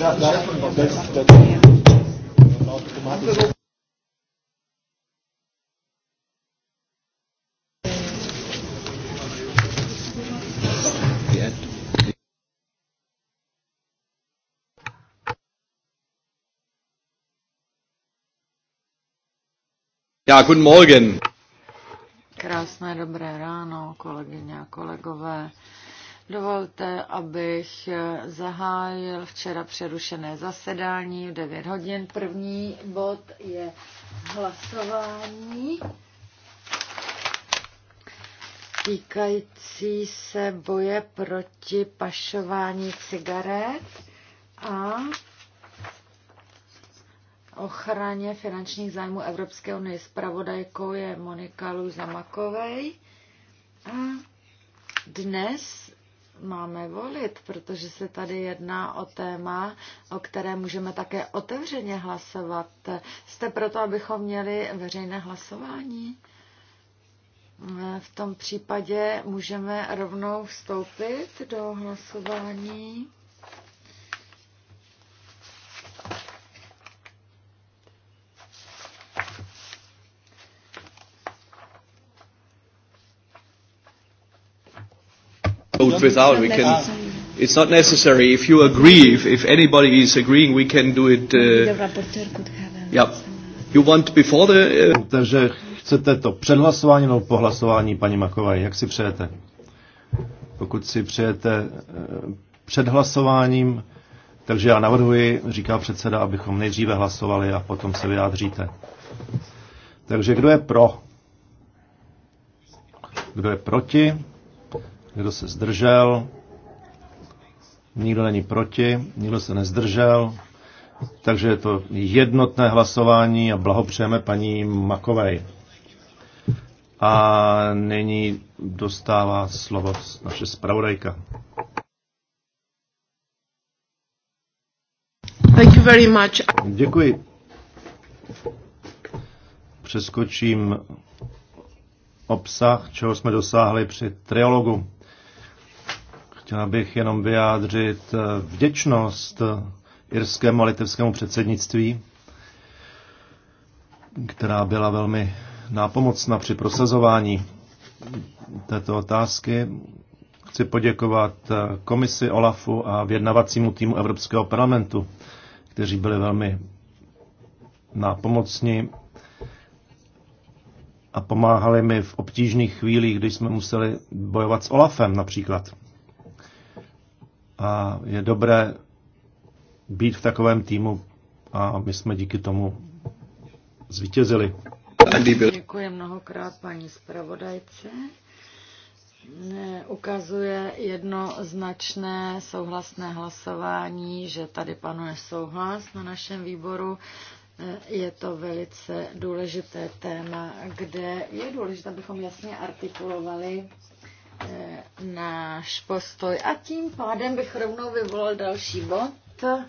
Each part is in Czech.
Ja, guten Morgen. Krásné dobré ráno, kolegyně a kolegové. Dovolte, abych zahájil včera přerušené zasedání v 9 hodin. První bod je hlasování týkající se boje proti pašování cigaret a ochraně finančních zájmů Evropské unie. Spravodajkou je Monika Luzamakovej. A dnes máme volit, protože se tady jedná o téma, o které můžeme také otevřeně hlasovat. Jste proto, abychom měli veřejné hlasování? V tom případě můžeme rovnou vstoupit do hlasování. vote without. We can. It's not necessary. If you agree, if, if anybody is agreeing, we can do it. Uh, Yeah. You want before the. Uh... Takže chcete to před nebo po hlasování, paní Makové? jak si přejete? Pokud si přejete uh, před hlasováním, takže já navrhuji, říká předseda, abychom nejdříve hlasovali a potom se vyjádříte. Takže kdo je pro? Kdo je proti? Kdo se zdržel? Nikdo není proti, nikdo se nezdržel. Takže je to jednotné hlasování a blahopřejeme paní Makovej. A nyní dostává slovo naše zpravodajka. Thank you very much. Děkuji. Přeskočím obsah, čeho jsme dosáhli při trialogu. Chtěl bych jenom vyjádřit eh, vděčnost eh, irskému a litevskému předsednictví, která byla velmi nápomocna při prosazování této otázky. Chci poděkovat eh, komisi OLAFu a vědnavacímu týmu Evropského parlamentu, kteří byli velmi nápomocni a pomáhali mi v obtížných chvílích, když jsme museli bojovat s OLAFem například a je dobré být v takovém týmu a my jsme díky tomu zvítězili. Děkuji mnohokrát paní zpravodajce. Ukazuje jednoznačné souhlasné hlasování, že tady panuje souhlas na našem výboru. Je to velice důležité téma, kde je důležité, abychom jasně artikulovali Eh, náš postoj. A tím pádem bych rovnou vyvolal další bod. Eh,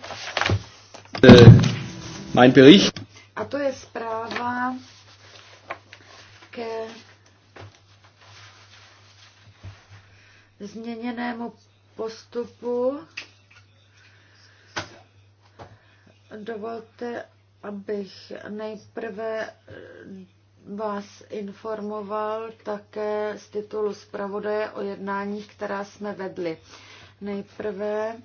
mein Bericht. A to je zpráva ke změněnému postupu. Dovolte, abych nejprve vás informoval také z titulu zpravodaje o jednáních, která jsme vedli. Nejprve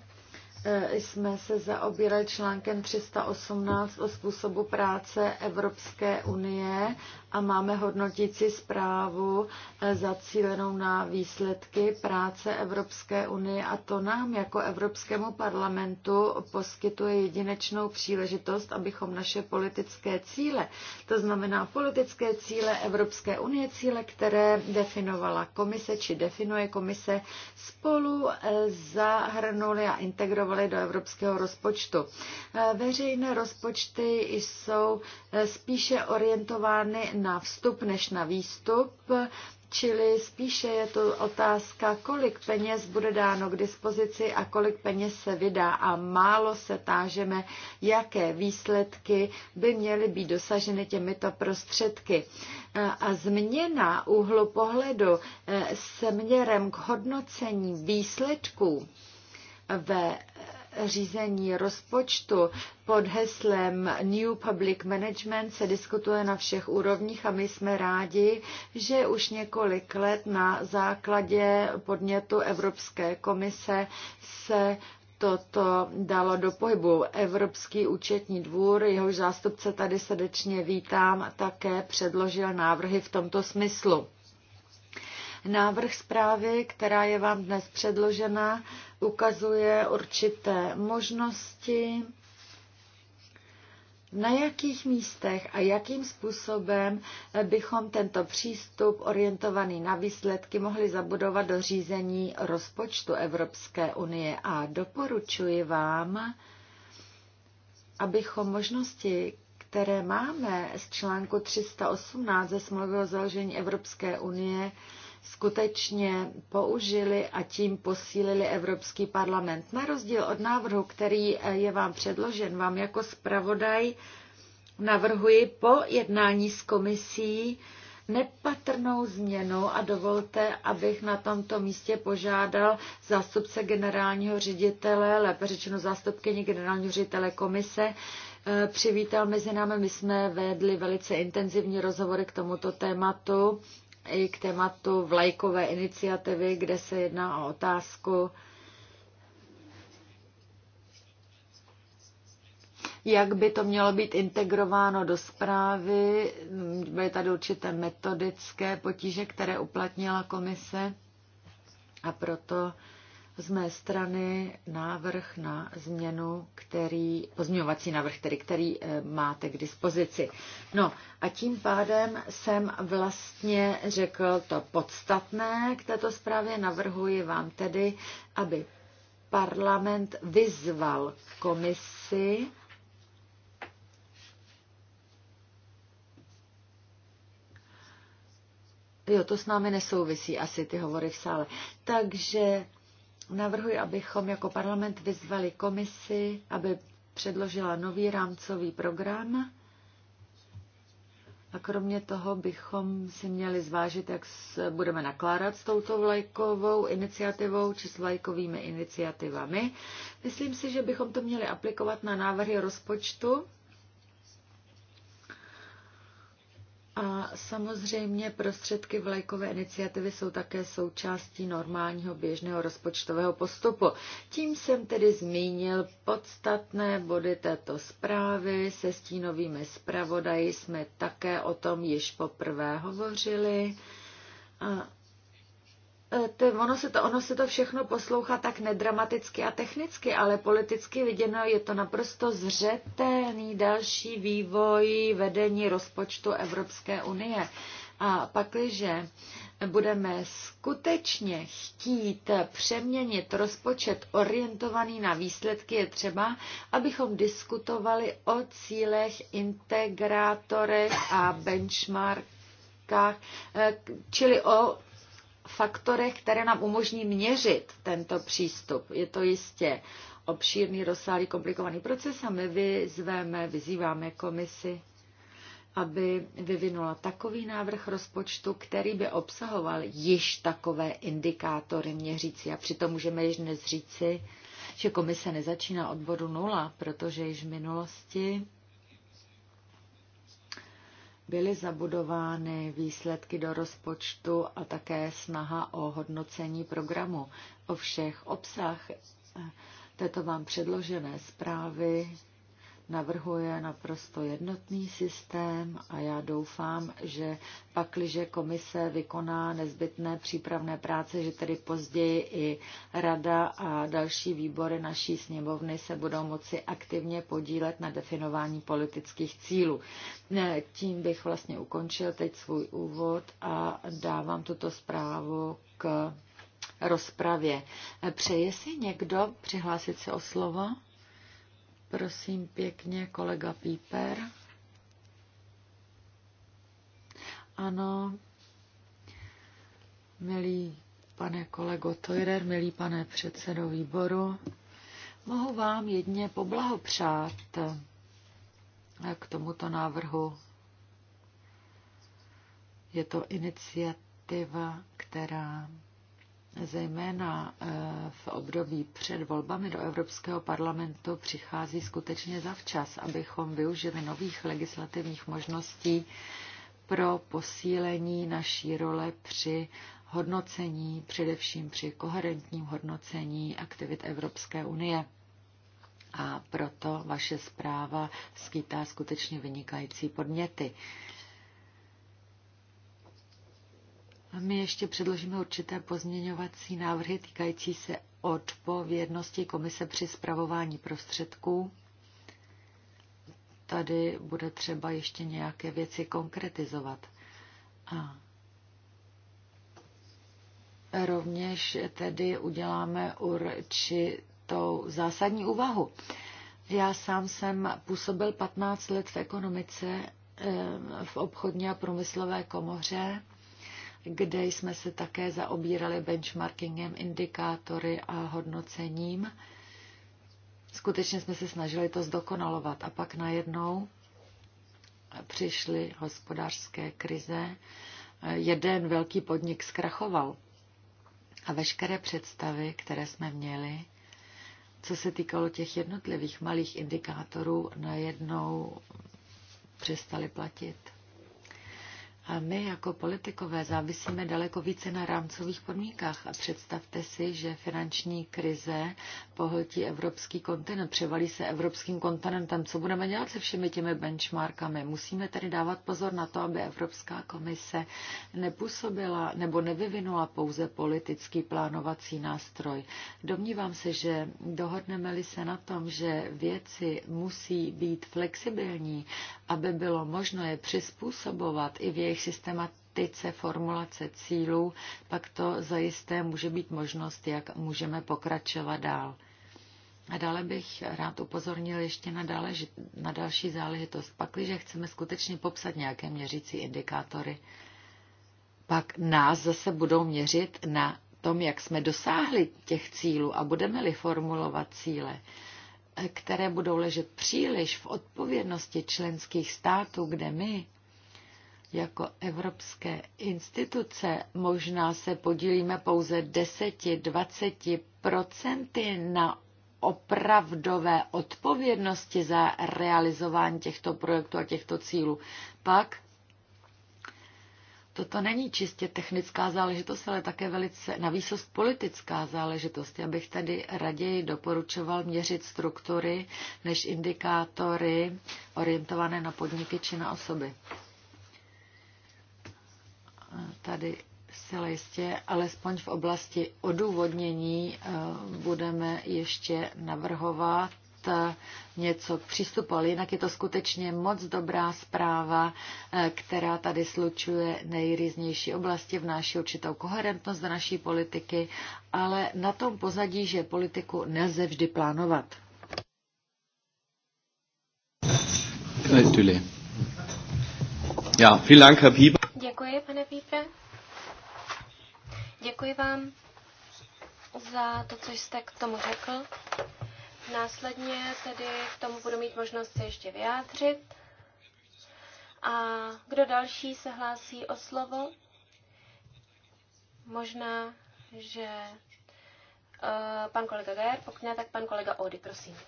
Eh, jsme se zaobírali článkem 318 o způsobu práce Evropské unie a máme hodnotící zprávu eh, zacílenou na výsledky práce Evropské unie a to nám jako Evropskému parlamentu poskytuje jedinečnou příležitost, abychom naše politické cíle, to znamená politické cíle Evropské unie, cíle, které definovala komise či definuje komise, spolu eh, zahrnuli a integrovali investovali do evropského rozpočtu. Eh, veřejné rozpočty jsou eh, spíše orientovány na vstup než na výstup, čili spíše je to otázka, kolik peněz bude dáno k dispozici a kolik peněz se vydá. A málo se tážeme, jaké výsledky by měly být dosaženy těmito prostředky. Eh, a změna úhlu pohledu směrem k hodnocení výsledků ve řízení rozpočtu pod heslem New Public Management se diskutuje na všech úrovních a my jsme rádi, že už několik let na základě podnětu Evropské komise se toto dalo do pohybu. Evropský účetní dvůr, jehož zástupce tady srdečně vítám, také předložil návrhy v tomto smyslu. Návrh zprávy, která je vám dnes předložena, ukazuje určité možnosti, na jakých místech a jakým způsobem bychom tento přístup orientovaný na výsledky mohli zabudovat do řízení rozpočtu Evropské unie. A doporučuji vám, abychom možnosti, které máme z článku 318 ze smlouvy o založení Evropské unie, skutečně použili a tím posílili Evropský parlament. Na rozdíl od návrhu, který eh, je vám předložen, vám jako zpravodaj navrhuji po jednání s komisí nepatrnou změnu a dovolte, abych na tomto místě požádal zástupce generálního ředitele, lépe řečeno zástupkyni generálního ředitele komise, eh, přivítal mezi námi. My jsme vedli velice intenzivní rozhovory k tomuto tématu i k tématu vlajkové iniciativy, kde se jedná o otázku, jak by to mělo být integrováno do zprávy. Byly tady určité metodické potíže, které uplatnila komise a proto z mé strany návrh na změnu, který, pozměňovací návrh, který, který eh, máte k dispozici. No a tím pádem jsem vlastně řekl to podstatné k této zprávě. Navrhuji vám tedy, aby parlament vyzval komisi, Jo, to s námi nesouvisí asi ty hovory v sále. Takže Navrhuji, abychom jako parlament vyzvali komisi, aby předložila nový rámcový program a kromě toho bychom si měli zvážit, jak budeme nakládat s touto vlajkovou iniciativou či s vlajkovými iniciativami. Myslím si, že bychom to měli aplikovat na návrhy rozpočtu A samozřejmě prostředky vlajkové iniciativy jsou také součástí normálního běžného rozpočtového postupu. Tím jsem tedy zmínil podstatné body této zprávy. Se stínovými zpravodaji jsme také o tom již poprvé hovořili. A Eh, te ono, se to, ono se to všechno poslouchá tak nedramaticky a technicky, ale politicky viděno je to naprosto zřetelný další vývoj vedení rozpočtu Evropské unie. A pakliže budeme skutečně chtít přeměnit rozpočet orientovaný na výsledky, je třeba, abychom diskutovali o cílech, integrátorech a benchmarkách, eh, čili o faktorech, které nám umožní měřit tento přístup. Je to jistě obšírný, rozsáhlý, komplikovaný proces a my vyzveme, vyzýváme komisi, aby vyvinula takový návrh rozpočtu, který by obsahoval již takové indikátory měřící. A přitom můžeme již dnes říci, že komise nezačíná od bodu nula, protože již v minulosti byly zabudovány výsledky do rozpočtu a také snaha o hodnocení programu. O všech obsah eh, této vám předložené zprávy navrhuje naprosto jednotný systém a já doufám, že pakliže komise vykoná nezbytné přípravné práce, že tedy později i rada a další výbory naší sněmovny se budou moci aktivně podílet na definování politických cílů. Tím bych vlastně ukončil teď svůj úvod a dávám tuto zprávu k rozpravě. Přeje si někdo přihlásit se o slovo? Prosím pěkně, kolega Píper. Ano, milý pane kolego Tojrer, milý pane předsedo výboru, mohu vám jedně poblahopřát k tomuto návrhu. Je to iniciativa, která zejména eh, v období před volbami do Evropského parlamentu přichází skutečně zavčas, abychom využili nových legislativních možností pro posílení naší role při hodnocení, především při koherentním hodnocení aktivit Evropské unie. A proto vaše zpráva skýtá skutečně vynikající podněty. My ještě předložíme určité pozměňovací návrhy týkající se odpovědnosti komise při zpravování prostředků. Tady bude třeba ještě nějaké věci konkretizovat. A rovněž tedy uděláme určitou zásadní úvahu. Já sám jsem působil 15 let v ekonomice, eh, v obchodní a průmyslové komoře kde jsme se také zaobírali benchmarkingem, indikátory a hodnocením. Skutečně jsme se snažili to zdokonalovat a pak najednou přišly hospodářské krize. Jeden velký podnik zkrachoval a veškeré představy, které jsme měli, co se týkalo těch jednotlivých malých indikátorů, najednou přestali platit. A my jako politikové závisíme daleko více na rámcových podmínkách a představte si, že finanční krize pohltí evropský kontinent, převalí se evropským kontinentem. Co budeme dělat se všemi těmi benchmarkami? Musíme tedy dávat pozor na to, aby Evropská komise nepůsobila nebo nevyvinula pouze politický plánovací nástroj. Domnívám se, že dohodneme-li se na tom, že věci musí být flexibilní, aby bylo možno je přizpůsobovat i v jejich jejich systematice formulace cílů, pak to zajisté může být možnost, jak můžeme pokračovat dál. A dále bych rád upozornil ještě na, dále, na další záležitost. Pakliže chceme skutečně popsat nějaké měřící indikátory, pak nás zase budou měřit na tom, jak jsme dosáhli těch cílů a budeme-li formulovat cíle, které budou ležet příliš v odpovědnosti členských států, kde my jako evropské instituce možná se podílíme pouze 10-20 procenty na opravdové odpovědnosti za realizování těchto projektů a těchto cílů. Pak toto není čistě technická záležitost, ale také velice navýsost politická záležitost. Já bych tady raději doporučoval měřit struktury než indikátory orientované na podniky či na osoby tady se jistě, alespoň v oblasti odůvodnění eh, budeme ještě navrhovat eh, něco přístupu, ale jinak je to skutečně moc dobrá zpráva, eh, která tady slučuje nejrůznější oblasti, vnáší určitou koherentnost do naší politiky, ale na tom pozadí, že politiku nelze vždy plánovat. Ja, vielen Dank, Herr Děkuji, pane Pípe. Děkuji vám za to, co jste k tomu řekl. Následně tedy k tomu budu mít možnost se ještě vyjádřit. A kdo další se hlásí o slovo? Možná, že uh, pan kolega Gér, pokud ne, tak pan kolega Ody, prosím.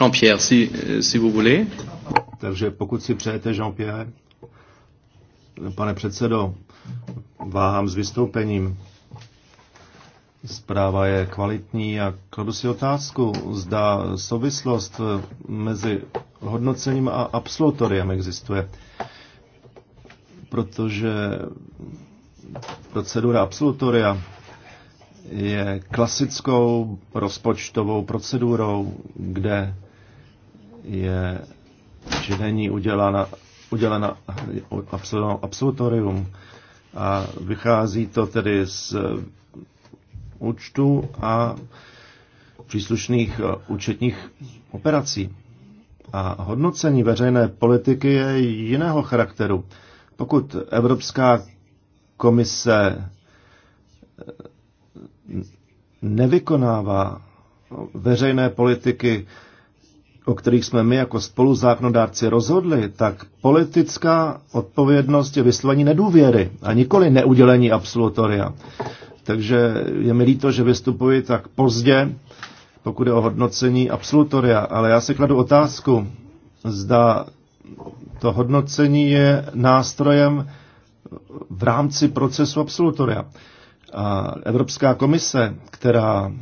Jean-Pierre, si, eh, si vous voulez. Takže pokud si přejete, Jean-Pierre, pane předsedo, váhám s vystoupením. Zpráva je kvalitní a kladu si otázku, zda souvislost eh, mezi hodnocením a absolutoriem existuje. Protože procedura absolutoria je klasickou rozpočtovou procedurou, kde je, že není udělána, udělána absolutorium. A vychází to tedy z účtu a příslušných eh, účetních operací. A hodnocení veřejné politiky je jiného charakteru. Pokud Evropská komise eh, nevykonává veřejné politiky o kterých jsme my jako spoluzákonodárci rozhodli, tak politická odpovědnost je vyslovení nedůvěry a nikoli neudělení absolutoria. Takže je mi líto, že vystupuji tak pozdě, pokud je o hodnocení absolutoria, ale já si kladu otázku, zda to hodnocení je nástrojem v rámci procesu absolutoria. A Evropská komise, která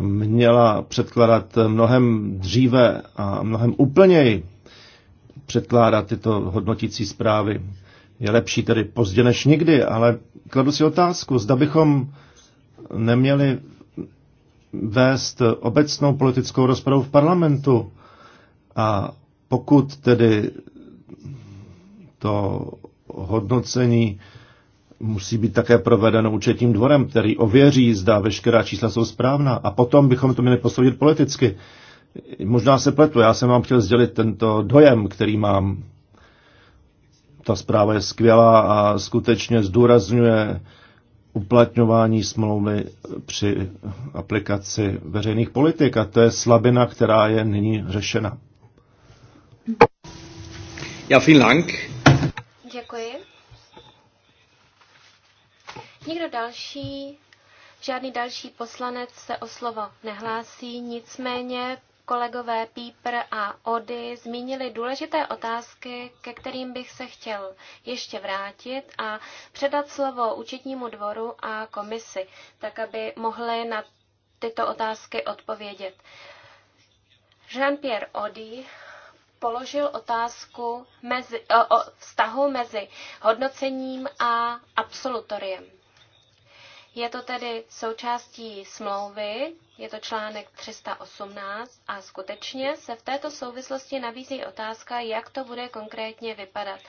měla předkládat mnohem dříve a mnohem úplněji předkládat tyto hodnotící zprávy. Je lepší tedy pozdě než nikdy, ale kladu si otázku, zda bychom neměli vést obecnou politickou rozpravu v parlamentu a pokud tedy to hodnocení musí být také provedeno účetním dvorem, který ověří, zda veškerá čísla jsou správná. A potom bychom to měli posoudit politicky. Možná se pletu, já jsem vám chtěl sdělit tento dojem, který mám. Ta zpráva je skvělá a skutečně zdůrazňuje uplatňování smlouvy při aplikaci veřejných politik a to je slabina, která je nyní řešena. Ja, vielen Dank. Nikdo další, žádný další poslanec se o slovo nehlásí, nicméně kolegové Píper a Ody zmínili důležité otázky, ke kterým bych se chtěl ještě vrátit a předat slovo účetnímu dvoru a komisi, tak aby mohli na tyto otázky odpovědět. Jean-Pierre Ody položil otázku mezi, o, o vztahu mezi hodnocením a absolutoriem. Je to tedy součástí smlouvy, je to článek 318 a skutečně se v této souvislosti nabízí otázka, jak to bude konkrétně vypadat.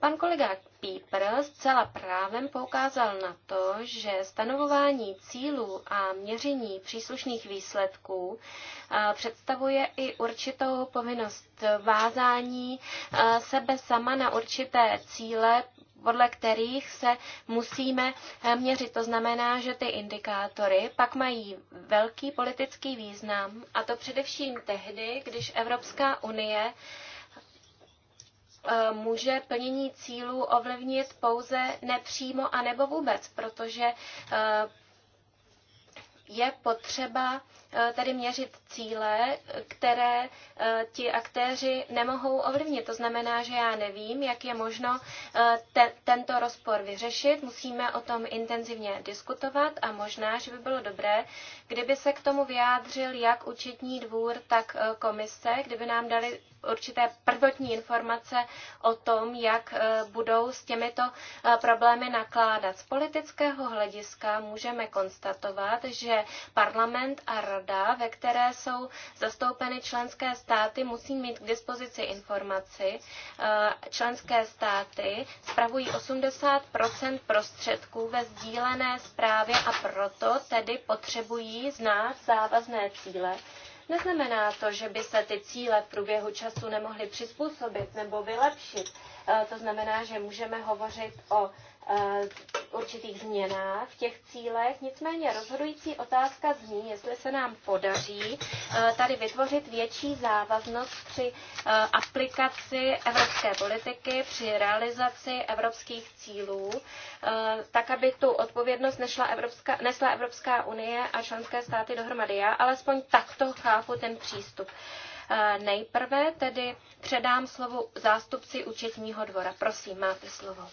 Pan kolega Pípr zcela právem poukázal na to, že stanovování cílů a měření příslušných výsledků představuje i určitou povinnost vázání sebe sama na určité cíle podle kterých se musíme eh, měřit. To znamená, že ty indikátory pak mají velký politický význam, a to především tehdy, když Evropská unie eh, může plnění cílů ovlivnit pouze nepřímo a nebo vůbec, protože eh, je potřeba eh, tedy měřit cíle, které eh, ti aktéři nemohou ovlivnit. To znamená, že já nevím, jak je možno eh, te, tento rozpor vyřešit. Musíme o tom intenzivně diskutovat a možná, že by bylo dobré, kdyby se k tomu vyjádřil jak účetní dvůr, tak komise, kdyby nám dali určité prvotní informace o tom, jak e, budou s těmito e, problémy nakládat. Z politického hlediska můžeme konstatovat, že parlament a rada, ve které jsou zastoupeny členské státy, musí mít k dispozici informaci. E, členské státy spravují 80 prostředků ve sdílené správě a proto tedy potřebují znát závazné cíle Neznamená to, že by se ty cíle v průběhu času nemohly přizpůsobit nebo vylepšit. E, to znamená, že můžeme hovořit o Eh, určitých změnách v těch cílech. Nicméně rozhodující otázka zní, jestli se nám podaří eh, tady vytvořit větší závaznost při eh, aplikaci evropské politiky, při realizaci evropských cílů, tak, aby tu odpovědnost nešla Evropská, nesla Evropská unie a členské státy dohromady. Já alespoň takto chápu ten přístup. Nejprve tedy předám slovo zástupci účetního dvora. Prosím, máte slovo.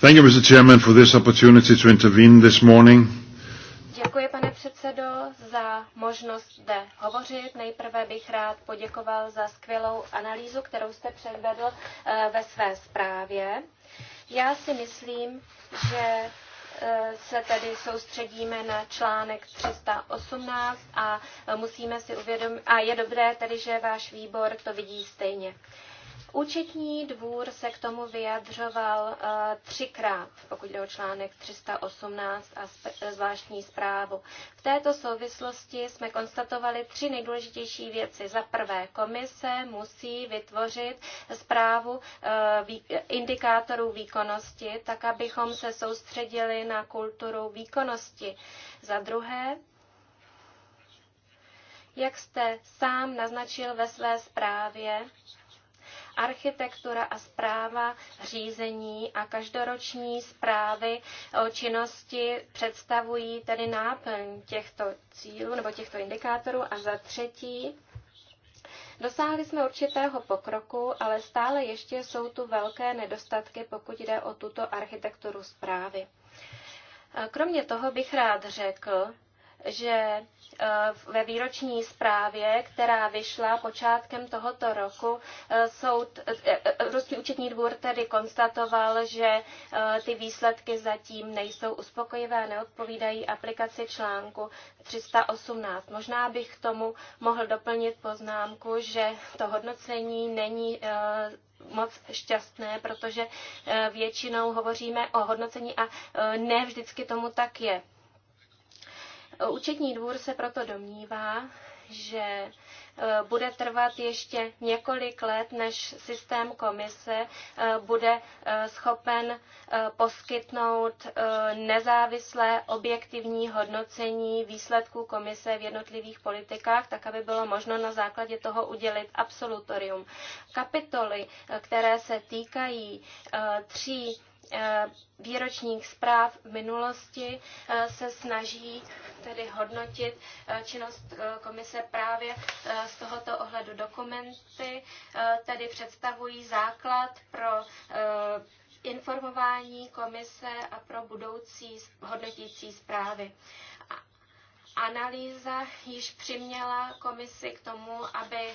Thank you, Mr. Chairman, for this opportunity to intervene this morning. Děkuji, pane předsedo, za možnost zde hovořit. Nejprve bych rád poděkoval za skvělou analýzu, kterou jste předvedl eh, ve své zprávě. Já si myslím, že eh, se tedy soustředíme na článek 318 a eh, musíme si uvědomit, a je dobré tedy, že váš výbor to vidí stejně. Účetní dvůr se k tomu vyjadřoval eh, třikrát, pokud jde o článek 318 a eh, zvláštní zprávu. V této souvislosti jsme konstatovali tři nejdůležitější věci. Za prvé, komise musí vytvořit zprávu eh, indikátorů výkonnosti, tak abychom se soustředili na kulturu výkonnosti. Za druhé, jak jste sám naznačil ve své zprávě, architektura a zpráva řízení a každoroční zprávy o činnosti představují tedy náplň těchto cílů nebo těchto indikátorů. A za třetí, Dosáhli jsme určitého pokroku, ale stále ještě jsou tu velké nedostatky, pokud jde o tuto architekturu zprávy. Kromě toho bych rád řekl, že eh, ve výroční zprávě, která vyšla počátkem tohoto roku, eh, soud, eh, Ruský účetní dvůr tedy konstatoval, že ty výsledky zatím nejsou uspokojivé a neodpovídají aplikaci článku 318. Možná bych k tomu mohl doplnit poznámku, že to hodnocení není moc šťastné, protože většinou hovoříme o hodnocení a ne vždycky tomu tak je. Účetní dvůr se proto domnívá, že e, bude trvat ještě několik let, než systém komise e, bude e, schopen poskytnout nezávislé objektivní hodnocení výsledků komise v jednotlivých politikách, tak aby bylo možno na základě toho udělit absolutorium. Kapitoly, které se týkají tří Eh, výročních zpráv v minulosti eh, se snaží tedy hodnotit eh, činnost komise právě z tohoto ohledu dokumenty, tedy představují základ pro informování komise a pro budoucí hodnotící zprávy analýza již přiměla komisi k tomu, aby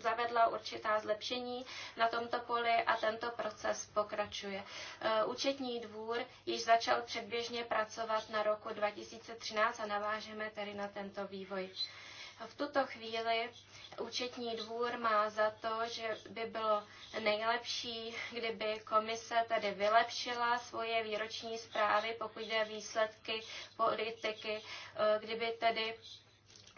zavedla určitá zlepšení na tomto poli a tento proces pokračuje. E, účetní dvůr již začal předběžně pracovat na roku 2013 a navážeme tedy na tento vývoj. V tuto chvíli účetní dvůr má za to, že by bylo nejlepší, kdyby komise tady vylepšila svoje výroční zprávy, pokud jde výsledky politiky, eh, kdyby tedy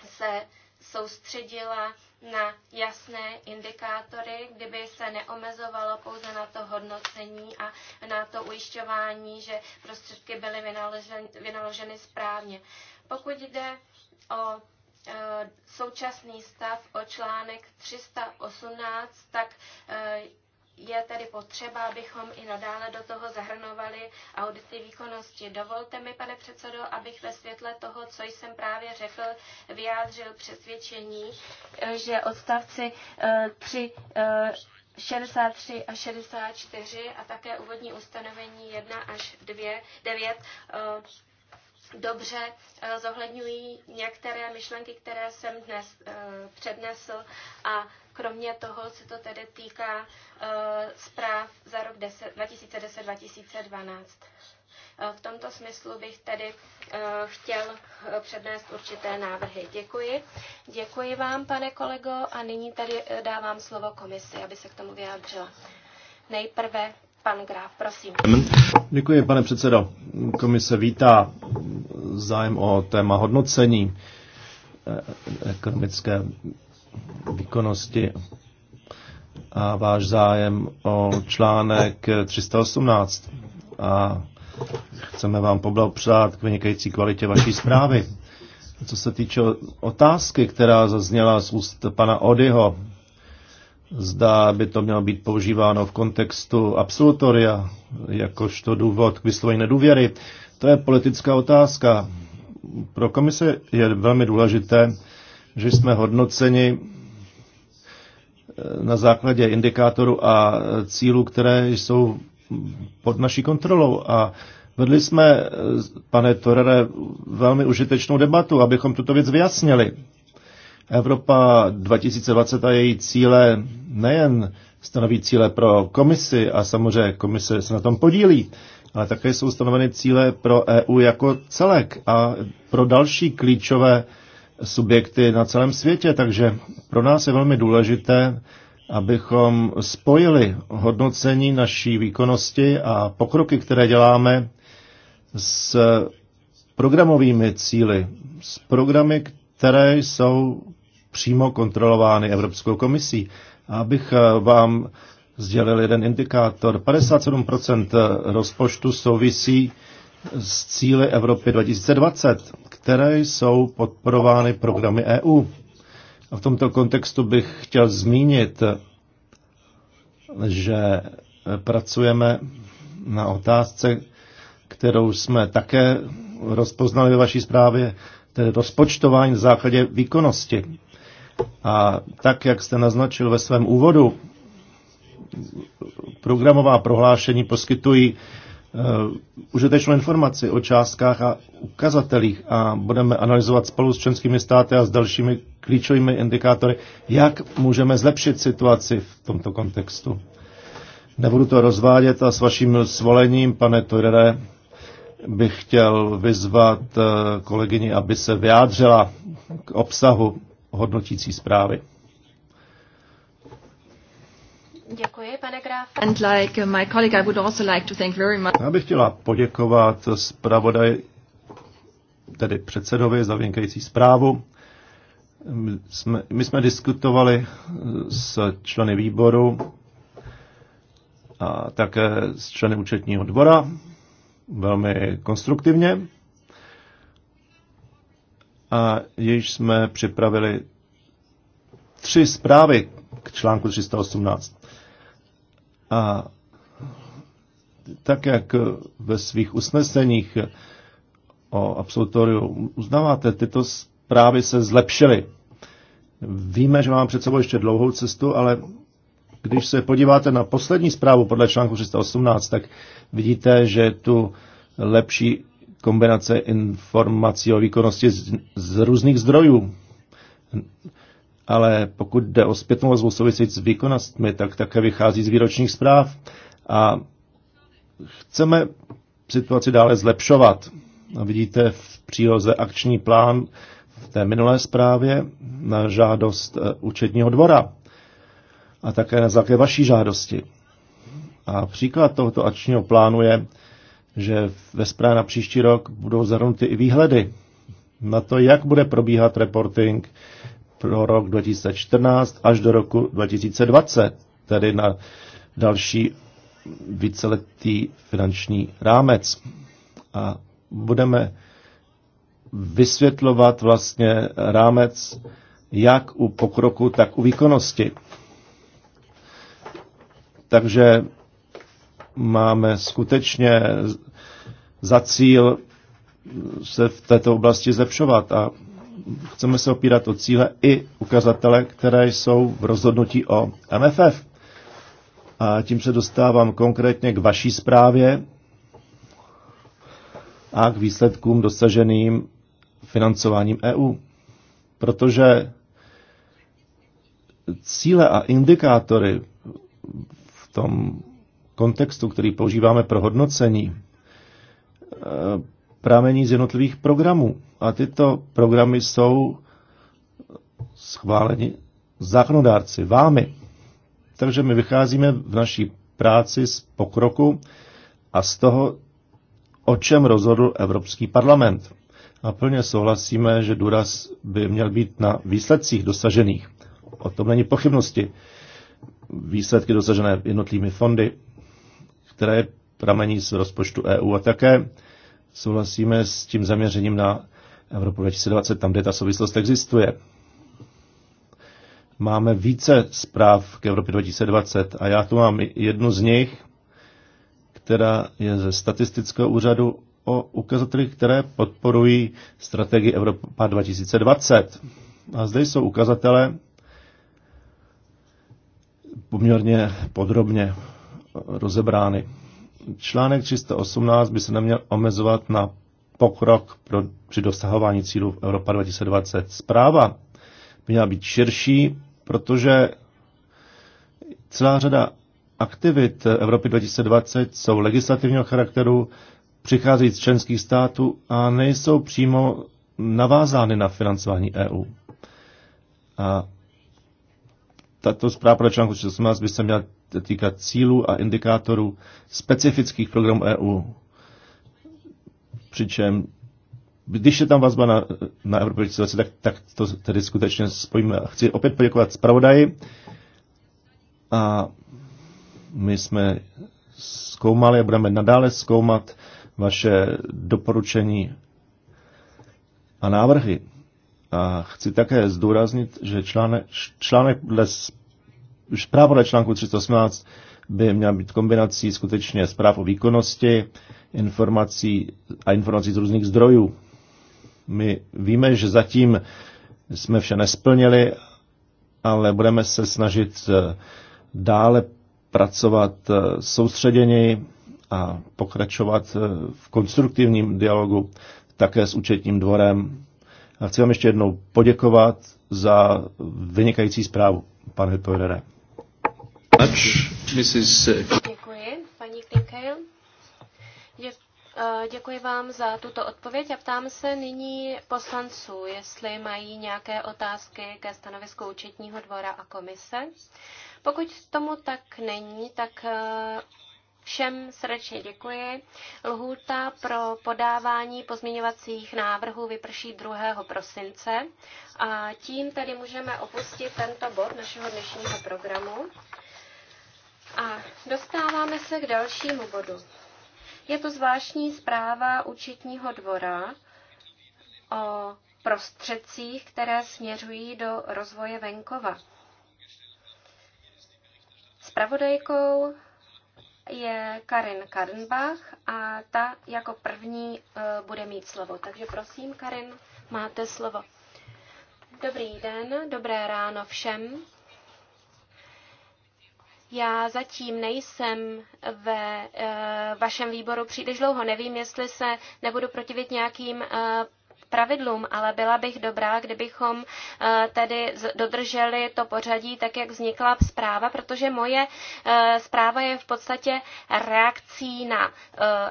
se soustředila na jasné indikátory, kdyby se neomezovalo pouze na to hodnocení a na to ujišťování, že prostředky byly vynaloženy, vynaloženy správně. Pokud jde o Eh, současný stav o článek 318, tak eh, je tedy potřeba, abychom i nadále do toho zahrnovali audity výkonnosti. Dovolte mi, pane předsedo, abych ve světle toho, co jsem právě řekl, vyjádřil přesvědčení, eh, že odstavci 3 63 a 64 a také úvodní ustanovení 1 až 2, 9 dobře eh, zohledňují některé myšlenky, které jsem dnes eh, přednesl a kromě toho se to tedy týká eh, zpráv za rok 2010-2012. V tomto smyslu bych tedy chtěl přednést určité návrhy. Děkuji. Děkuji vám, pane kolego, a nyní tady dávám slovo komisi, aby se k tomu vyjádřila. Nejprve pan Graf, prosím. Děkuji, pane předsedo. Komise vítá zájem o téma hodnocení eh, ekonomické výkonnosti a váš zájem o článek 318. A chceme vám poblahopřát k vynikající kvalitě vaší zprávy. Co se týče otázky, která zazněla z úst pana Odyho, zda by to mělo být používáno v kontextu absolutoria, jakožto důvod k vyslovení nedůvěry. To je politická otázka. Pro komise je velmi důležité, že jsme hodnoceni eh, na základě indikátorů a cílů, které jsou pod naší kontrolou. A vedli jsme, eh, pane Torere, velmi užitečnou debatu, abychom tuto věc vyjasnili. Evropa 2020 a její cíle nejen stanoví cíle pro komisi a samozřejmě komise se na tom podílí, ale také jsou stanoveny cíle pro EU jako celek a pro další klíčové subjekty na celém světě. Takže pro nás je velmi důležité, abychom spojili hodnocení naší výkonnosti a pokroky, které děláme, s programovými cíly, s programy, které jsou přímo kontrolovány Evropskou komisí. Abych eh, vám sdělil jeden indikátor. 57% eh, rozpočtu souvisí s cíly Evropy 2020, které jsou podporovány programy EU. A v tomto kontextu bych chtěl zmínit, že eh, pracujeme na otázce, kterou jsme také rozpoznali ve vaší zprávě, tedy rozpočtování v základě výkonnosti. A tak, jak jste naznačil ve svém úvodu, programová prohlášení poskytují uh, užitečnou informaci o částkách a ukazatelích a budeme analyzovat spolu s členskými státy a s dalšími klíčovými indikátory, jak můžeme zlepšit situaci v tomto kontextu. Nebudu to rozvádět a s vaším svolením, pane Torere, bych chtěl vyzvat eh, kolegyni, aby se vyjádřila k obsahu hodnotící zprávy. Děkuji, pane Grafe. Já bych chtěla poděkovat zpravodaj, tedy předsedovi za vynikající zprávu. My jsme, my jsme diskutovali s členy výboru a také s členy účetního dvora velmi konstruktivně a již jsme připravili tři zprávy k článku 318. A tak, jak ve svých usneseních o absolutoriu uznáváte, tyto zprávy se zlepšily. Víme, že máme před sebou ještě dlouhou cestu, ale když se podíváte na poslední zprávu podle článku 318, tak vidíte, že tu lepší kombinace informací o výkonnosti z, z různých zdrojů. Ale pokud jde o zpětnou vazbu souvisit s výkonnostmi, tak také vychází z výročních zpráv a chceme situaci dále zlepšovat. A vidíte v příloze akční plán v té minulé zprávě na žádost eh, účetního dvora a také na základě vaší žádosti. A příklad tohoto akčního plánu je, že ve zprávě na příští rok budou zahrnuty i výhledy na to, jak bude probíhat reporting pro rok 2014 až do roku 2020, tedy na další víceletý finanční rámec. A budeme vysvětlovat vlastně rámec jak u pokroku, tak u výkonnosti. Takže máme skutečně za cíl se v této oblasti zlepšovat a chceme se opírat o cíle i ukazatele, které jsou v rozhodnutí o MFF. A tím se dostávám konkrétně k vaší zprávě a k výsledkům dosaženým financováním EU. Protože cíle a indikátory v tom kontextu, který používáme pro hodnocení, eh, pramení z jednotlivých programů. A tyto programy jsou schváleni zákonodárci, vámi. Takže my vycházíme v naší práci z pokroku a z toho, o čem rozhodl Evropský parlament. A plně souhlasíme, že důraz by měl být na výsledcích dosažených. O tom není pochybnosti. Výsledky dosažené jednotlivými fondy, které pramení z rozpočtu EU a také souhlasíme s tím zaměřením na Evropu 2020, tam, kde ta souvislost existuje. Máme více zpráv k Evropě 2020 a já tu mám jednu z nich, která je ze statistického úřadu o ukazatelích, které podporují strategii Evropa 2020. A zde jsou ukazatele poměrně podrobně rozebrány. Článek 318 by se neměl omezovat na pokrok pro, při dosahování cílů Evropa 2020. Zpráva by měla být širší, protože celá řada aktivit Evropy 2020 jsou legislativního charakteru, přichází z členských států a nejsou přímo navázány na financování EU. A tato zpráva pro článku 18 by se měla týkat cílů a indikátorů specifických programů EU. Přičem, když je tam vazba na, na Evropské situaci, tak, tak to tedy skutečně spojíme. Chci opět poděkovat zpravodaji a my jsme zkoumali a budeme nadále zkoumat vaše doporučení a návrhy. A chci také zdůraznit, že článek, článek dle už právo na článku 318 by měla být kombinací skutečně zpráv o výkonnosti informací a informací z různých zdrojů. My víme, že zatím jsme vše nesplnili, ale budeme se snažit eh, dále pracovat eh, soustředěněji a pokračovat eh, v konstruktivním dialogu také s účetním dvorem. A chci vám ještě jednou poděkovat za vynikající zprávu, pane Pojedere much, Mrs. Uh, děkuji, paní Klinkail. Eh, děkuji vám za tuto odpověď a ptám se nyní poslanců, jestli mají nějaké otázky ke stanovisku účetního dvora a komise. Pokud tomu tak není, tak eh, Všem srdečně děkuji. Lhůta pro podávání pozměňovacích návrhů vyprší 2. prosince a tím tedy můžeme opustit tento bod našeho dnešního programu. A dostáváme se k dalšímu bodu. Je to zvláštní zpráva účetního dvora o prostředcích, které směřují do rozvoje venkova. Spravodajkou je Karin Karnbach a ta jako první e, bude mít slovo. Takže prosím, Karin, máte slovo. Dobrý den, dobré ráno všem. Já zatím nejsem ve eh, vašem výboru příliš dlouho. Nevím, jestli se nebudu protivit nějakým eh, pravidlům, ale byla bych dobrá, kdybychom eh, tedy dodrželi to pořadí tak, jak vznikla zpráva, protože moje zpráva je v podstatě reakcí na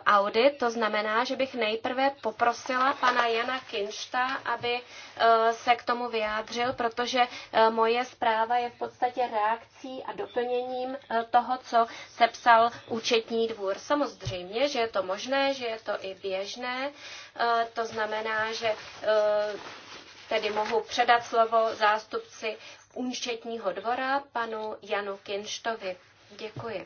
audit. To znamená, že bych nejprve poprosila pana Jana Kinšta, aby se k tomu vyjádřil, protože moje zpráva je v podstatě reakcí kombinací a doplněním eh, toho, co sepsal účetní dvůr. Samozřejmě, že je to možné, že je to i běžné, eh, to znamená, že eh, tedy mohu předat slovo zástupci účetního dvora panu Janu Kinštovi. Děkuji.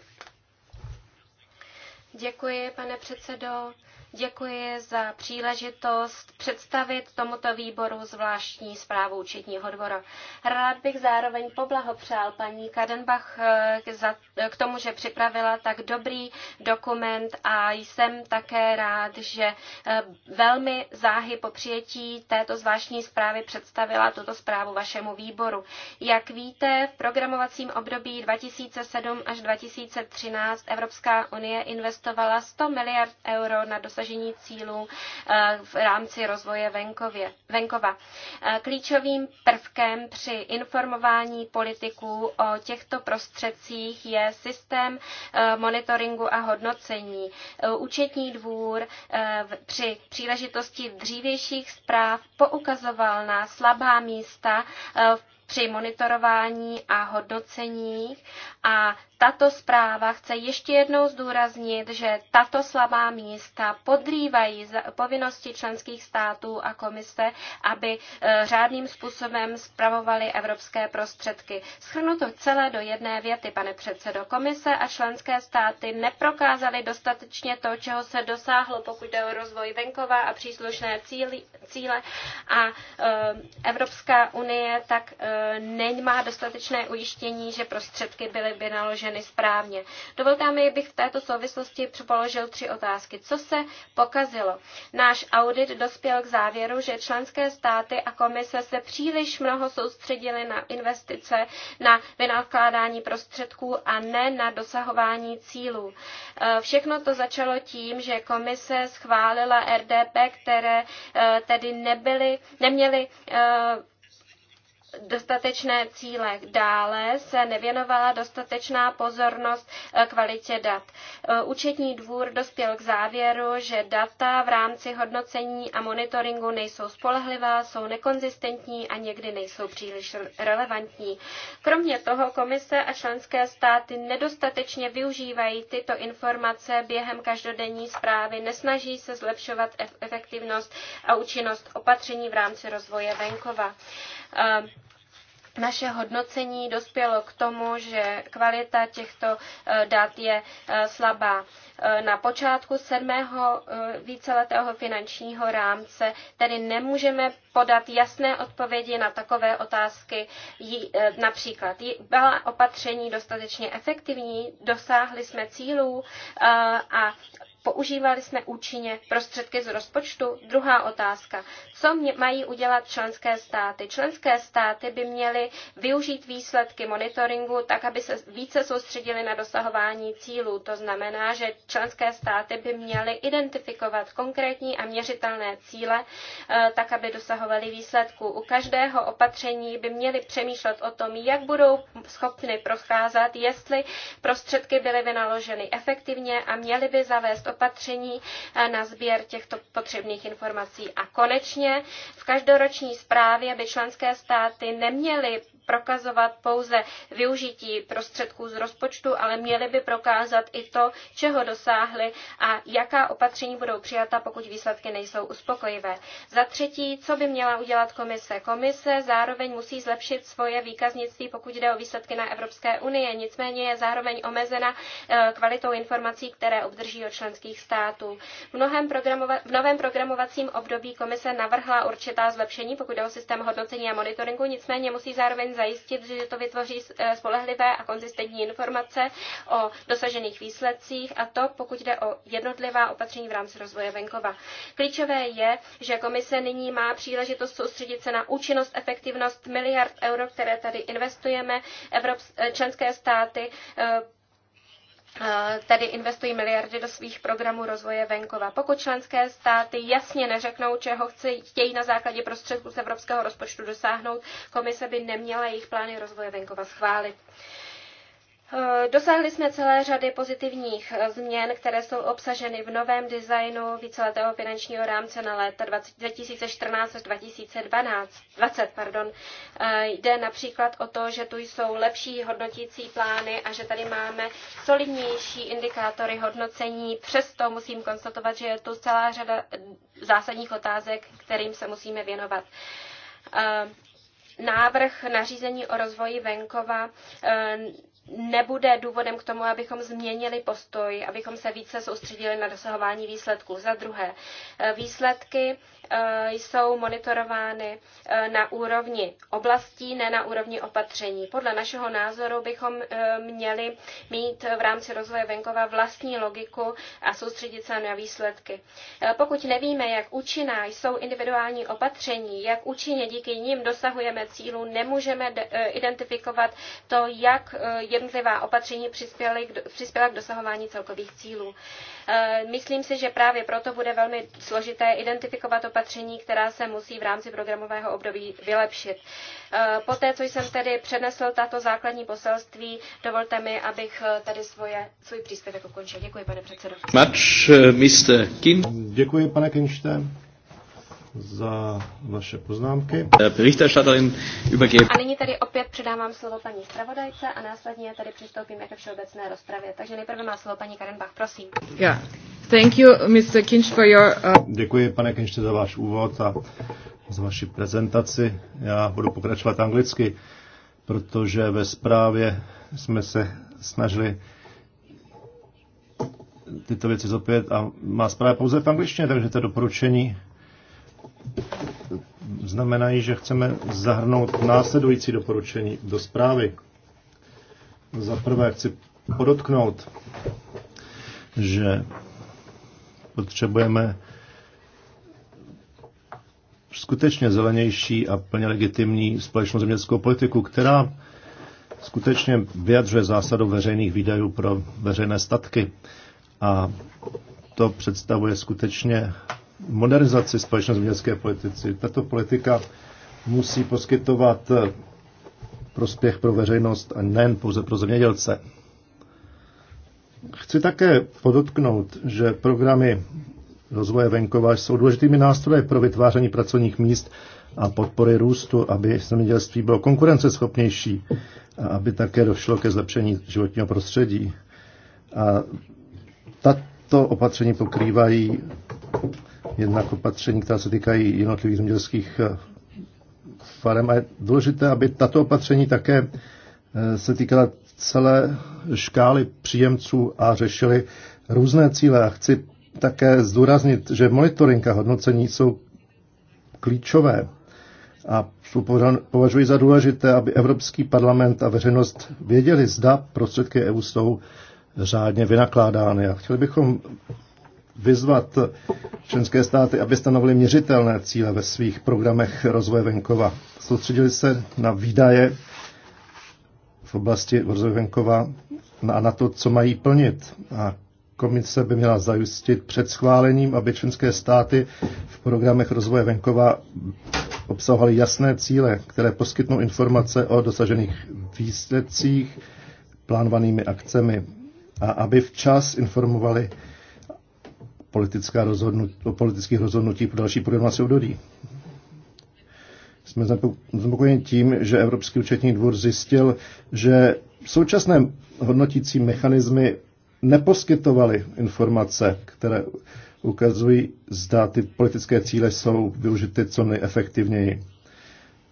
Děkuji, pane předsedo. Děkuji za příležitost představit tomuto výboru zvláštní zprávu účetního dvora. Rád bych zároveň poblahopřál paní Kadenbach eh, eh, k tomu, že připravila tak dobrý dokument a jsem také rád, že eh, velmi záhy po přijetí této zvláštní zprávy představila tuto zprávu vašemu výboru. Jak víte, v programovacím období 2007 až 2013 Evropská unie investovala 100 miliard euro na dosažení dosažení cílů eh, v rámci rozvoje venkově, venkova. Eh, klíčovým prvkem při informování politiků o těchto prostředcích je systém eh, monitoringu a hodnocení. Účetní dvůr při příležitosti dřívějších zpráv poukazoval na slabá místa v při monitorování a hodnoceních. A tato zpráva chce ještě jednou zdůraznit, že tato slabá místa podrývají povinnosti členských států a komise, aby eh, řádným způsobem zpravovaly evropské prostředky. Schrnu to celé do jedné věty, pane předsedo. Komise a členské státy neprokázaly dostatečně to, čeho se dosáhlo, pokud jde o rozvoj venkova a příslušné cíle. A eh, Evropská unie tak eh, nemá dostatečné ujištění, že prostředky byly by naloženy správně. Dovolte mi, bych v této souvislosti položil tři otázky. Co se pokazilo? Náš audit dospěl k závěru, že členské státy a komise se příliš mnoho soustředily na investice, na vynakládání prostředků a ne na dosahování cílů. Eh, všechno to začalo tím, že komise schválila RDP, které eh, tedy nebyly, neměly eh, dostatečné cíle. Dále se nevěnovala dostatečná pozornost eh, kvalitě dat. Eh, účetní dvůr dospěl k závěru, že data v rámci hodnocení a monitoringu nejsou spolehlivá, jsou nekonzistentní a někdy nejsou příliš relevantní. Kromě toho komise a členské státy nedostatečně využívají tyto informace během každodenní zprávy, nesnaží se zlepšovat efektivnost a účinnost opatření v rámci rozvoje venkova. Eh, naše hodnocení dospělo k tomu, že kvalita těchto eh, dat je eh, slabá. Eh, na počátku sedmého víceletého finančního rámce tedy nemůžeme podat jasné odpovědi na takové otázky, například byla opatření dostatečně efektivní, dosáhli jsme cílů a Používali jsme účinně prostředky z rozpočtu? Druhá otázka. Co mají udělat členské státy? Členské státy by měly využít výsledky monitoringu tak, aby se více soustředili na dosahování cílů. To znamená, že členské státy by měly identifikovat konkrétní a měřitelné cíle, eh, tak, aby dosahovali výsledku. U každého opatření by měly přemýšlet o tom, jak budou schopny procházet, jestli prostředky byly vynaloženy efektivně a měly by zavést opatření eh, na sběr těchto potřebných informací. A konečně v každoroční zprávě by členské státy neměly prokazovat pouze využití prostředků z rozpočtu, ale měli by prokázat i to, čeho dosáhli a jaká opatření budou přijata, pokud výsledky nejsou uspokojivé. Za třetí, co by měla udělat komise? Komise zároveň musí zlepšit svoje výkaznictví, pokud jde o výsledky na Evropské unii nicméně je zároveň omezena eh, kvalitou informací, které obdrží od členských států. V, mnohem programova- v novém programovacím období komise navrhla určitá zlepšení, pokud jde o systém hodnocení a monitoringu, nicméně musí zároveň zajistit, že to vytvoří eh, spolehlivé a konzistentní informace o dosažených výsledcích a to, pokud jde o jednotlivá opatření v rámci rozvoje venkova. Klíčové je, že komise nyní má příležitost soustředit se na účinnost, efektivnost miliard euro, které tady investujeme. Evrops- eh, členské státy eh, tedy investují miliardy do svých programů rozvoje venkova. Pokud členské státy jasně neřeknou, čeho chtějí na základě prostředků z evropského rozpočtu dosáhnout, komise by neměla jejich plány rozvoje venkova schválit. Eh, dosáhli jsme celé řady pozitivních eh, změn, které jsou obsaženy v novém designu víceletého finančního rámce na léta 2014 až 2012. 20, pardon. Eh, jde například o to, že tu jsou lepší hodnotící plány a že tady máme solidnější indikátory hodnocení. Přesto musím konstatovat, že je tu celá řada zásadních otázek, kterým se musíme věnovat návrh nařízení o rozvoji venkova nebude důvodem k tomu, abychom změnili postoj, abychom se více soustředili na dosahování výsledků. Za druhé, eh, výsledky eh, jsou monitorovány eh, na úrovni oblastí, ne na úrovni opatření. Podle našeho názoru bychom měli mít v rámci rozvoje venkova vlastní logiku a soustředit se na výsledky. Pokud nevíme, jak účinná jsou individuální opatření, jak účinně díky nim dosahujeme cílu, nemůžeme identifikovat to, jak je jednotlivá opatření přispěla k dosahování celkových cílů. E, myslím si, že právě proto bude velmi složité identifikovat opatření, která se musí v rámci programového období vylepšit. E, poté, co jsem tedy přednesl tato základní poselství, dovolte mi, abych e, tady svoje, svůj příspěvek ukončil. Děkuji, pane předsedo. Much, uh, Mr. Kim. Děkuji, pane Kinšte za vaše poznámky. Äh, a nyní tady opět předávám slovo paní zpravodajce a následně tady přistoupíme ke všeobecné rozpravě. Takže nejprve má slovo paní Karenbach, prosím. Yeah. Thank you, Mr. Kinch, for your, uh... Děkuji, pane Kinšte, za váš úvod a za vaši prezentaci. Já budu pokračovat anglicky, protože ve zprávě jsme se snažili tyto věci zopět a má zpráva pouze v angličtině, takže to doporučení znamenají, že chceme zahrnout následující doporučení do zprávy. Za prvé chci podotknout, že potřebujeme skutečně zelenější a plně legitimní společnou zemědělskou politiku, která skutečně vyjadřuje zásadu veřejných výdajů pro veřejné statky. A to představuje skutečně modernizaci společné zemědělské politiky. Tato politika musí poskytovat eh, prospěch pro veřejnost a nejen pouze pro zemědělce. Chci také podotknout, že programy rozvoje venkova jsou důležitými nástroji pro vytváření pracovních míst a podpory růstu, aby zemědělství bylo konkurenceschopnější a aby také došlo ke zlepšení životního prostředí. A tato opatření pokrývají jednak opatření, která se týkají jednotlivých zemědělských eh, farem. A je důležité, aby tato opatření také eh, se týkala celé škály příjemců a řešili různé cíle. A chci také zdůraznit, že monitoring a hodnocení jsou klíčové a považuji za důležité, aby Evropský parlament a veřejnost věděli, zda prostředky EU jsou řádně vynakládány. A chtěli bychom vyzvat členské státy, aby stanovily měřitelné cíle ve svých programech rozvoje venkova. Soustředili se na výdaje v oblasti rozvoje venkova a na to, co mají plnit. A komise by měla zajistit před schválením, aby členské státy v programech rozvoje venkova obsahovaly jasné cíle, které poskytnou informace o dosažených výsledcích plánovanými akcemi a aby včas informovali politická rozhodnutí, o politických rozhodnutí pro další programaci období. Jsme znepokojeni tím, že Evropský účetní dvůr zjistil, že současné hodnotící mechanismy neposkytovaly informace, které ukazují, zda ty politické cíle jsou využity co nejefektivněji.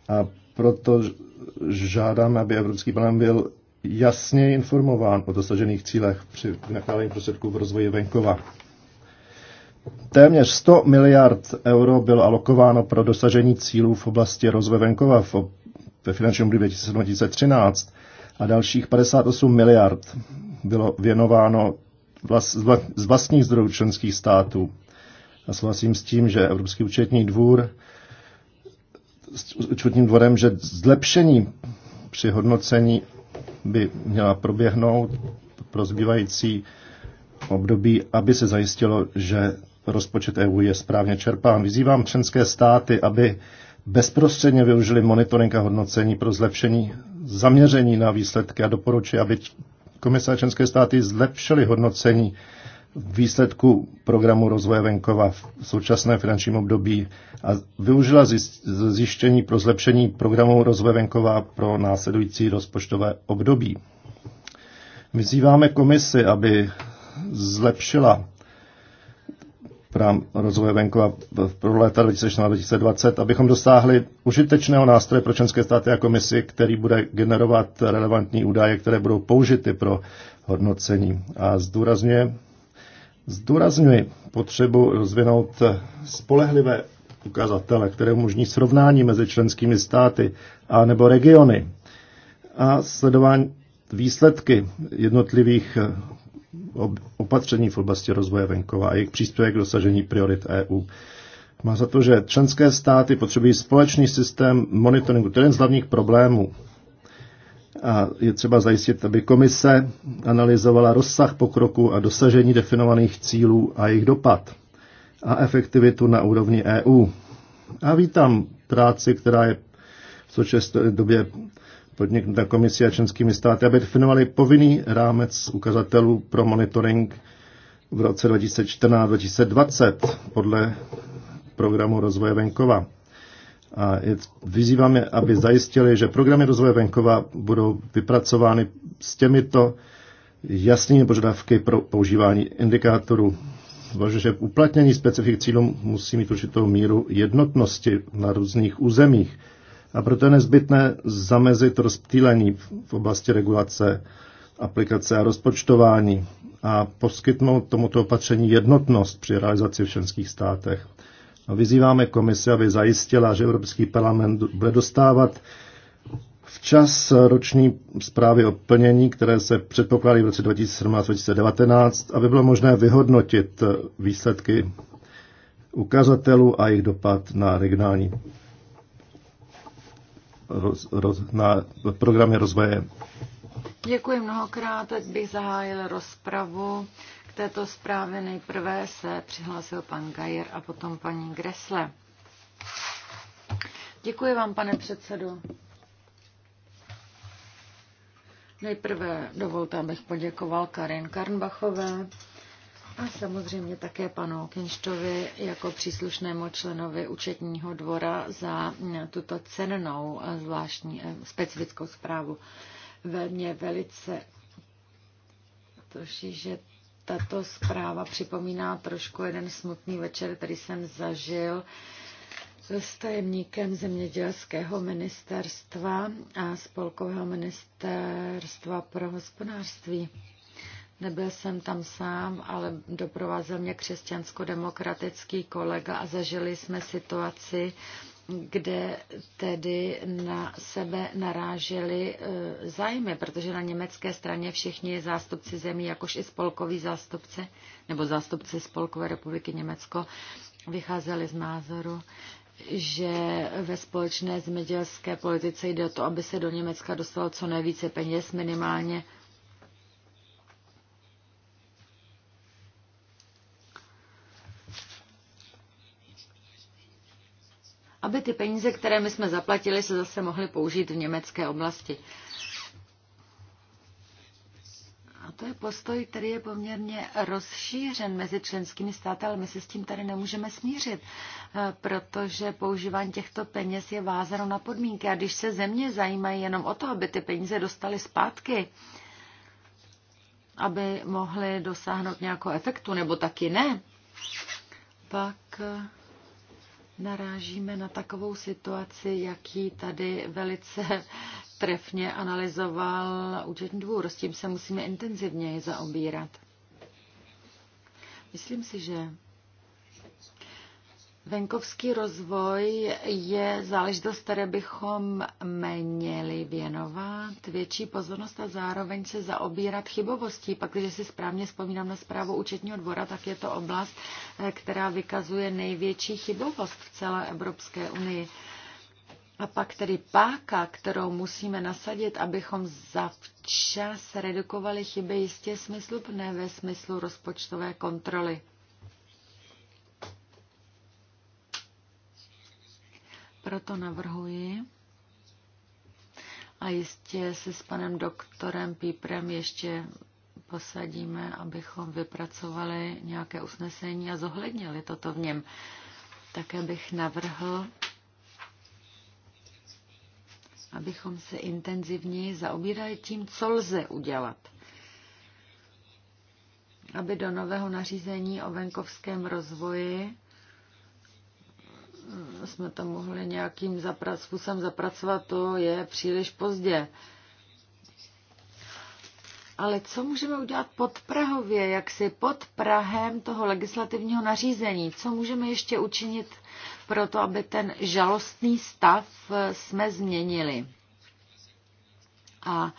A proto žádám, aby Evropský parlament byl jasně informován o dosažených cílech při vynakládání prostředků v rozvoji venkova. Téměř 100 miliard euro bylo alokováno pro dosažení cílů v oblasti rozvoje venkova ve finančním období 2013 a dalších 58 miliard bylo věnováno z vlastních zdrojů členských států. A souhlasím s tím, že Evropský účetní dvůr s účetním dvorem, že zlepšení při hodnocení by měla proběhnout pro zbývající období, aby se zajistilo, že rozpočet EU je správně čerpán. Vyzývám členské státy, aby bezprostředně využili monitoring a hodnocení pro zlepšení zaměření na výsledky a doporučuji, aby komise a členské státy zlepšily hodnocení výsledku programu rozvoje venkova v současné finančním období a využila zjištění pro zlepšení programu rozvoje venkova pro následující rozpočtové období. Vyzýváme komisi, aby zlepšila program rozvoje venkova pro léta 2020 abychom dosáhli užitečného nástroje pro členské státy a komisi, který bude generovat relevantní údaje, které budou použity pro hodnocení. A zdůrazňuje, zdůrazňuji potřebu rozvinout spolehlivé ukazatele, které umožní srovnání mezi členskými státy a nebo regiony a sledování výsledky jednotlivých opatření v oblasti rozvoje venkova a jejich příspěvek k dosažení priorit EU. Má za to, že členské státy potřebují společný systém monitoringu. To je jeden z hlavních problémů. A je třeba zajistit, aby komise analyzovala rozsah pokroku a dosažení definovaných cílů a jejich dopad a efektivitu na úrovni EU. A vítám práci, která je v současné době podniknuta komisí a členskými státy, aby definovali povinný rámec ukazatelů pro monitoring v roce 2014-2020 podle programu rozvoje venkova. A vyzýváme, aby zajistili, že programy rozvoje venkova budou vypracovány s těmito jasnými požadavky pro používání indikátorů. že uplatnění specifických cílů musí mít určitou míru jednotnosti na různých územích a proto je nezbytné zamezit rozptýlení v oblasti regulace, aplikace a rozpočtování a poskytnout tomuto opatření jednotnost při realizaci v členských státech. A vyzýváme komisi, aby zajistila, že Evropský parlament bude dostávat včas roční zprávy o plnění, které se předpokládají v roce 2017-2019, aby bylo možné vyhodnotit výsledky ukazatelů a jejich dopad na regionální roz, roz, na programy rozvoje. Děkuji mnohokrát. Teď bych zahájil rozpravu k této zprávě. Nejprve se přihlásil pan Gajer a potom paní Gresle. Děkuji vám, pane předsedo. Nejprve dovolte, abych poděkoval Karin Karnbachové a samozřejmě také panu Kinštovi jako příslušnému členovi účetního dvora za tuto cennou eh, zvláštní eh, specifickou zprávu. Ve mě velice toší, že tato zpráva připomíná trošku jeden smutný večer, který jsem zažil s tajemníkem zemědělského ministerstva a spolkového ministerstva pro hospodářství Nebyl jsem tam sám, ale doprovázel mě křesťansko-demokratický kolega a zažili jsme situaci, kde tedy na sebe narážely e, zájmy, protože na německé straně všichni zástupci zemí, jakož i spolkový zástupce, nebo zástupci Spolkové republiky Německo, vycházeli z názoru, že ve společné zemědělské politice jde o to, aby se do Německa dostalo co nejvíce peněz, minimálně aby ty peníze, které my jsme zaplatili, se zase mohly použít v německé oblasti. A to je postoj, který je poměrně rozšířen mezi členskými státy, ale my se s tím tady nemůžeme smířit, eh, protože používání těchto peněz je vázáno na podmínky. A když se země zajímají jenom o to, aby ty peníze dostaly zpátky, aby mohly dosáhnout nějakého efektu, nebo taky ne, pak eh, narážíme na takovou situaci, jaký tady velice trefně analyzoval účetní dvůr. S tím se musíme intenzivněji zaobírat. Myslím si, že Venkovský rozvoj je záležitost, které bychom měli věnovat větší pozornost a zároveň se zaobírat chybovostí. Pak, když si správně vzpomínám na zprávu účetního dvora, tak je to oblast, eh, která vykazuje největší chybovost v celé Evropské unii. A pak tedy páka, kterou musíme nasadit, abychom zavčas redukovali chyby, jistě smysluplné ve smyslu rozpočtové kontroly. Proto navrhuji, a jistě se s panem doktorem Píprem ještě posadíme, abychom vypracovali nějaké usnesení a zohlednili toto v něm. Také bych navrhl, abychom se intenzivněji zaobírali tím, co lze udělat. Aby do nového nařízení o venkovském rozvoji jsme to mohli nějakým zapra- způsobem zapracovat, to je příliš pozdě. Ale co můžeme udělat pod Prahově, jak si pod Prahem toho legislativního nařízení? Co můžeme ještě učinit pro to, aby ten žalostný stav eh, jsme změnili? A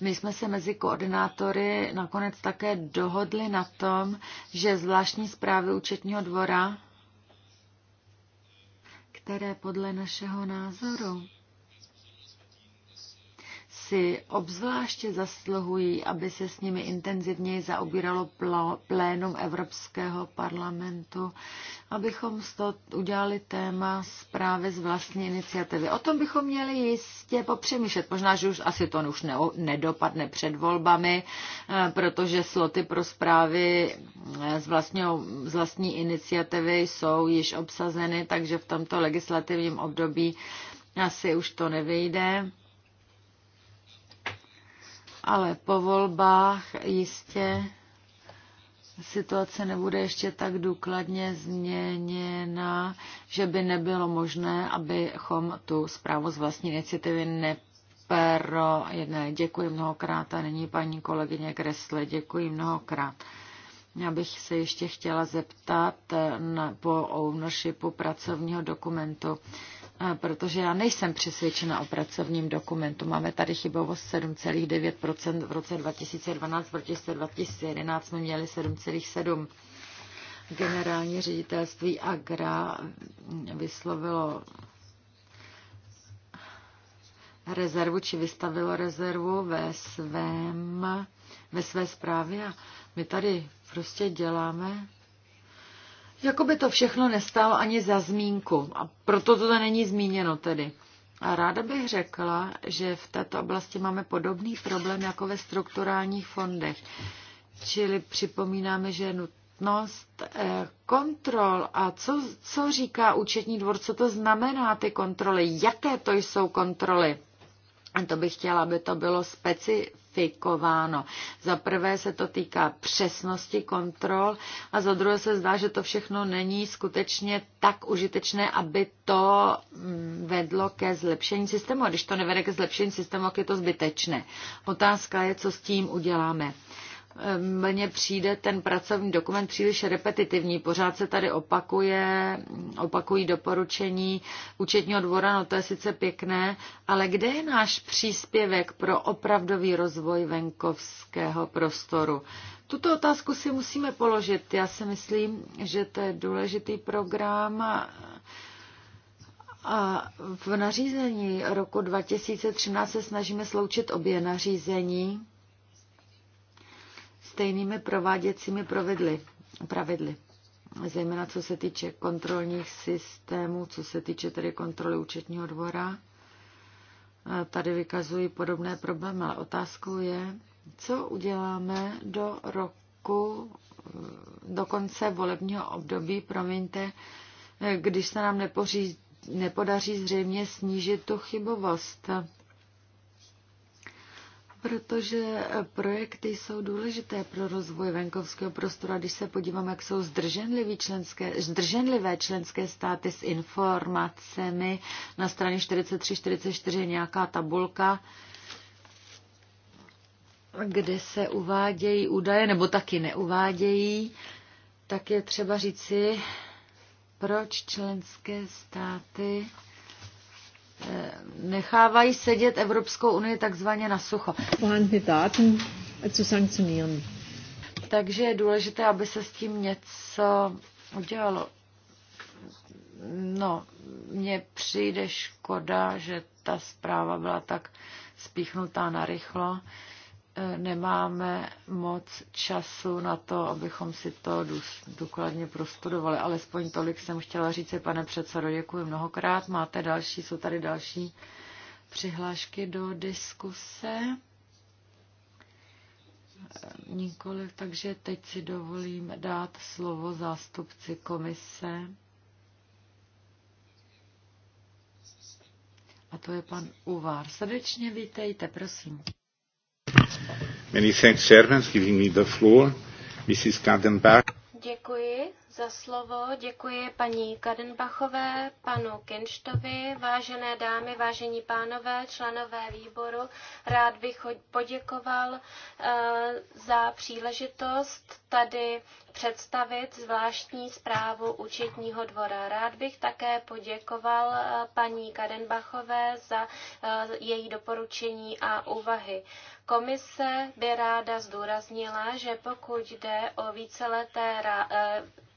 my jsme se mezi koordinátory nakonec také dohodli na tom, že zvláštní zprávy účetního dvora které podle našeho názoru si obzvláště zasluhují, aby se s nimi intenzivněji zaobíralo plénum Evropského parlamentu, abychom z toho udělali téma zprávy z vlastní iniciativy. O tom bychom měli jistě popřemýšlet. Možná, že už asi to už ne, nedopadne před volbami, eh, protože sloty pro zprávy eh, z, vlastního, z vlastní iniciativy jsou již obsazeny, takže v tomto legislativním období asi už to nevyjde ale po volbách jistě situace nebude ještě tak důkladně změněna, že by nebylo možné, abychom tu zprávu z vlastní iniciativy ne Pero, jedné, děkuji mnohokrát a není paní kolegyně Kresle, děkuji mnohokrát. Já bych se ještě chtěla zeptat na, po ownershipu pracovního dokumentu protože já nejsem přesvědčena o pracovním dokumentu. Máme tady chybovost 7,9% v roce 2012, proti 2011 jsme měli 7,7% generální ředitelství Agra vyslovilo rezervu, či vystavilo rezervu ve, svém, ve své zprávě a my tady prostě děláme jako by to všechno nestálo ani za zmínku. A proto to není zmíněno tedy. A ráda bych řekla, že v této oblasti máme podobný problém jako ve strukturálních fondech. Čili připomínáme, že je nutnost eh, kontrol. A co, co říká účetní dvor, co to znamená ty kontroly, jaké to jsou kontroly? A to bych chtěla, aby to bylo speci sofistikováno. Za prvé se to týká přesnosti kontrol a za druhé se zdá, že to všechno není skutečně tak užitečné, aby to mm, vedlo ke zlepšení systému. A když to nevede ke zlepšení systému, je to zbytečné. Otázka je, co s tím uděláme mně přijde ten pracovní dokument příliš repetitivní. Pořád se tady opakuje, opakují doporučení účetního dvora, no to je sice pěkné, ale kde je náš příspěvek pro opravdový rozvoj venkovského prostoru? Tuto otázku si musíme položit. Já si myslím, že to je důležitý program. A v nařízení roku 2013 se snažíme sloučit obě nařízení stejnými prováděcími pravidly, pravidly. Zejména co se týče kontrolních systémů, co se týče tedy kontroly účetního dvora. Tady vykazují podobné problémy, ale otázkou je, co uděláme do roku, do konce volebního období, promiňte, když se nám nepoří, nepodaří zřejmě snížit tu chybovost. Protože projekty jsou důležité pro rozvoj venkovského prostoru a když se podívám, jak jsou členské, zdrženlivé členské státy s informacemi na straně 43-44 nějaká tabulka, kde se uvádějí údaje, nebo taky neuvádějí, tak je třeba říci, proč členské státy Eh, nechávají sedět Evropskou unii takzvaně na sucho. Takže je důležité, aby se s tím něco udělalo. No, mně přijde škoda, že ta zpráva byla tak spíchnutá na rychlo. Uh, nemáme moc času na to, abychom si to důkladně prostudovali. Alespoň tolik jsem chtěla říct, pane předsedo, děkuji mnohokrát. Máte další, jsou tady další přihlášky do diskuse? Nikoliv, takže teď si dovolím dát slovo zástupci komise. A to je pan Uvár. Srdečně vítejte, prosím. Many thanks, Chairman, giving me the floor. Mrs. Děkuji za slovo. Děkuji paní Kadenbachové, panu Kenštovi, vážené dámy, vážení pánové, členové výboru. Rád bych poděkoval eh, za příležitost tady představit zvláštní zprávu účetního dvora. Rád bych také poděkoval eh, paní Kadenbachové za eh, její doporučení a úvahy. Komise by ráda zdůraznila, že pokud jde o víceleté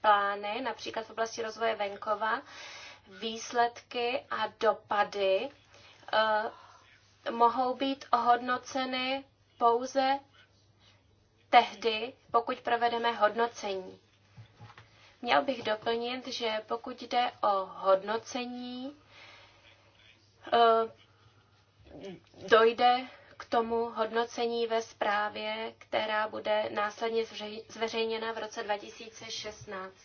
plány, například v oblasti rozvoje venkova, výsledky a dopady eh, mohou být ohodnoceny pouze tehdy, pokud provedeme hodnocení. Měl bych doplnit, že pokud jde o hodnocení, eh, dojde tomu hodnocení ve zprávě, která bude následně zveřejněna v roce 2016.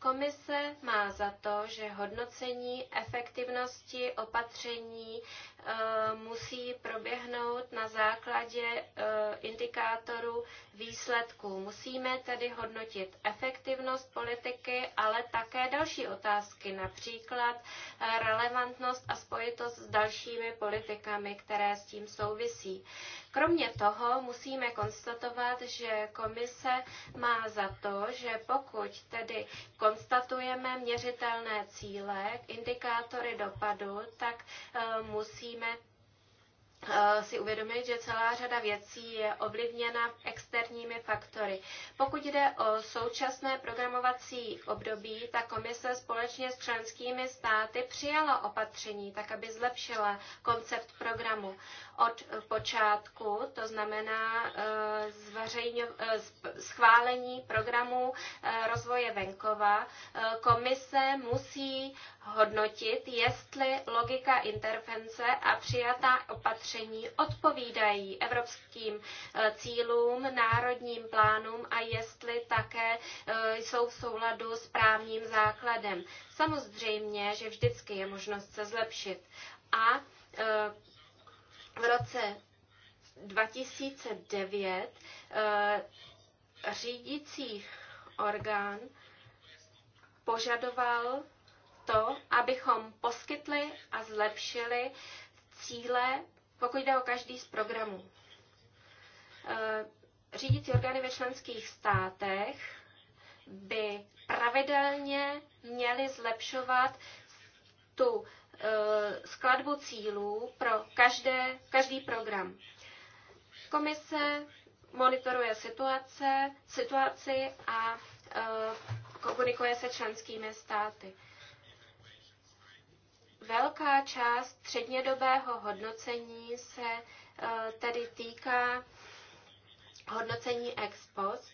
Komise má za to, že hodnocení efektivnosti opatření eh, musí proběhnout na základě eh, indikátoru výsledků. Musíme tedy hodnotit efektivnost politiky, ale také další otázky, například eh, relevantnost a spojitost s dalšími politikami, které s tím souvisí. Kromě toho musíme konstatovat, že komise má za to, že pokud tedy konstatujeme měřitelné cíle, indikátory dopadu, tak eh, musíme Eh, si uvědomit, že celá řada věcí je ovlivněna externími faktory. Pokud jde o současné programovací období, ta komise společně s členskými státy přijala opatření, tak aby zlepšila koncept programu od počátku, to znamená eh, zveřejňo, eh, schválení programu rozvoje venkova. Komise musí hodnotit, jestli logika intervence a přijatá opatření opatření odpovídají evropským eh, cílům, národním plánům a jestli také eh, jsou v souladu s právním základem. Samozřejmě, že vždycky je možnost se zlepšit. A eh, v roce 2009 řídící orgán požadoval to, abychom poskytli a zlepšili cíle pokud jde o každý z programů. E, řídící orgány ve členských státech by pravidelně měly zlepšovat tu e, skladbu cílů pro každé, každý program. Komise monitoruje situace, situaci a e, komunikuje se členskými státy velká část střednědobého hodnocení se eh, tedy týká hodnocení ex post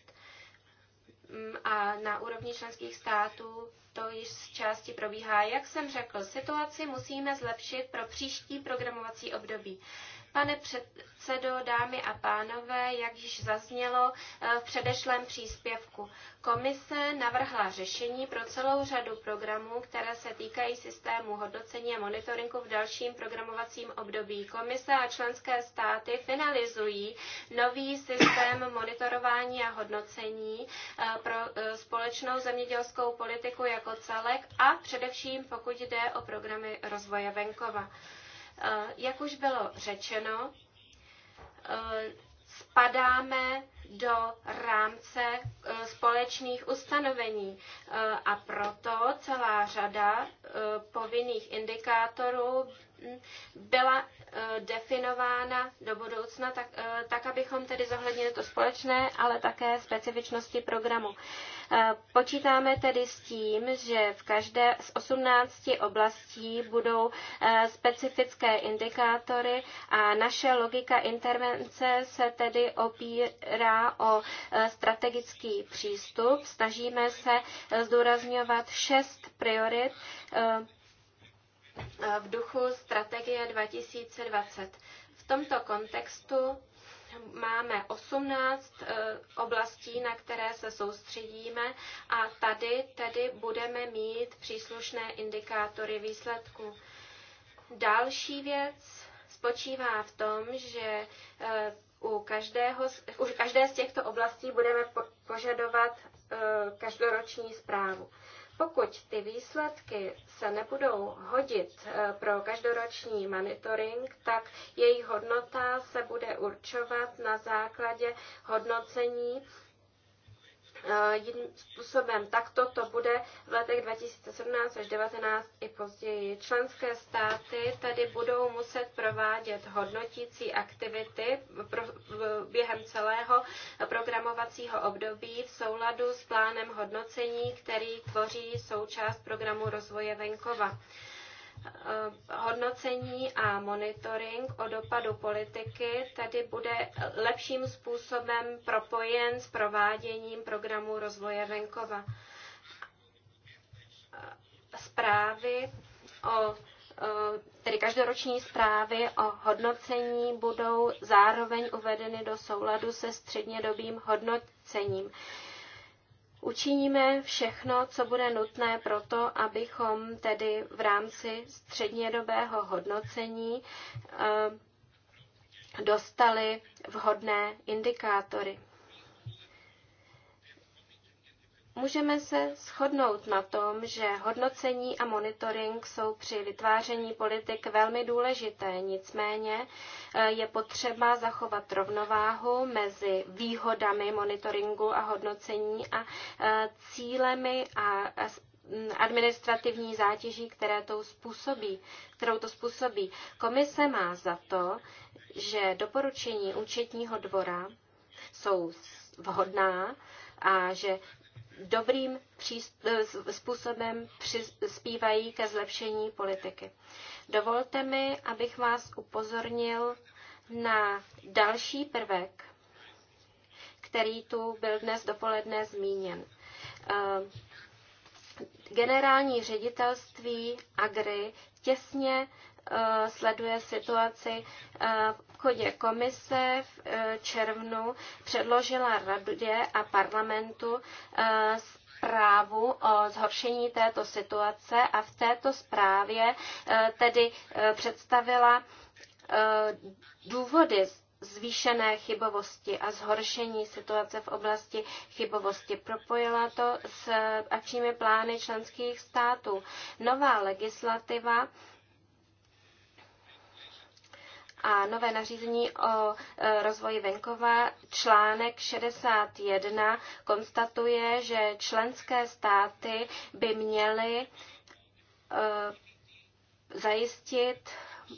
mm, a na úrovni členských států to již z části probíhá. Jak jsem řekl, situaci musíme zlepšit pro příští programovací období. Pane předsedo, dámy a pánové, jak již zaznělo eh, v předešlém příspěvku, komise navrhla řešení pro celou řadu programů, které se týkají systému hodnocení a monitoringu v dalším programovacím období. Komise a členské státy finalizují nový systém monitorování a hodnocení eh, pro eh, společnou zemědělskou politiku jako celek a především pokud jde o programy rozvoje venkova. Jak už bylo řečeno, e, spadáme do rámce e, společných ustanovení e, a proto celá řada povinných indikátorů byla definována do budoucna tak, tak, abychom tedy zohlednili to společné, ale také specifičnosti programu. Eh, počítáme tedy s tím, že v každé z 18 oblastí budou eh, specifické indikátory a naše logika intervence se tedy opírá o eh, strategický přístup. Snažíme se zdůrazňovat šest priorit v duchu strategie 2020. V tomto kontextu máme 18 eh, oblastí, na které se soustředíme a tady tedy budeme mít příslušné indikátory výsledku. Další věc spočívá v tom, že eh, u, každého, u každé z těchto oblastí budeme požadovat eh, každoroční zprávu. Pokud ty výsledky se nebudou hodit eh, pro každoroční monitoring, tak jejich hodnota se bude určovat na základě hodnocení Eh, jedním způsobem. Takto to bude v letech 2017 až 2019 i později. Členské státy tady budou muset provádět hodnotící aktivity během celého programovacího období v souladu s plánem hodnocení, který tvoří součást programu rozvoje venkova. Eh, hodnocení a monitoring o dopadu politiky tedy bude lepším způsobem propojen s prováděním programu rozvoje venkova. Eh, zprávy o eh, tedy každoroční zprávy o hodnocení budou zároveň uvedeny do souladu se střednědobým hodnocením. Učiníme všechno, co bude nutné pro to, abychom tedy v rámci střednědobého hodnocení eh, dostali vhodné indikátory. Můžeme se shodnout na tom, že hodnocení a monitoring jsou při vytváření politik velmi důležité, nicméně eh, je potřeba zachovat rovnováhu mezi výhodami monitoringu a hodnocení a eh, cílemi a mm, administrativní zátěží, které to způsobí, kterou to způsobí. Komise má za to, že doporučení účetního dvora jsou vhodná a že dobrým eh, způsobem přispívají ke zlepšení politiky. Dovolte mi, abych vás upozornil na další prvek, který tu byl dnes dopoledne zmíněn. Eh, Generální ředitelství Agri těsně Eh, sleduje situaci eh, v chodě komise v eh, červnu předložila radě a parlamentu zprávu o zhoršení této situace a v této zprávě tedy představila důvody zvýšené chybovosti a zhoršení situace v oblasti chybovosti. Propojila to s akčními plány členských států. Nová legislativa a nové nařízení o e, rozvoji venkova článek 61 konstatuje, že členské státy by měly e, zajistit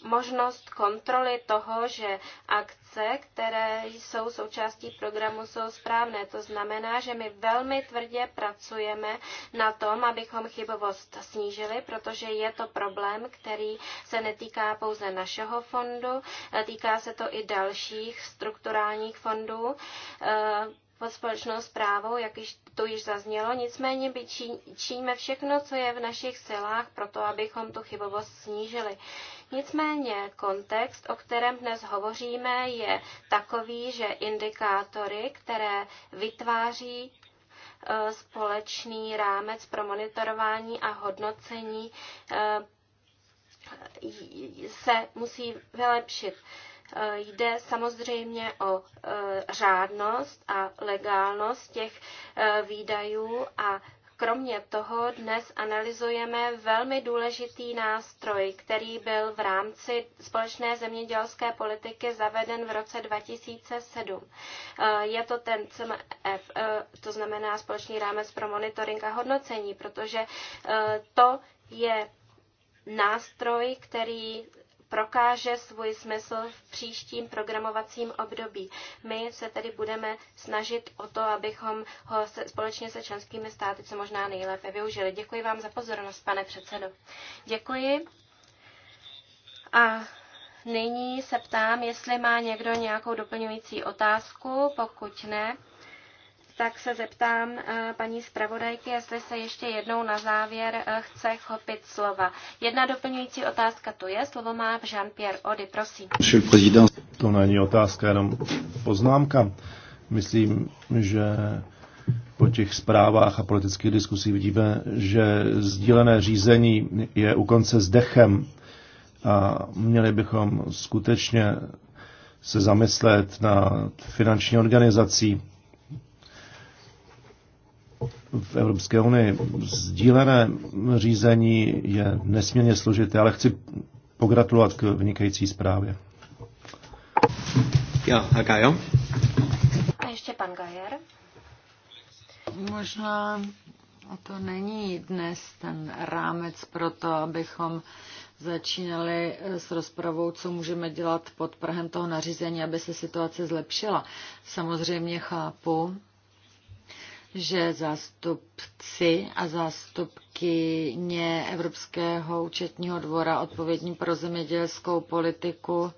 možnost kontroly toho, že akce, které jsou součástí programu, jsou správné. To znamená, že my velmi tvrdě pracujeme na tom, abychom chybovost snížili, protože je to problém, který se netýká pouze našeho fondu, e, týká se to i dalších strukturálních fondů e, pod společnou zprávou, jak již to již zaznělo. Nicméně by číme všechno, co je v našich silách, proto abychom tu chybovost snížili. Nicméně kontext, o kterém dnes hovoříme, je takový, že indikátory, které vytváří e, společný rámec pro monitorování a hodnocení, e, se musí vylepšit. E, jde samozřejmě o řádnost a legálnost těch výdajů a Kromě toho dnes analyzujeme velmi důležitý nástroj, který byl v rámci společné zemědělské politiky zaveden v roce 2007. Eh, je to ten CMF, eh, to znamená společný rámec pro monitoring a hodnocení, protože eh, to je nástroj, který prokáže svůj smysl v příštím programovacím období. My se tedy budeme snažit o to, abychom ho se, společně se členskými státy co možná nejlépe využili. Děkuji vám za pozornost, pane předsedo. Děkuji. A nyní se ptám, jestli má někdo nějakou doplňující otázku. Pokud ne, tak se zeptám eh, paní zpravodajky, jestli se ještě jednou na závěr eh, chce chopit slova. Jedna doplňující otázka tu je, slovo má Jean-Pierre Ody, prosím. To není otázka, jenom poznámka. Myslím, že po těch zprávách a politických diskusích vidíme, že sdílené řízení je u konce s dechem a měli bychom skutečně se zamyslet na finanční organizací v Evropské unii. Sdílené řízení je nesmírně složité, ale chci pogratulovat k vynikající zprávě. Jo, a Gajo? A ještě pan Gajer. Možná to není dnes ten rámec pro to, abychom začínali s rozpravou, co můžeme dělat pod Prahem toho nařízení, aby se situace zlepšila. Samozřejmě chápu, že zástupci a zástupkyně Evropského účetního dvora odpovědní pro zemědělskou politiku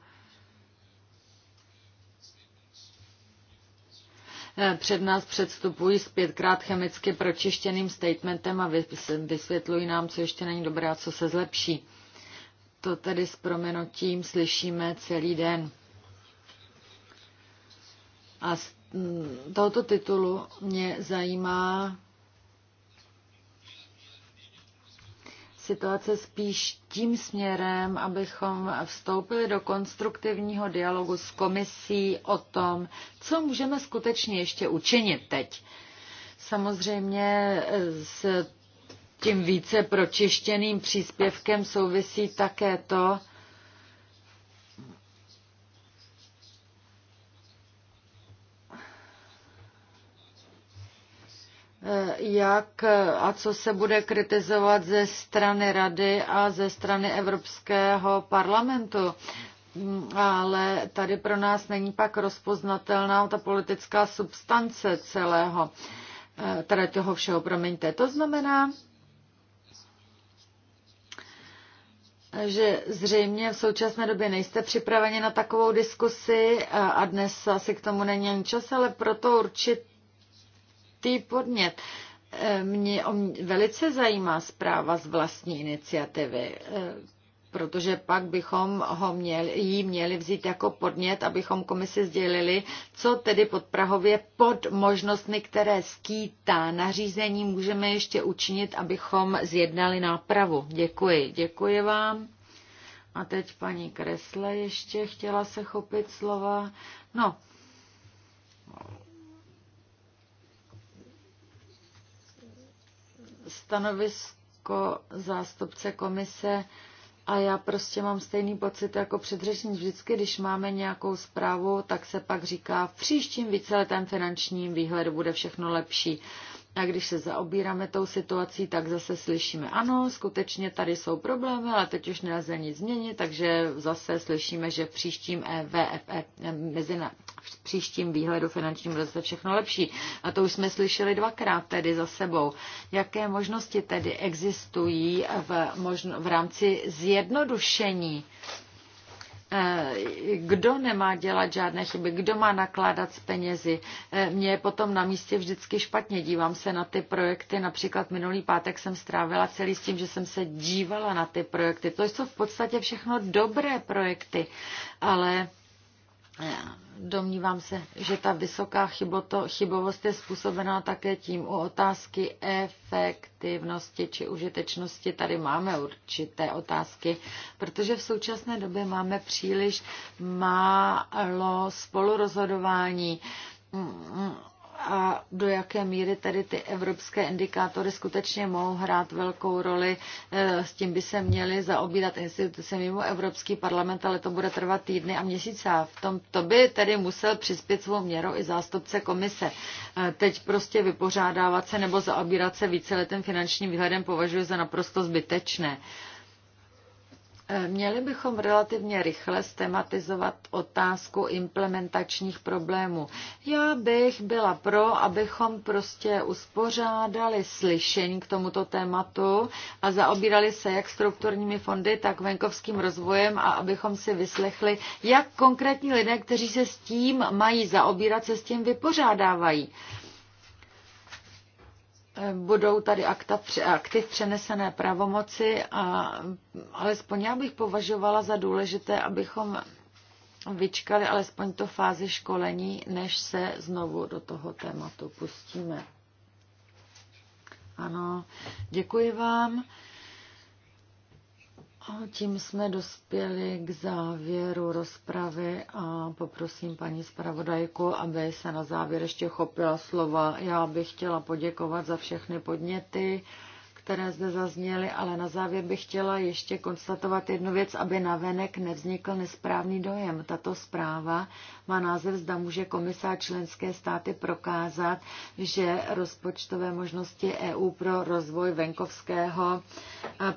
eh, před nás předstupují s pětkrát chemicky pročištěným statementem a vysvětlují nám, co ještě není dobré a co se zlepší. To tedy s proměnutím slyšíme celý den. A s Mm, tohoto titulu mě zajímá situace spíš tím směrem, abychom vstoupili do konstruktivního dialogu s komisí o tom, co můžeme skutečně ještě učinit teď. Samozřejmě eh, s tím více pročištěným příspěvkem souvisí také to, jak a co se bude kritizovat ze strany Rady a ze strany Evropského parlamentu. Ale tady pro nás není pak rozpoznatelná ta politická substance celého, eh, teda toho všeho, promiňte. To znamená, že zřejmě v současné době nejste připraveni na takovou diskusi eh, a dnes asi k tomu není ani čas, ale proto určit určitý podnět. Eh, mě velice zajímá zpráva z vlastní iniciativy eh, protože pak bychom ho měli, jí měli vzít jako podnět, abychom komisi sdělili, co tedy Prahově pod možnostmi, které skýtá nařízení, můžeme ještě učinit, abychom zjednali nápravu. Děkuji. Děkuji vám. A teď paní Kresle ještě chtěla se chopit slova. No, stanovisko zástupce komise a já prostě mám stejný pocit jako předřečník. Vždycky, když máme nějakou zprávu, tak se pak říká, v příštím víceletém finančním výhledu bude všechno lepší. A když se zaobíráme tou situací, tak zase slyšíme, ano, skutečně tady jsou problémy, ale teď už nelze nic změnit, takže zase slyšíme, že v příštím e e eh, mezi na, v příštím výhledu finančním bude se všechno lepší. A to už jsme slyšeli dvakrát tedy za sebou. Jaké možnosti tedy existují v, možno, v rámci zjednodušení? Eh, kdo nemá dělat žádné chyby, kdo má nakládat s penězi. Eh, mně je potom na místě vždycky špatně. Dívám se na ty projekty, například minulý pátek jsem strávila celý s tím, že jsem se dívala na ty projekty. To jsou v podstatě všechno dobré projekty, ale Domnívám se, že ta vysoká chyboto, chybovost je způsobená také tím u otázky efektivnosti či užitečnosti. Tady máme určité otázky, protože v současné době máme příliš málo spolurozhodování mm, mm, a do jaké míry tedy ty evropské indikátory skutečně mohou hrát velkou roli. E, s tím by se měly zaobírat instituce mimo Evropský parlament, ale to bude trvat týdny a měsíce. A v tom, to by tedy musel přispět svou měrou i zástupce komise. E, teď prostě vypořádávat se nebo zaobírat se letem finančním výhledem považuje za naprosto zbytečné. Měli bychom relativně rychle stematizovat otázku implementačních problémů. Já bych byla pro, abychom prostě uspořádali slyšení k tomuto tématu a zaobírali se jak strukturními fondy, tak venkovským rozvojem a abychom si vyslechli, jak konkrétní lidé, kteří se s tím mají zaobírat, se s tím vypořádávají budou tady akta, v přenesené pravomoci a alespoň já bych považovala za důležité, abychom vyčkali alespoň to fázi školení, než se znovu do toho tématu pustíme. Ano, děkuji vám. A tím jsme dospěli k závěru rozpravy a poprosím paní zpravodajku, aby se na závěr ještě chopila slova. Já bych chtěla poděkovat za všechny podněty které zde zazněly, ale na závěr bych chtěla ještě konstatovat jednu věc, aby na venek nevznikl nesprávný dojem. Tato zpráva má název, zda může komisár členské státy prokázat, že rozpočtové možnosti EU pro rozvoj venkovského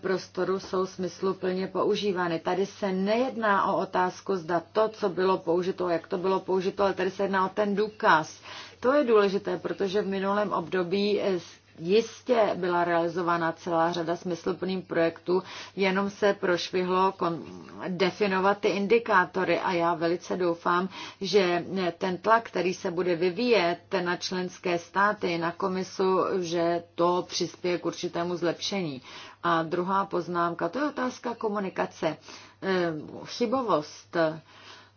prostoru jsou smysluplně používány. Tady se nejedná o otázku, zda to, co bylo použito, jak to bylo použito, ale tady se jedná o ten důkaz, to je důležité, protože v minulém období jistě byla realizována celá řada smysluplných projektů, jenom se prošvihlo definovat ty indikátory a já velice doufám, že ten tlak, který se bude vyvíjet na členské státy, na komisu, že to přispěje k určitému zlepšení. A druhá poznámka, to je otázka komunikace. Ehm, chybovost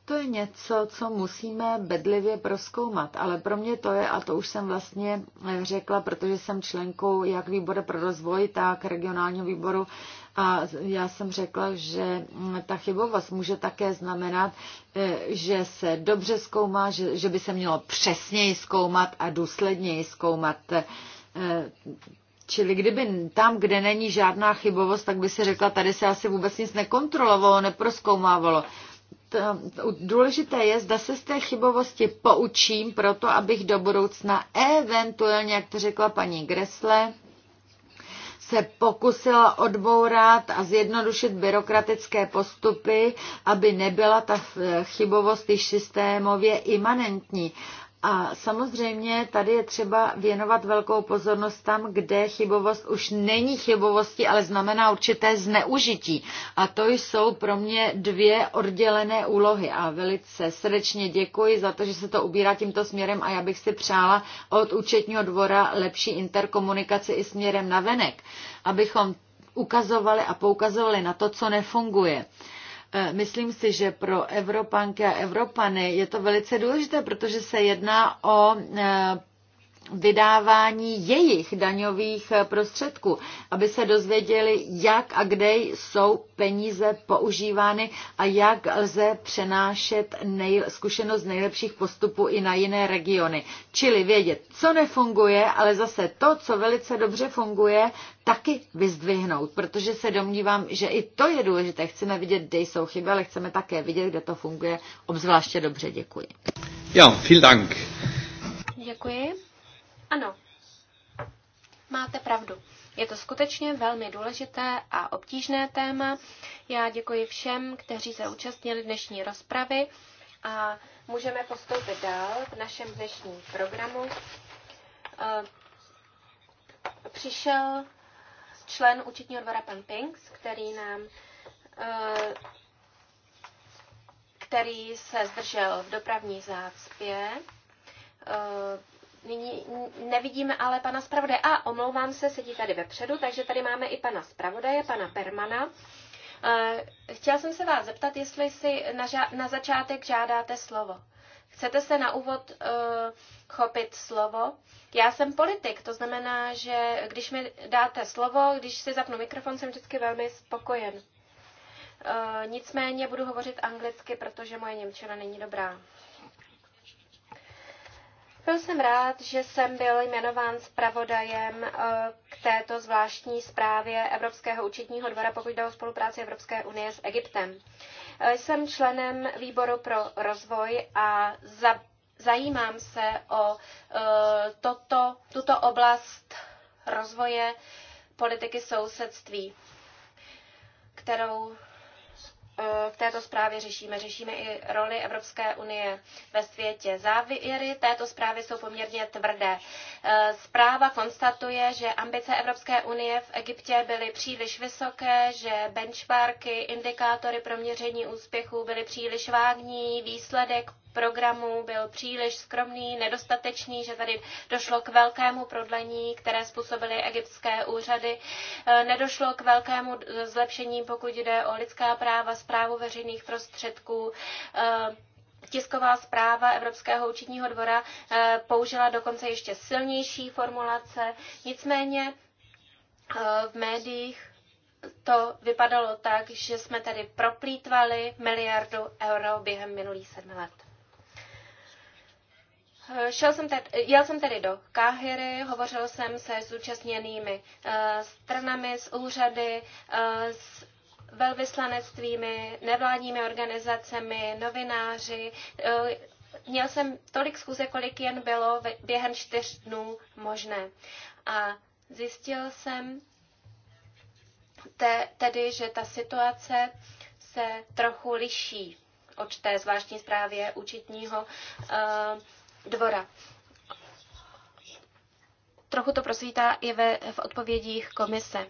to je něco, co musíme bedlivě proskoumat, ale pro mě to je, a to už jsem vlastně eh, řekla, protože jsem členkou jak výboru pro rozvoj, tak regionálního výboru a já jsem řekla, že mm, ta chybovost může také znamenat, eh, že se dobře zkoumá, že, že by se mělo přesněji zkoumat a důsledněji zkoumat. Eh, čili kdyby tam, kde není žádná chybovost, tak by se řekla, tady se asi vůbec nic nekontrolovalo, neproskoumávalo důležité je, zda se z té chybovosti poučím proto, abych do budoucna eventuálně, jak to řekla paní Gresle, se pokusila odbourat a zjednodušit byrokratické postupy, aby nebyla ta chybovost již systémově imanentní. A samozřejmě tady je třeba věnovat velkou pozornost tam, kde chybovost už není chybovostí, ale znamená určité zneužití. A to jsou pro mě dvě oddělené úlohy. A velice srdečně děkuji za to, že se to ubírá tímto směrem a já bych si přála od účetního dvora lepší interkomunikaci i směrem na venek, abychom ukazovali a poukazovali na to, co nefunguje E, myslím si, že pro Evropanky a Evropany je to velice důležité, protože se jedná o e, vydávání jejich daňových eh, prostředků, aby se dozvěděli, jak a kde jsou peníze používány a jak lze přenášet nej, zkušenost nejlepších postupů i na jiné regiony. Čili vědět, co nefunguje, ale zase to, co velice dobře funguje, taky vyzdvihnout, protože se domnívám, že i to je důležité. Chceme vidět, kde jsou chyby, ale chceme také vidět, kde to funguje obzvláště dobře. Děkuji. Jo, vielen Dank. Děkuji. Ano, máte pravdu. Je to skutečně velmi důležité a obtížné téma. Já děkuji všem, kteří se účastnili dnešní rozpravy a můžeme postoupit dál v našem dnešním programu. Eh, přišel člen účetního dvora pan Pinks, který nám eh, který se zdržel v dopravní zácpě eh, Nyní nevidíme ale pana zpravodaje. A omlouvám se, sedí tady vepředu, takže tady máme i pana zpravodaje, pana Permana. Eh, chtěla jsem se vás zeptat, jestli si na, na začátek žádáte slovo. Chcete se na úvod uh, chopit slovo? Já jsem politik, to znamená, že když mi dáte slovo, když si zapnu mikrofon, jsem vždycky velmi spokojen. Uh, nicméně budu hovořit anglicky, protože moje němčina není dobrá. Byl jsem rád, že jsem byl jmenován zpravodajem eh, k této zvláštní zprávě Evropského účetního dvora, pokud jde o spolupráci Evropské unie s Egyptem. Eh, jsem členem výboru pro rozvoj a za, zajímám se o eh, toto, tuto oblast rozvoje politiky sousedství, kterou Eh, v této zprávě řešíme. Řešíme i roli Evropské unie ve světě. Závěry této zprávy jsou poměrně tvrdé. Eh, zpráva konstatuje, že ambice Evropské unie v Egyptě byly příliš vysoké, že benchmarky, indikátory pro měření úspěchů byly příliš vágní, výsledek programů byl příliš skromný, nedostatečný, že tady došlo k velkému prodlení, které způsobily egyptské úřady. E, nedošlo k velkému zlepšení, pokud jde o lidská práva, zprávu veřejných prostředků. E, tisková zpráva Evropského účetního dvora e, použila dokonce ještě silnější formulace. Nicméně v médiích to vypadalo tak, že jsme tady proplítvali miliardu euro během minulých sedmi let. Eh, šel jsem tedy, eh, jel jsem tedy do Káhyry, hovořil jsem se zúčastněnými eh, stranami, z úřady, s velvyslanectvími, nevládními organizacemi, novináři. Měl jsem tolik schůze, kolik jen bylo během čtyř dnů možné. A zjistil jsem te, tedy, že ta situace se trochu liší od té zvláštní zprávě účetního uh, dvora. Trochu to prosvítá i ve, v odpovědích komise.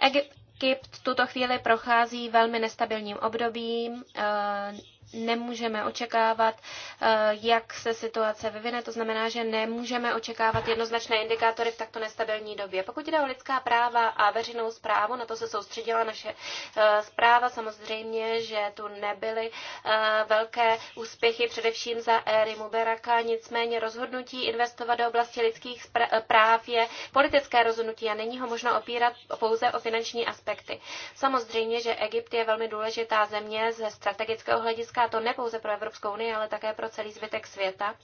Egypt tuto chvíli prochází velmi nestabilním obdobím, eh, nemůžeme očekávat, eh, jak se situace vyvine. To znamená, že nemůžeme očekávat jednoznačné indikátory v takto nestabilní době. Pokud jde o lidská práva a veřejnou zprávu, na to se soustředila naše eh, zpráva. Samozřejmě, že tu nebyly eh, velké úspěchy, především za éry Muberaka. Nicméně rozhodnutí investovat do oblasti lidských práv je politické rozhodnutí a není ho možno opírat pouze o finanční aspekty. Samozřejmě, že Egypt je velmi důležitá země ze strategického hlediska to ne pouze pro Evropskou unii, ale také pro celý zbytek světa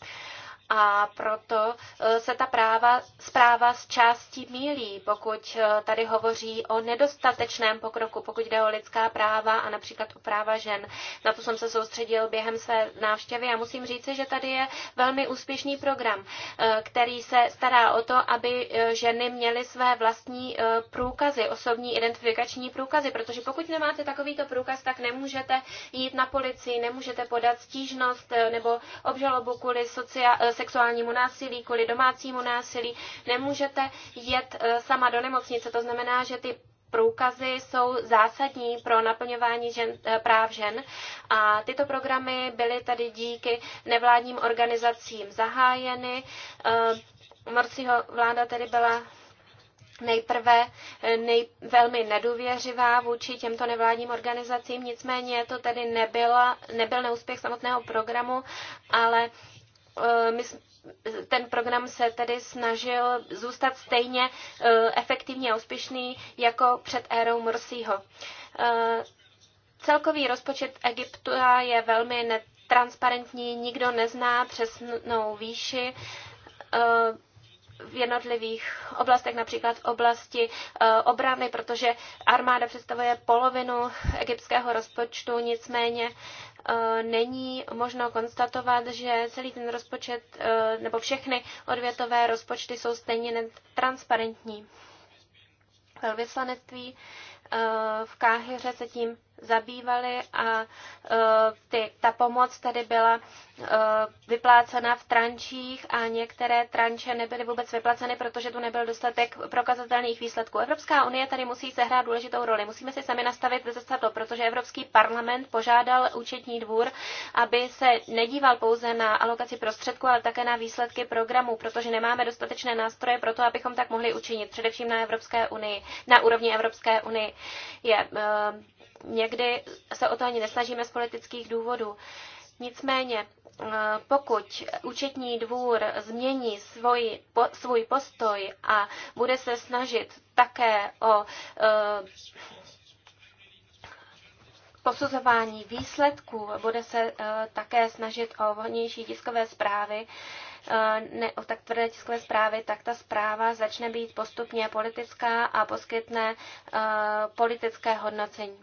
a proto e, se ta práva, zpráva z části mílí, pokud e, tady hovoří o nedostatečném pokroku, pokud jde o lidská práva a například o práva žen. Na to jsem se soustředil během své návštěvy a musím říci, že tady je velmi úspěšný program, e, který se stará o to, aby ženy měly své vlastní průkazy, osobní identifikační průkazy, protože pokud nemáte takovýto průkaz, tak nemůžete jít na policii, nemůžete podat stížnost nebo obžalobu kvůli sociální sexuálnímu násilí, kvůli domácímu násilí. Nemůžete jet eh, sama do nemocnice, to znamená, že ty průkazy jsou zásadní pro naplňování žen, eh, práv žen a tyto programy byly tady díky nevládním organizacím zahájeny. Eh, Morsiho vláda tedy byla nejprve nej, velmi nedůvěřivá vůči těmto nevládním organizacím, nicméně to tedy nebyla, nebyl neúspěch samotného programu, ale Eh, my, ten program se tedy snažil zůstat stejně eh, efektivně a úspěšný jako před érou Morsiho. Eh, celkový rozpočet Egypta je velmi netransparentní, nikdo nezná přesnou výši v jednotlivých oblastech, například v oblasti eh, obrany, protože armáda představuje polovinu egyptského rozpočtu, nicméně eh, není možno konstatovat, že celý ten rozpočet eh, nebo všechny odvětové rozpočty jsou stejně netransparentní. Velvyslanectví v Káhyře se tím zabývali a e, ty, ta pomoc tady byla e, vyplácena v trančích a některé tranče nebyly vůbec vyplaceny, protože tu nebyl dostatek prokazatelných výsledků. Evropská unie tady musí sehrát důležitou roli. Musíme si sami nastavit zrcadlo, protože Evropský parlament požádal účetní dvůr, aby se nedíval pouze na alokaci prostředků, ale také na výsledky programů, protože nemáme dostatečné nástroje pro to, abychom tak mohli učinit, především na Evropské unii, na úrovni Evropské unie. Je, e, někdy se o to ani nesnažíme z politických důvodů. Nicméně, eh, pokud účetní dvůr změní svůj, po, svůj postoj a bude se snažit také o eh, posuzování výsledků, bude se eh, také snažit o vhodnější tiskové zprávy, ne, o tak tvrdé tiskové zprávy, tak ta zpráva začne být postupně politická a poskytne politické hodnocení.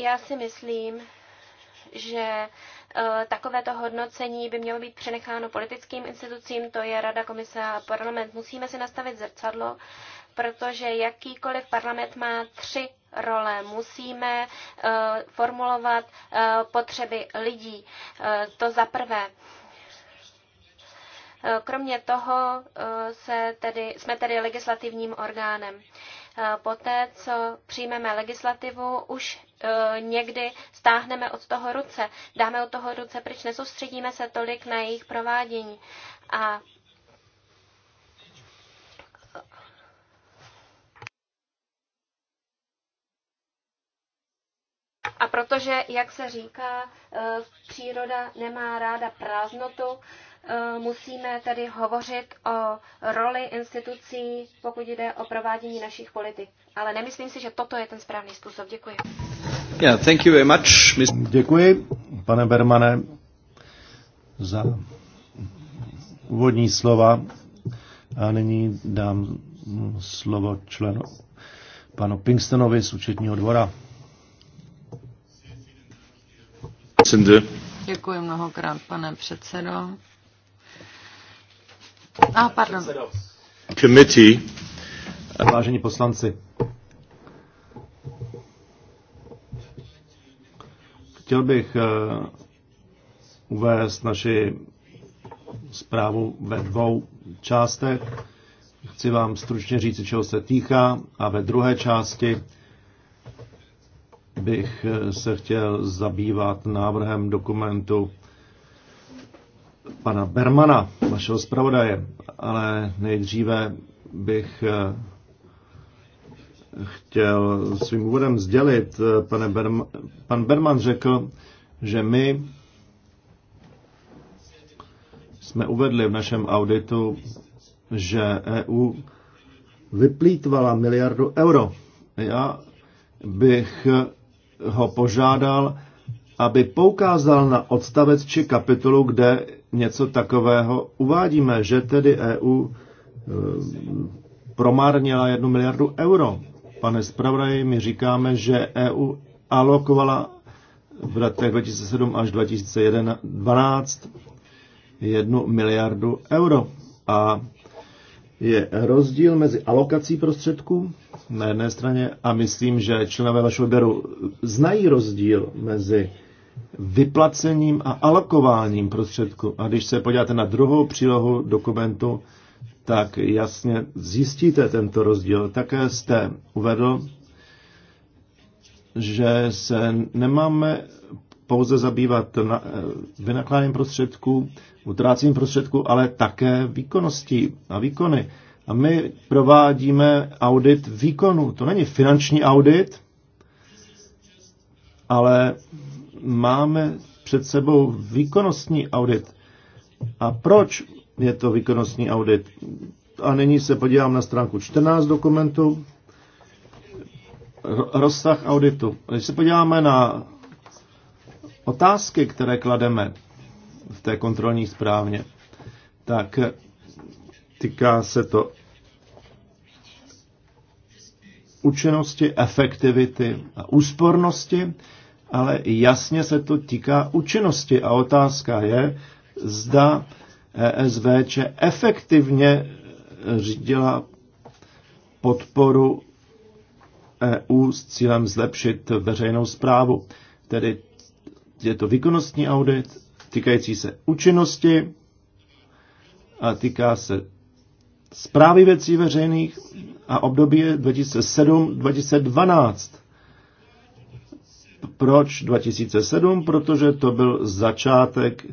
Já si myslím, že eh, takovéto hodnocení by mělo být přenecháno politickým institucím, to je Rada, Komise a parlament. Musíme si nastavit zrcadlo, protože jakýkoliv parlament má tři role. Musíme eh, formulovat eh, potřeby lidí. to za prvé. Kromě toho se tedy, jsme tedy legislativním orgánem. E, poté, co přijmeme legislativu, už e, někdy stáhneme od toho ruce, dáme od toho ruce pryč, nesoustředíme se tolik na jejich provádění. A A protože, jak se říká, e, příroda nemá ráda prázdnotu, Eh, musíme tedy hovořit o roli institucí, pokud jde o provádění našich politik. Ale nemyslím si, že toto je ten správný způsob. Děkuji. Yeah, thank you very much, Děkuji, pane Bermane, za úvodní slova. A nyní dám slovo členu panu Pinkstonovi z účetního dvora. Děkuji mnohokrát, pane předsedo. A, ah, pardon. Committee. Vážení poslanci, chtěl bych eh, uvést naši zprávu ve dvou částech. Chci vám stručně říct, čeho se týká a ve druhé části bych eh, se chtěl zabývat návrhem dokumentu pana Bermana, našeho zpravodaje, ale nejdříve bych eh, chtěl svým úvodem sdělit. Eh, pane Berm, pan Berman řekl, že my jsme uvedli v našem auditu, že EU vyplýtvala miliardu euro. Já bych ho požádal, aby poukázal na odstavec či kapitolu, kde něco takového uvádíme, že tedy EU eh, promárnila jednu miliardu euro. Pane zpravodaji, my říkáme, že EU alokovala v letech 2007 až 2012 jednu miliardu euro. A je rozdíl mezi alokací prostředků na jedné straně a myslím, že členové vašeho výběru znají rozdíl mezi vyplacením a alokováním prostředků. A když se podíváte na druhou přílohu dokumentu, tak jasně zjistíte tento rozdíl. Také jste uvedl, že se nemáme pouze zabývat na, eh, vynakládáním prostředků, utrácením prostředků, ale také výkonností a výkony. A my provádíme audit výkonu. To není finanční audit, ale máme před sebou výkonnostní audit. A proč je to výkonnostní audit? A nyní se podívám na stránku 14 dokumentu. Rozsah auditu. Když se podíváme na otázky, které klademe v té kontrolní správně, tak týká se to účinnosti, efektivity a úspornosti ale jasně se to týká účinnosti a otázka je, zda ESVČ efektivně řídila podporu EU s cílem zlepšit veřejnou zprávu. Tedy je to výkonnostní audit týkající se účinnosti a týká se zprávy věcí veřejných a období 2007-2012. Proč 2007? Protože to byl začátek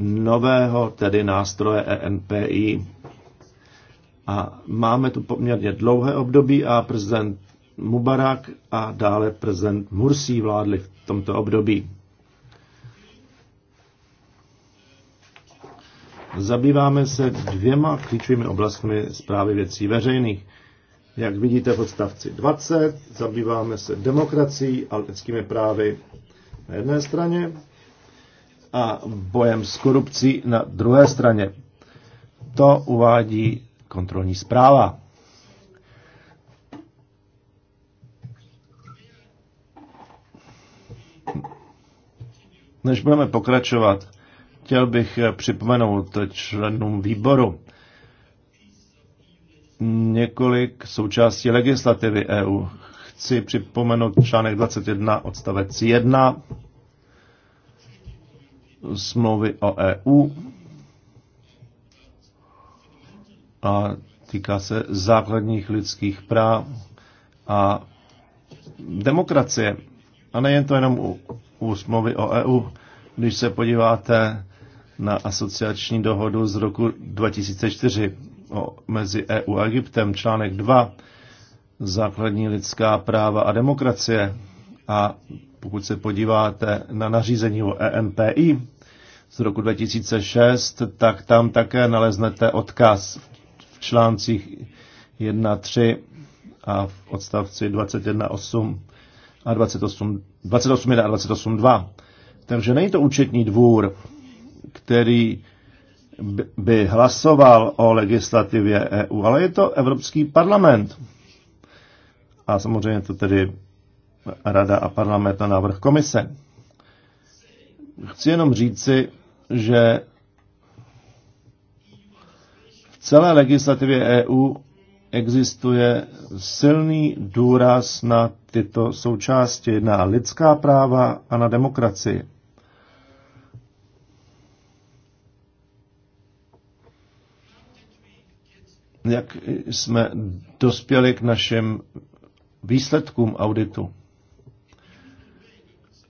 nového tedy nástroje ENPI. A máme tu poměrně dlouhé období a prezident Mubarak a dále prezident Mursi vládli v tomto období. Zabýváme se dvěma klíčovými oblastmi zprávy věcí veřejných. Jak vidíte v odstavci 20, zabýváme se demokracií a lidskými právy na jedné straně a bojem s korupcí na druhé straně. To uvádí kontrolní zpráva. Než budeme pokračovat, chtěl bych připomenout členům výboru, několik součástí legislativy EU. Chci připomenout článek 21 odstavec 1 smlouvy o EU a týká se základních lidských práv a demokracie. A nejen to jenom u, u smlouvy o EU. Když se podíváte na asociační dohodu z roku 2004, mezi EU a Egyptem, článek 2, základní lidská práva a demokracie. A pokud se podíváte na nařízení o EMPI z roku 2006, tak tam také naleznete odkaz v článcích 1.3 a v odstavci 21.8 a 28.1 28, a 28.2. Takže není to účetní dvůr, který by hlasoval o legislativě EU, ale je to Evropský parlament. A samozřejmě to tedy Rada a parlament na návrh komise. Chci jenom říci, že v celé legislativě EU existuje silný důraz na tyto součásti, na lidská práva a na demokracii. jak jsme dospěli k našim výsledkům auditu.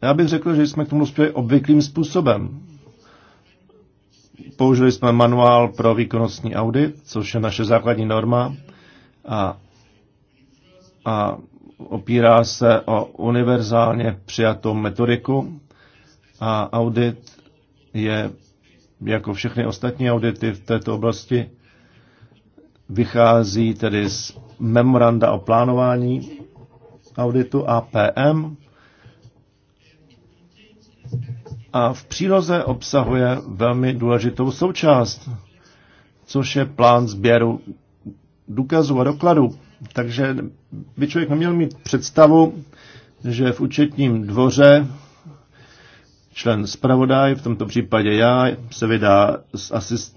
Já bych řekl, že jsme k tomu dospěli obvyklým způsobem. Použili jsme manuál pro výkonnostní audit, což je naše základní norma a, a opírá se o univerzálně přijatou metodiku a audit je jako všechny ostatní audity v této oblasti vychází tedy z memoranda o plánování auditu APM a v příloze obsahuje velmi důležitou součást, což je plán sběru důkazů a dokladů. Takže by člověk neměl mít představu, že v účetním dvoře člen zpravodaj, v tomto případě já, se vydá s asist,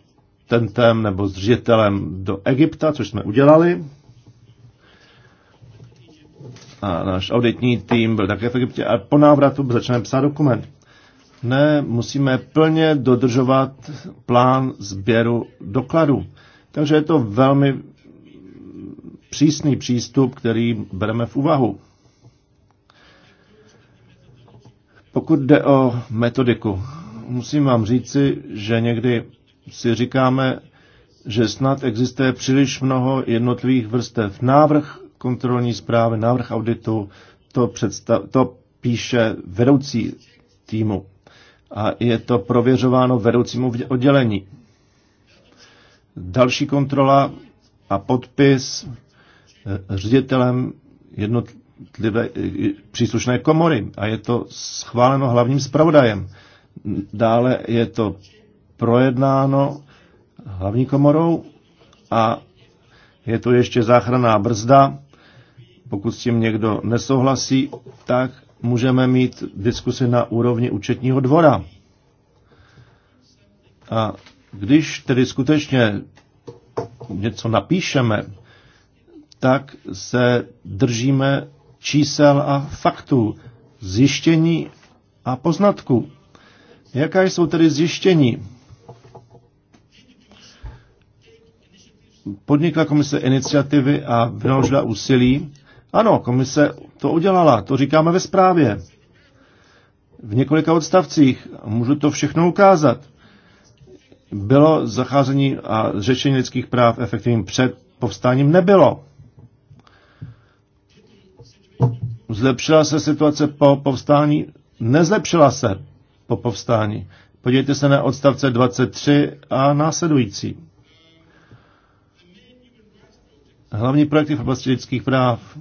asistentem nebo s zřitelem do Egypta, což jsme udělali. A náš auditní tým byl také v Egyptě a po návratu začneme psát dokument. Ne, musíme plně dodržovat plán sběru dokladů. Takže je to velmi přísný přístup, který bereme v úvahu. Pokud jde o metodiku, musím vám říci, že někdy si říkáme, že snad existuje příliš mnoho jednotlivých vrstev. Návrh kontrolní zprávy, návrh auditu, to, představ, to píše vedoucí týmu a je to prověřováno vedoucímu oddělení. Další kontrola a podpis eh, ředitelem jednotlivé eh, příslušné komory a je to schváleno hlavním zpravodajem. Dále je to projednáno hlavní komorou a je to ještě záchranná brzda. Pokud s tím někdo nesouhlasí, tak můžeme mít diskusy na úrovni účetního dvora. A když tedy skutečně něco napíšeme, tak se držíme čísel a faktů, zjištění a poznatků. Jaká jsou tedy zjištění? podnikla komise iniciativy a vynaložila úsilí. Ano, komise to udělala, to říkáme ve zprávě. V několika odstavcích můžu to všechno ukázat. Bylo zacházení a řešení lidských práv efektivním před povstáním nebylo. Zlepšila se situace po povstání? Nezlepšila se po povstání. Podívejte se na odstavce 23 a následující. Hlavní projekty v oblasti lidských práv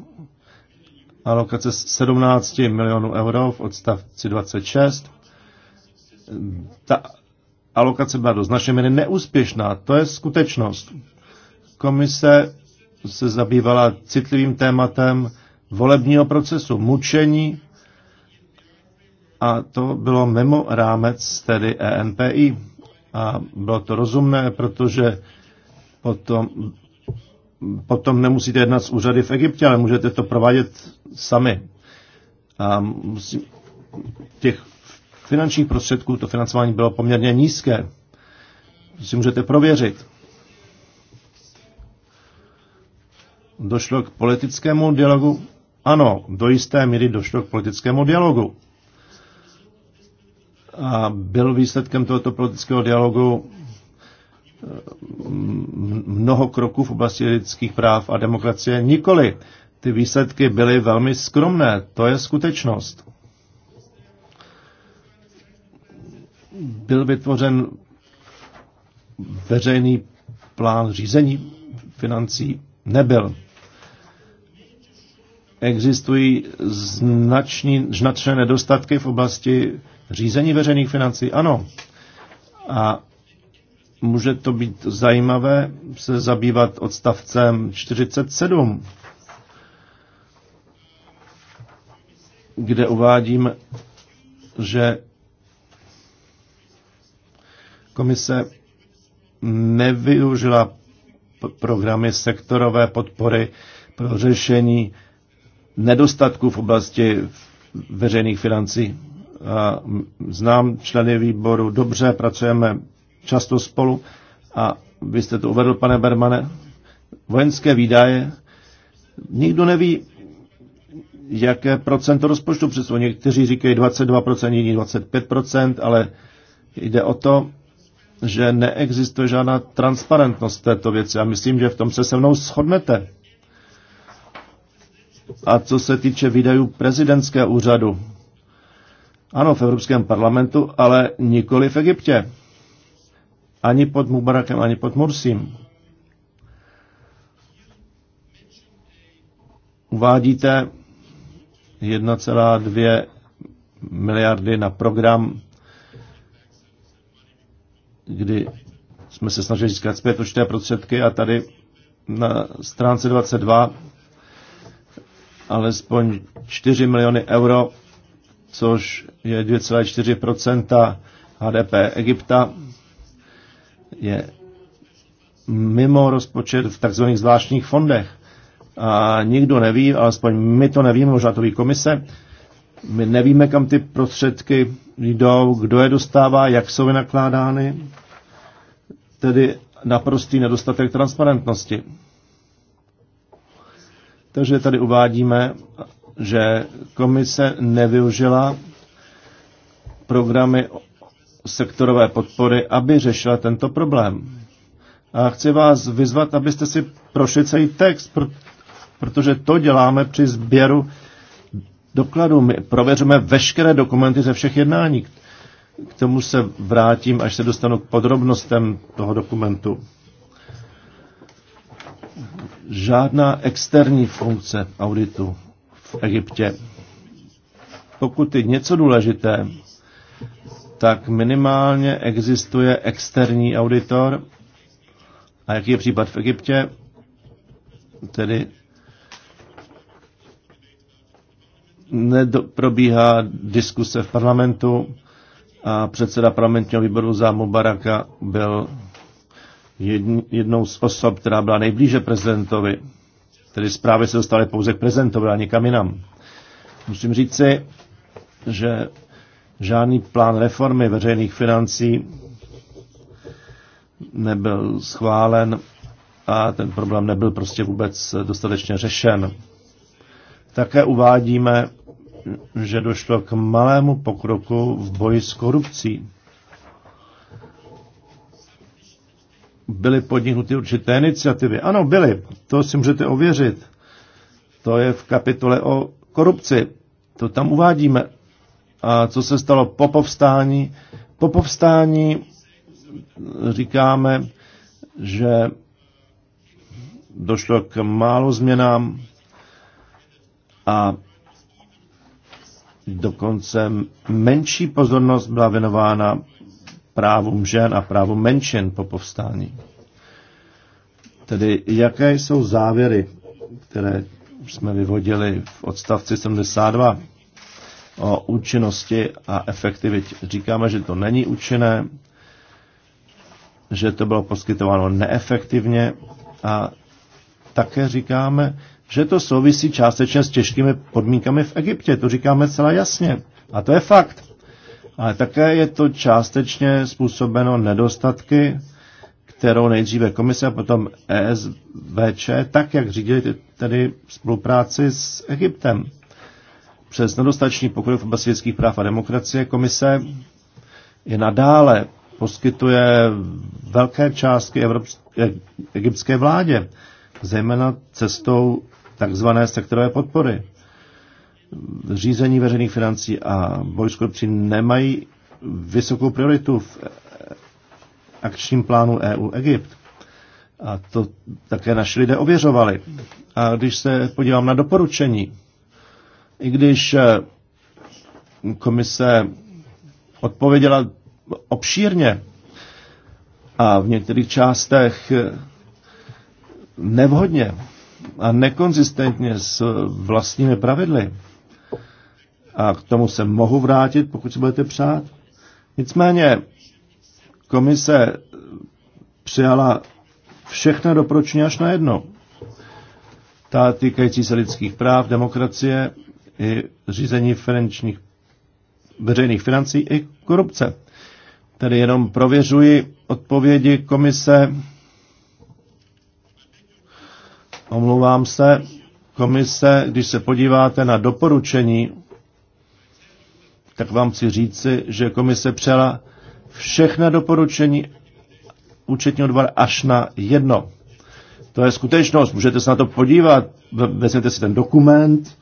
alokace 17 milionů euro v odstavci 26. Ta alokace byla do značné míry neúspěšná. To je skutečnost. Komise se zabývala citlivým tématem volebního procesu, mučení a to bylo mimo rámec tedy ENPI. A bylo to rozumné, protože potom potom nemusíte jednat s úřady v Egyptě, ale můžete to provádět sami. A musím, těch finančních prostředků to financování bylo poměrně nízké. To si můžete prověřit. Došlo k politickému dialogu? Ano, do jisté míry došlo k politickému dialogu. A byl výsledkem tohoto politického dialogu mnoho kroků v oblasti lidských práv a demokracie. Nikoli. Ty výsledky byly velmi skromné. To je skutečnost. Byl vytvořen veřejný plán řízení financí? Nebyl. Existují značný, značné nedostatky v oblasti řízení veřejných financí? Ano. A může to být zajímavé se zabývat odstavcem 47, kde uvádím, že komise nevyužila programy sektorové podpory pro řešení nedostatků v oblasti veřejných financí. znám členy výboru dobře, pracujeme často spolu. A vy jste to uvedl, pane Bermane, vojenské výdaje. Nikdo neví, jaké procento rozpočtu přesunou. Někteří říkají 22%, jiní 25%, ale jde o to, že neexistuje žádná transparentnost této věci a myslím, že v tom se se mnou shodnete. A co se týče výdajů prezidentského úřadu, ano, v Evropském parlamentu, ale nikoli v Egyptě ani pod Mubarakem, ani pod Mursím. Uvádíte 1,2 miliardy na program, kdy jsme se snažili získat zpět určité prostředky a tady na stránce 22 alespoň 4 miliony euro, což je 2,4 HDP Egypta je mimo rozpočet v tzv. zvláštních fondech. A nikdo neví, alespoň my to nevíme, možná to ví komise, my nevíme, kam ty prostředky jdou, kdo je dostává, jak jsou vynakládány. Tedy naprostý nedostatek transparentnosti. Takže tady uvádíme, že komise nevyužila programy sektorové podpory, aby řešila tento problém. A chci vás vyzvat, abyste si prošli celý text, protože to děláme při sběru dokladů. My prověřujeme veškeré dokumenty ze všech jednání. K tomu se vrátím, až se dostanu k podrobnostem toho dokumentu. Žádná externí funkce auditu v Egyptě. Pokud je něco důležité, tak minimálně existuje externí auditor. A jaký je případ v Egyptě? Tedy probíhá diskuse v parlamentu a předseda parlamentního výboru za Mubaraka byl jednou z osob, která byla nejblíže prezidentovi. Tedy zprávy se dostaly pouze k prezidentovi a nikam jinam. Musím říci, že Žádný plán reformy veřejných financí nebyl schválen a ten problém nebyl prostě vůbec dostatečně řešen. Také uvádíme, že došlo k malému pokroku v boji s korupcí. Byly podniknuty určité iniciativy. Ano, byly. To si můžete ověřit. To je v kapitole o korupci. To tam uvádíme. A co se stalo po povstání? Po povstání říkáme, že došlo k málo změnám a dokonce menší pozornost byla věnována právům žen a právům menšin po povstání. Tedy jaké jsou závěry, které jsme vyvodili v odstavci 72 o účinnosti a efektivitě. Říkáme, že to není účinné, že to bylo poskytováno neefektivně a také říkáme, že to souvisí částečně s těžkými podmínkami v Egyptě. To říkáme celá jasně. A to je fakt. Ale také je to částečně způsobeno nedostatky, kterou nejdříve komise a potom ESVČ, tak jak řídili tedy spolupráci s Egyptem přes nedostatečný pokrok v oblasti lidských práv a demokracie komise i nadále poskytuje velké částky evropské, e- egyptské vládě, zejména cestou takzvané sektorové podpory. Řízení veřejných financí a boj s korupcí nemají vysokou prioritu v akčním plánu EU Egypt. A to také naši lidé ověřovali. A když se podívám na doporučení i když eh, komise odpověděla obšírně a v některých částech eh, nevhodně a nekonzistentně s vlastními pravidly, a k tomu se mohu vrátit, pokud si budete přát. Nicméně komise přijala všechna doporučení až na jedno. Ta týkající se lidských práv, demokracie i řízení finančních veřejných financí i korupce. Tedy jenom prověřuji odpovědi komise. Omlouvám se. Komise, když se podíváte na doporučení, tak vám chci říci, že komise přijala všechna doporučení účetního dvora až na jedno. To je skutečnost. Můžete se na to podívat, vezměte si ten dokument,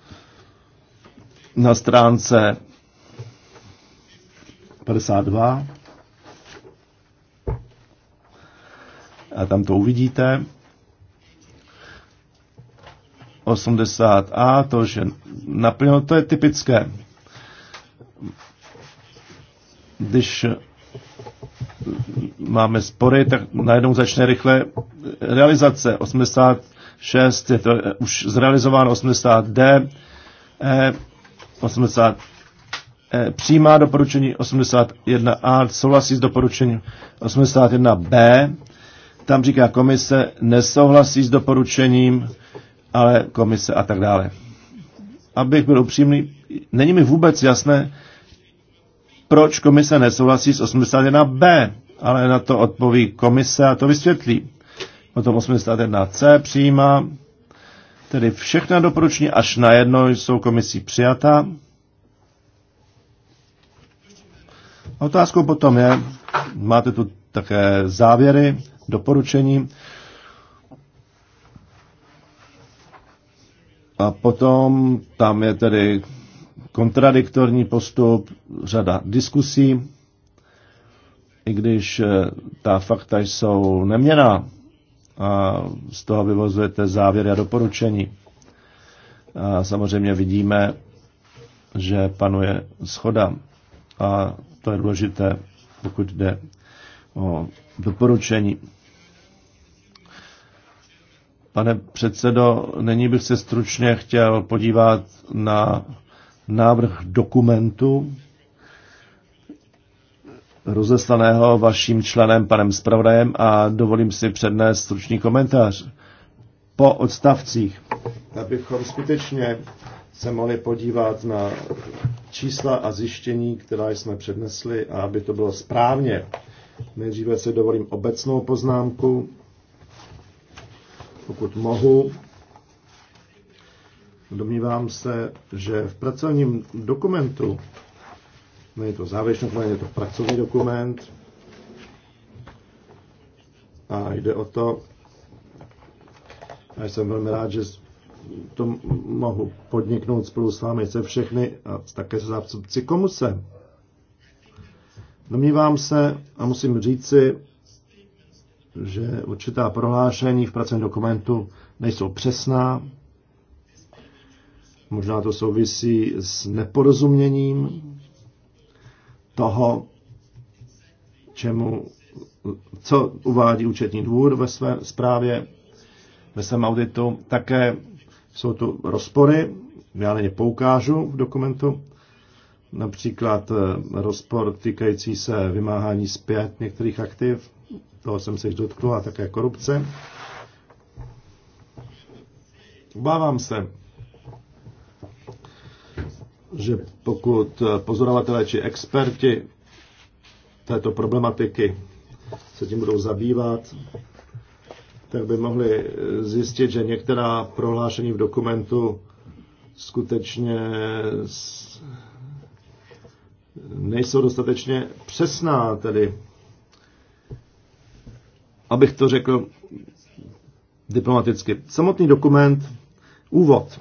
na stránce 52. A tam to uvidíte. 80a, to, že naplněno, to je typické. Když máme spory, tak najednou začne rychle realizace. 86 je to už zrealizováno, 80d, e, 80 eh, přijímá doporučení 81a, souhlasí s doporučením 81b. Tam říká komise, nesouhlasí s doporučením, ale komise a tak dále. Abych byl upřímný, není mi vůbec jasné, proč komise nesouhlasí s 81b, ale na to odpoví komise a to vysvětlí. Potom 81c přijímá, Tedy všechna doporučení až na jedno jsou komisí přijatá. Otázkou potom je, máte tu také závěry, doporučení. A potom tam je tedy kontradiktorní postup, řada diskusí, i když eh, ta fakta jsou neměná a z toho vyvozujete závěry a doporučení. A samozřejmě vidíme, že panuje schoda a to je důležité, pokud jde o doporučení. Pane předsedo, nyní bych se stručně chtěl podívat na návrh dokumentu, rozeslaného vaším členem panem Spravodajem a dovolím si přednést stručný komentář po odstavcích, abychom skutečně se mohli podívat na čísla a zjištění, která jsme přednesli a aby to bylo správně. Nejdříve si dovolím obecnou poznámku, pokud mohu. Domnívám se, že v pracovním dokumentu Není no, to závěrečný dokument, je to pracovní dokument. A jde o to, a jsem velmi rád, že to mohu podniknout spolu s vámi se všechny a také se zástupci komuse. Domnívám se a musím říci, že určitá prohlášení v pracovním dokumentu nejsou přesná. Možná to souvisí s neporozuměním, toho, čemu, co uvádí účetní dvůr ve své zprávě, ve svém auditu. Také jsou tu rozpory, já na ně poukážu v dokumentu, například eh, rozpor týkající se vymáhání zpět některých aktiv, toho jsem se již dotknul, a také korupce. Obávám se, že pokud pozorovatelé či experti této problematiky se tím budou zabývat, tak by mohli zjistit, že některá prohlášení v dokumentu skutečně nejsou dostatečně přesná, tedy abych to řekl diplomaticky. Samotný dokument, úvod,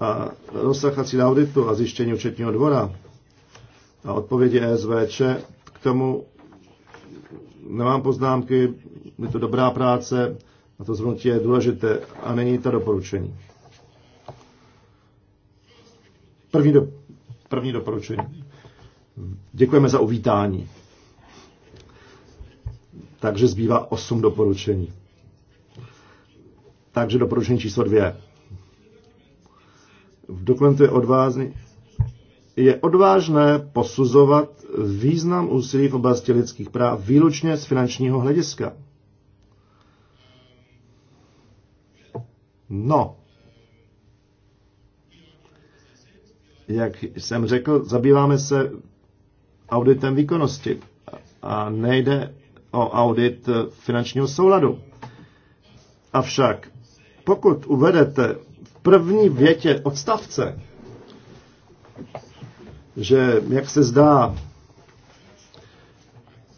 a rozsah auditu a zjištění účetního dvora a odpovědi ESVČ, k tomu nemám poznámky, je to dobrá práce a to zhrnutí je důležité a není to doporučení. První, do, první doporučení. Děkujeme za uvítání. Takže zbývá osm doporučení. Takže doporučení číslo dvě v dokumentu je odvážný, je odvážné posuzovat význam úsilí v oblasti lidských práv výlučně z finančního hlediska. No, jak jsem řekl, zabýváme se auditem výkonnosti a nejde o audit finančního souladu. Avšak pokud uvedete první větě odstavce, že jak se zdá,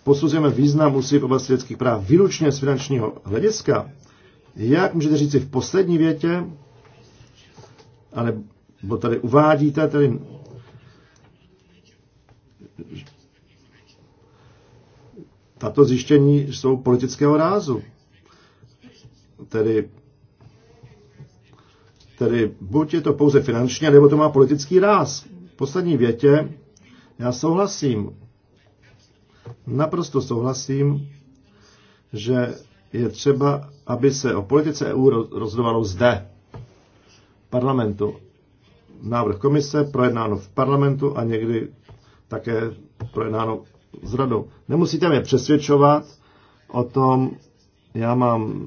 posuzujeme význam úsilí v oblasti lidských práv výlučně z finančního hlediska, jak můžete si v poslední větě, nebo tady uvádíte, tedy, tato zjištění jsou politického rázu. Tedy Tedy buď je to pouze finančně, nebo to má politický ráz. V poslední větě já souhlasím, naprosto souhlasím, že je třeba, aby se o politice EU rozhodovalo zde, parlamentu. Návrh komise projednáno v parlamentu a někdy také projednáno s radou. Nemusíte mě přesvědčovat o tom, já mám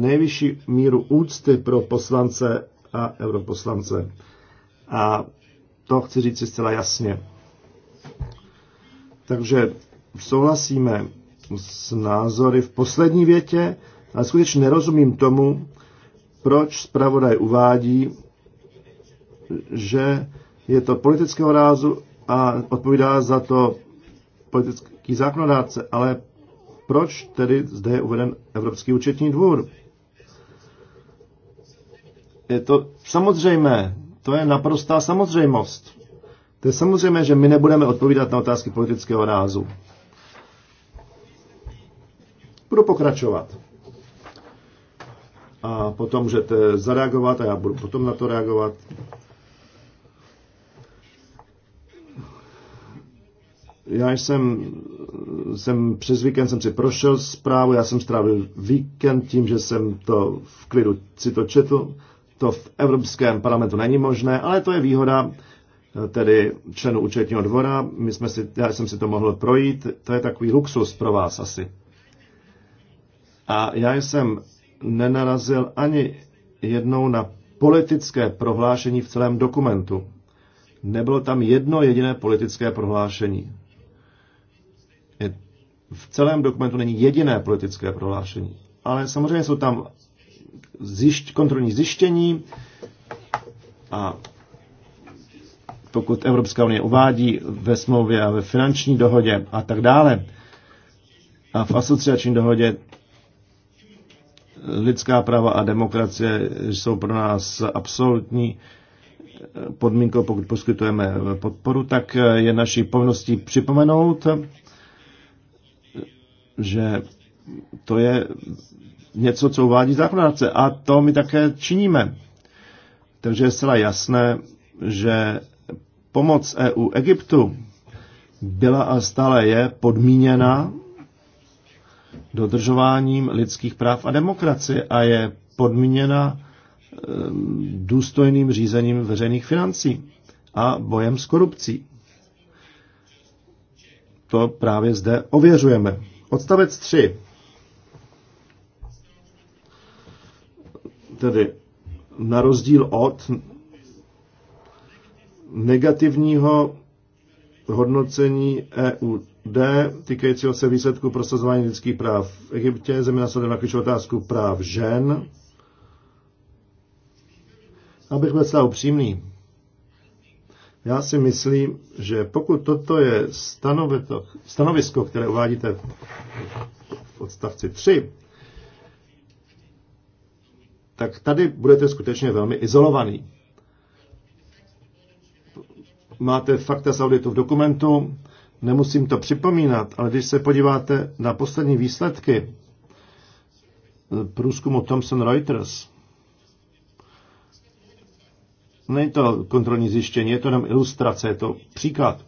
nejvyšší míru úcty pro poslance a europoslance. A to chci říct si zcela jasně. Takže souhlasíme s názory v poslední větě, ale skutečně nerozumím tomu, proč zpravodaj uvádí, že je to politického rázu a odpovídá za to politický zákonodárce, ale proč tedy zde je uveden Evropský účetní dvůr? Je to samozřejmé, to je naprostá samozřejmost. To je samozřejmé, že my nebudeme odpovídat na otázky politického rázu. Budu pokračovat. A potom můžete zareagovat a já budu potom na to reagovat. Já jsem, jsem přes víkend jsem si prošel zprávu, já jsem strávil víkend tím, že jsem to v klidu si to četl. To v Evropském parlamentu není možné, ale to je výhoda eh, tedy členů účetního dvora. My jsme si, já jsem si to mohl projít, to je takový luxus pro vás asi. A já jsem nenarazil ani jednou na politické prohlášení v celém dokumentu. Nebylo tam jedno jediné politické prohlášení v celém dokumentu není jediné politické prohlášení. Ale samozřejmě jsou tam zjišť, kontrolní zjištění a pokud Evropská unie uvádí ve smlouvě a ve finanční dohodě a tak dále a v asociační dohodě lidská práva a demokracie jsou pro nás absolutní podmínkou, pokud poskytujeme podporu, tak je naší povinností připomenout že to je něco, co uvádí zákonodárce a to my také činíme. Takže je zcela jasné, že pomoc EU Egyptu byla a stále je podmíněna dodržováním lidských práv a demokracie a je podmíněna ehm, důstojným řízením veřejných financí a bojem s korupcí. To právě zde ověřujeme. Odstavec 3. Tedy na rozdíl od negativního hodnocení EUD týkajícího se výsledku prosazování lidských práv v Egyptě, země se na otázku práv žen. Abych byl zcela upřímný, já si myslím, že pokud toto je stanovisko, které uvádíte v odstavci 3, tak tady budete skutečně velmi izolovaný. Máte fakta z auditu v dokumentu, nemusím to připomínat, ale když se podíváte na poslední výsledky průzkumu Thomson Reuters, Není to kontrolní zjištění, je to jenom ilustrace, je to příklad.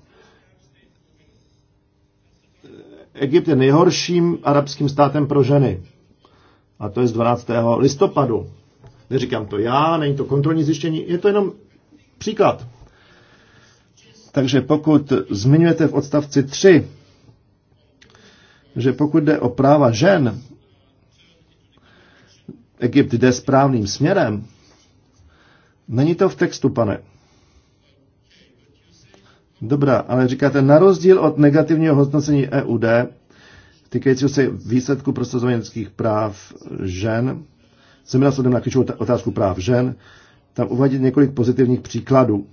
Egypt je nejhorším arabským státem pro ženy. A to je z 12. listopadu. Neříkám to já, není to kontrolní zjištění, je to jenom příklad. Takže pokud zmiňujete v odstavci 3, že pokud jde o práva žen, Egypt jde správným směrem, Není to v textu, pane. Dobrá, ale říkáte, na rozdíl od negativního hodnocení EUD, týkajícího se výsledku prosazování práv žen, jsem měl na klíčovou otázku práv žen, tam uvádět několik pozitivních příkladů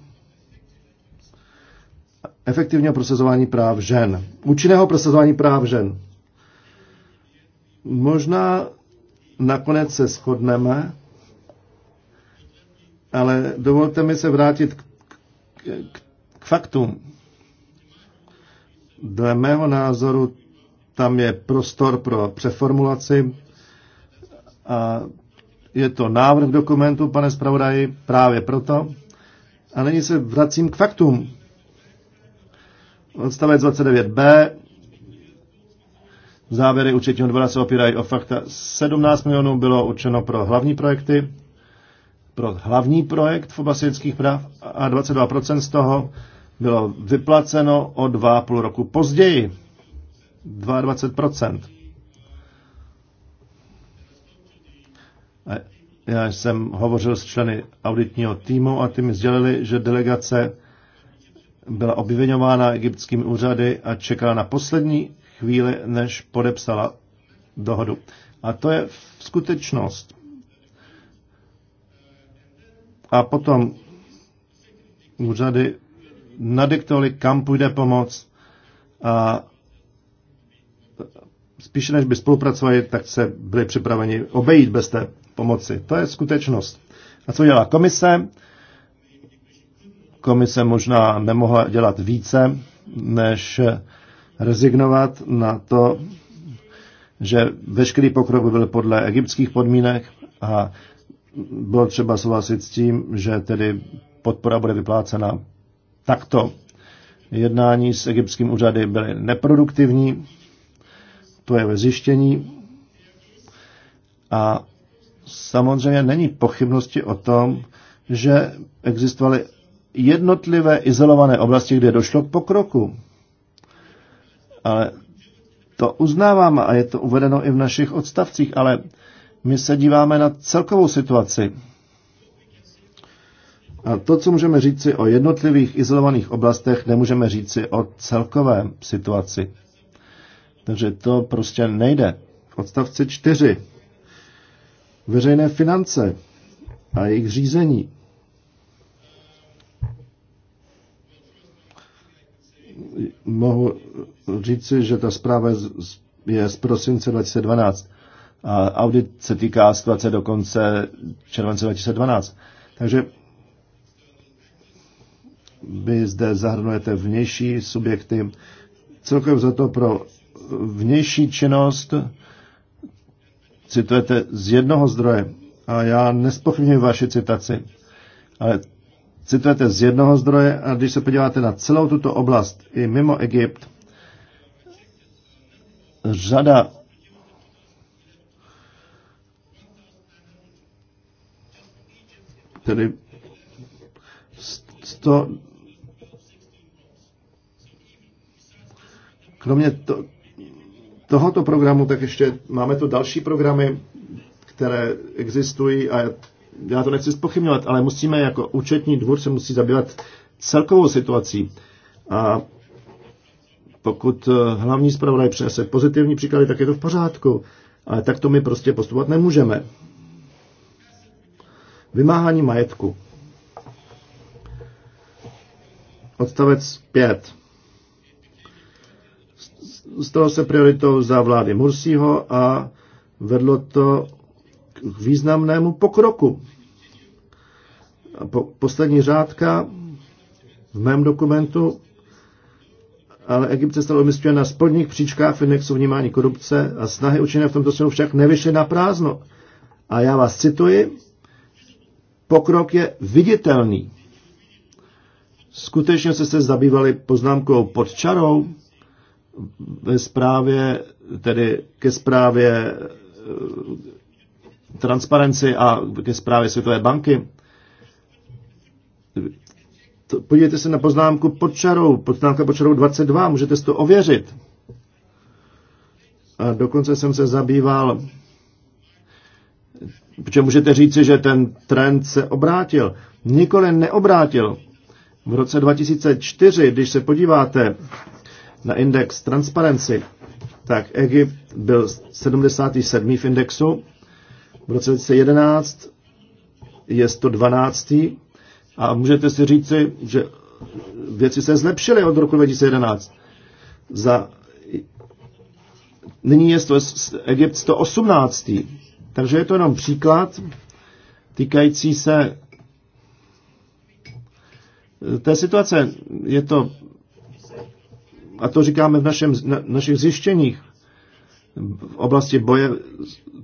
efektivního prosazování práv žen. Účinného prosazování práv žen. Možná nakonec se shodneme, ale dovolte mi se vrátit k, k, k faktům. Dle mého názoru tam je prostor pro přeformulaci a je to návrh dokumentu, pane zpravodaji, právě proto. A nyní se vracím k faktům. Odstavec 29b. Závěry účetního dvora se opírají o fakta. 17 milionů bylo určeno pro hlavní projekty, pro hlavní projekt v oblasti lidských práv a 22% z toho bylo vyplaceno o 2,5 roku později. 22%. A já jsem hovořil s členy auditního týmu a ty mi sdělili, že delegace byla obvinována egyptskými úřady a čekala na poslední chvíli, než podepsala dohodu. A to je skutečnost a potom úřady nadiktovali, kam půjde pomoc a spíše než by spolupracovali, tak se byli připraveni obejít bez té pomoci. To je skutečnost. A co dělá komise? Komise možná nemohla dělat více, než rezignovat na to, že veškerý pokrok byl podle egyptských podmínek a bylo třeba souhlasit s tím, že tedy podpora bude vyplácena takto. Jednání s egyptským úřady byly neproduktivní, to je ve zjištění. A samozřejmě není pochybnosti o tom, že existovaly jednotlivé izolované oblasti, kde došlo k pokroku. Ale to uznávám a je to uvedeno i v našich odstavcích, ale my se díváme na celkovou situaci. A to, co můžeme říci o jednotlivých izolovaných oblastech, nemůžeme říci o celkové situaci. Takže to prostě nejde. V odstavci čtyři. Veřejné finance a jejich řízení. Mohu říci, že ta zpráva je z prosince 2012 a audit se týká situace do konce července 2012. Takže vy zde zahrnujete vnější subjekty. Celkově za to pro vnější činnost citujete z jednoho zdroje. A já nespochybnuju vaši citaci, ale citujete z jednoho zdroje a když se podíváte na celou tuto oblast i mimo Egypt, řada Tedy 100, kromě to, tohoto programu, tak ještě máme tu další programy, které existují a já to nechci spochybňovat, ale musíme jako účetní dvůr se musí zabývat celkovou situací. A pokud eh, hlavní zpravodaj přinese pozitivní příklady, tak je to v pořádku. Ale tak to my prostě postupovat nemůžeme. Vymáhání majetku. Odstavec 5. Stalo se prioritou za vlády Mursího a vedlo to k významnému pokroku. A po, poslední řádka v mém dokumentu, ale Egypt se stalo na spodních příčkách v indexu vnímání korupce a snahy učiněné v tomto směru však nevyšly na prázdno. A já vás cituji, pokrok je viditelný. Skutečně jste se zabývali poznámkou pod čarou ve zprávě, tedy ke zprávě eh, transparenci a ke zprávě Světové banky. Podívejte se na poznámku pod čarou, poznámka pod čarou 22, můžete si to ověřit. A dokonce jsem se zabýval Protože můžete říci, že ten trend se obrátil. Nikoli neobrátil. V roce 2004, když se podíváte na index transparency, tak Egypt byl 77. v indexu, v roce 2011 je 112. A můžete si říci, že věci se zlepšily od roku 2011. Za, nyní je to Egypt 118. Takže je to jenom příklad týkající se eh, té situace. Je to, a to říkáme v našem, na, našich zjištěních v oblasti boje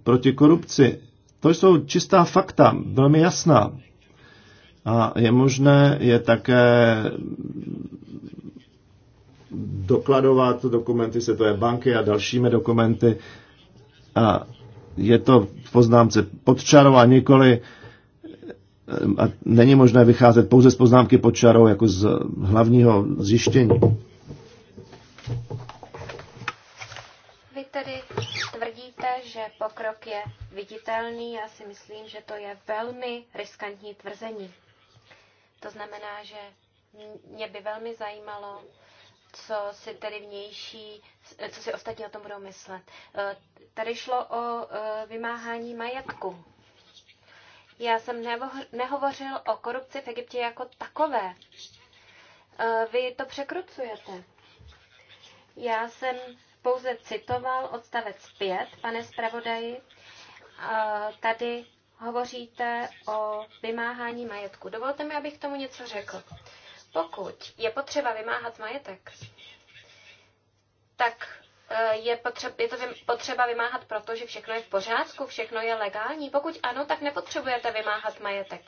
proti korupci, to jsou čistá fakta, velmi jasná. A je možné je také dokladovat dokumenty se to je banky a dalšími dokumenty. A je to v poznámce pod čarou a nikoli eh, a není možné vycházet pouze z poznámky pod čarou jako z hlavního zjištění. Vy tedy tvrdíte, že pokrok je viditelný. Já si myslím, že to je velmi riskantní tvrzení. To znamená, že mě by velmi zajímalo, co si tedy vnější, co si ostatní o tom budou myslet. Eh, tady šlo o eh, vymáhání majetku. Já jsem nehovořil o korupci v Egyptě jako takové. Eh, vy to překrucujete. Já jsem pouze citoval odstavec 5, pane zpravodaji. Tady hovoříte o vymáhání majetku. Dovolte mi, abych k tomu něco řekl pokud je potřeba vymáhat majetek, tak e, je, potřeba, je to potřeba vymáhat proto, že všechno je v pořádku, všechno je legální. Pokud ano, tak nepotřebujete vymáhat majetek.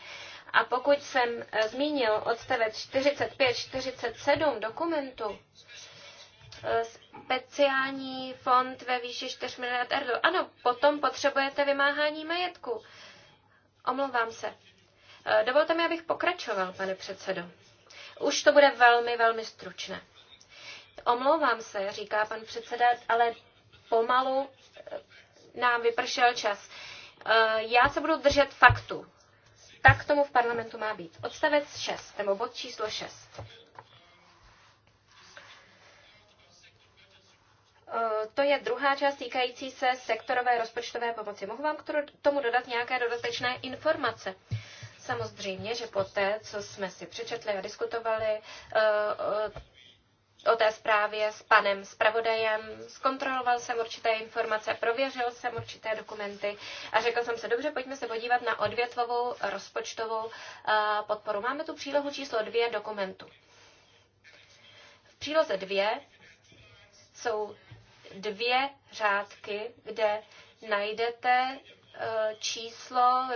A pokud jsem e, zmínil odstavec 45-47 dokumentu, e, speciální fond ve výši 4 miliard eur. Ano, potom potřebujete vymáhání majetku. Omlouvám se. Dovolte mi, abych pokračoval, pane předsedo. Už to bude velmi, velmi stručné. Omlouvám se, říká pan předseda, ale pomalu eh, nám vypršel čas. Eh, já se budu držet faktu. Tak tomu v parlamentu má být. Odstavec 6, nebo bod číslo 6. Eh, to je druhá část týkající se sektorové rozpočtové pomoci. Mohu vám k tomu dodat nějaké dodatečné informace? Samozřejmě, že poté, co jsme si přečetli a diskutovali eh, eh, o té zprávě s panem zpravodajem, zkontroloval jsem určité informace, prověřil jsem určité dokumenty a řekl jsem se, dobře, pojďme se podívat na odvětvovou rozpočtovou eh, podporu. Máme tu přílohu číslo dvě dokumentu. V příloze dvě jsou dvě řádky, kde najdete číslo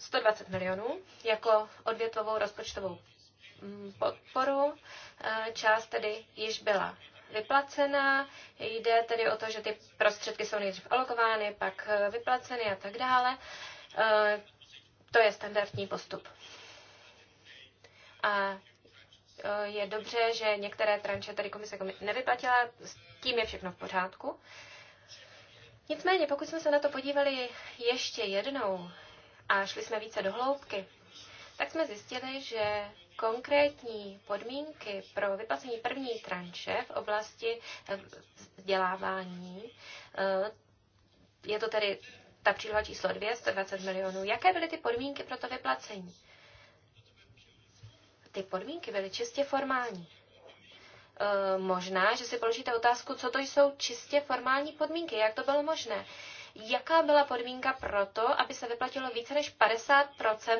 120 milionů jako odvětvovou rozpočtovou mm, podporu. E, část tedy již byla vyplacená. Jde tedy o to, že ty prostředky jsou nejdřív alokovány, pak e, vyplaceny a tak dále. E, to je standardní postup. A je dobře, že některé tranče tady komise nevyplatila, s tím je všechno v pořádku. Nicméně, pokud jsme se na to podívali ještě jednou, a šli jsme více do hloubky, tak jsme zjistili, že konkrétní podmínky pro vyplacení první tranše v oblasti eh, vzdělávání, eh, je to tedy ta příloha číslo 2, 120 milionů. Jaké byly ty podmínky pro to vyplacení? Ty podmínky byly čistě formální. Eh, možná, že si položíte otázku, co to jsou čistě formální podmínky, jak to bylo možné jaká byla podmínka pro to, aby se vyplatilo více než 50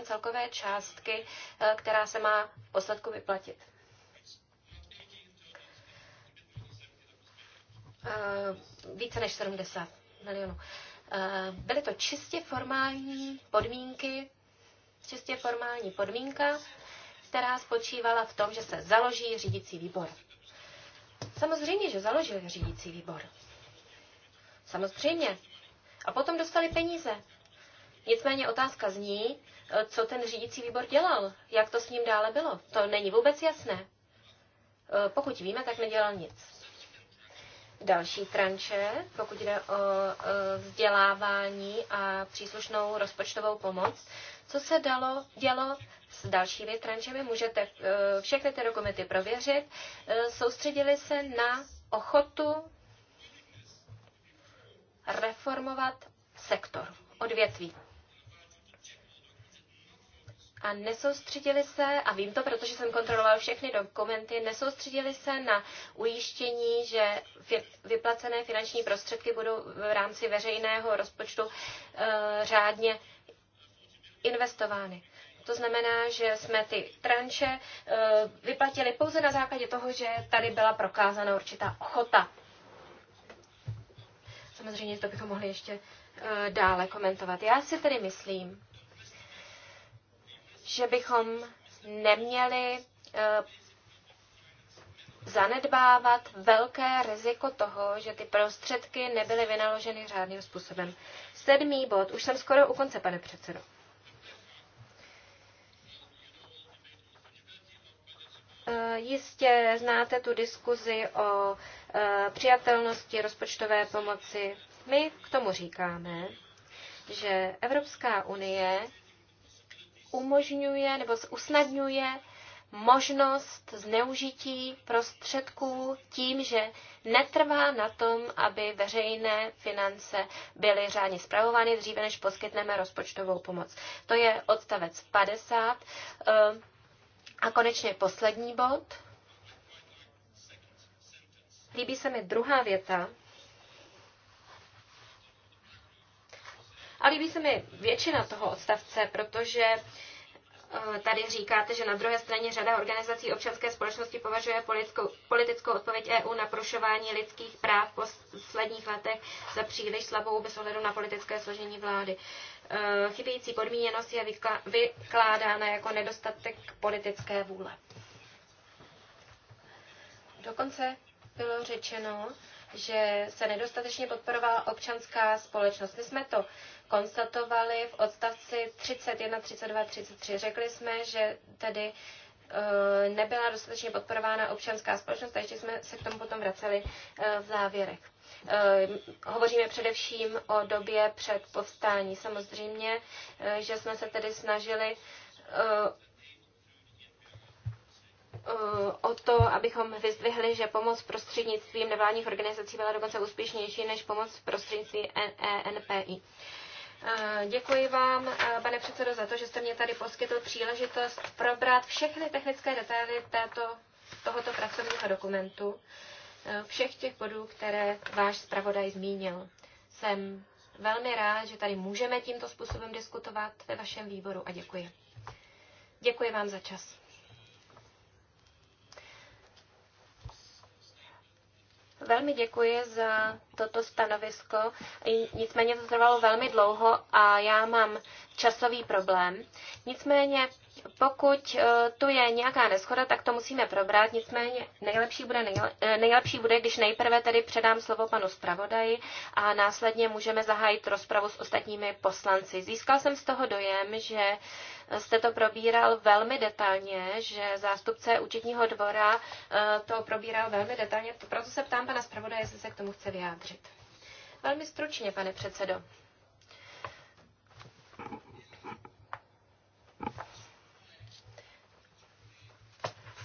celkové částky, eh, která se má v posledku vyplatit. Eh, více než 70 milionů. Eh, byly to čistě formální podmínky, čistě formální podmínka, která spočívala v tom, že se založí řídící výbor. Samozřejmě, že založil řídící výbor. Samozřejmě, a potom dostali peníze. Nicméně otázka zní, e, co ten řídící výbor dělal, jak to s ním dále bylo. To není vůbec jasné. E, pokud víme, tak nedělal nic. Další tranče, pokud jde o e, vzdělávání a příslušnou rozpočtovou pomoc, co se dalo, dělo s dalšími trančemi, můžete všechny ty dokumenty prověřit, soustředili se na ochotu reformovat sektor, odvětví. A nesoustředili se, a vím to, protože jsem kontroloval všechny dokumenty, nesoustředili se na ujištění, že vyplacené finanční prostředky budou v rámci veřejného rozpočtu uh, řádně investovány. To znamená, že jsme ty tranče eh, vyplatili pouze na základě toho, že tady byla prokázána určitá ochota Samozřejmě to bychom mohli ještě eh, dále komentovat. Já si tedy myslím, že bychom neměli eh, zanedbávat velké riziko toho, že ty prostředky nebyly vynaloženy řádným způsobem. Sedmý bod. Už jsem skoro u konce, pane předsedo. Eh, jistě znáte tu diskuzi o Eh, přijatelnosti rozpočtové pomoci. My k tomu říkáme, že Evropská unie umožňuje nebo usnadňuje možnost zneužití prostředků tím, že netrvá na tom, aby veřejné finance byly řádně zpravovány dříve, než poskytneme rozpočtovou pomoc. To je odstavec 50. Eh, a konečně poslední bod. Líbí se mi druhá věta. A líbí se mi většina toho odstavce, protože eh, tady říkáte, že na druhé straně řada organizací občanské společnosti považuje politickou, politickou odpověď EU na prošování lidských práv v posledních letech za příliš slabou bez ohledu na politické složení vlády. Eh, chybějící podmíněnost je vykládána jako nedostatek politické vůle. Dokonce bylo řečeno, že se nedostatečně podporovala občanská společnost. My jsme to konstatovali v odstavci 31, 32, 33. Řekli jsme, že tedy e, nebyla dostatečně podporována občanská společnost, takže jsme se k tomu potom vraceli e, v závěrech. E, hovoříme především o době před povstání. Samozřejmě, že jsme se tedy snažili Eh, o to, abychom vyzdvihli, že pomoc prostřednictvím nevládních organizací byla dokonce úspěšnější než pomoc prostřednictvím ENPI. Eh, děkuji vám, eh, pane předsedo, za to, že jste mě tady poskytl příležitost probrat všechny technické detaily této, tohoto pracovního dokumentu, všech těch bodů, které váš zpravodaj zmínil. Jsem velmi rád, že tady můžeme tímto způsobem diskutovat ve vašem výboru a děkuji. Děkuji vám za čas. Velmi děkuji za toto stanovisko. Nicméně to trvalo velmi dlouho a já mám časový problém. Nicméně, pokud e, tu je nějaká neschoda, tak to musíme probrat. Nicméně nejlepší bude, e, nejlepší bude když nejprve tedy předám slovo panu zpravodaji a následně můžeme zahájit rozpravu s ostatními poslanci. Získal jsem z toho dojem, že jste to probíral velmi detailně, že zástupce účetního dvora eh, to probíral velmi detailně, proto se ptám pana zpravodaje, jestli se k tomu chce vyjádřit. Velmi stručně, pane předsedo.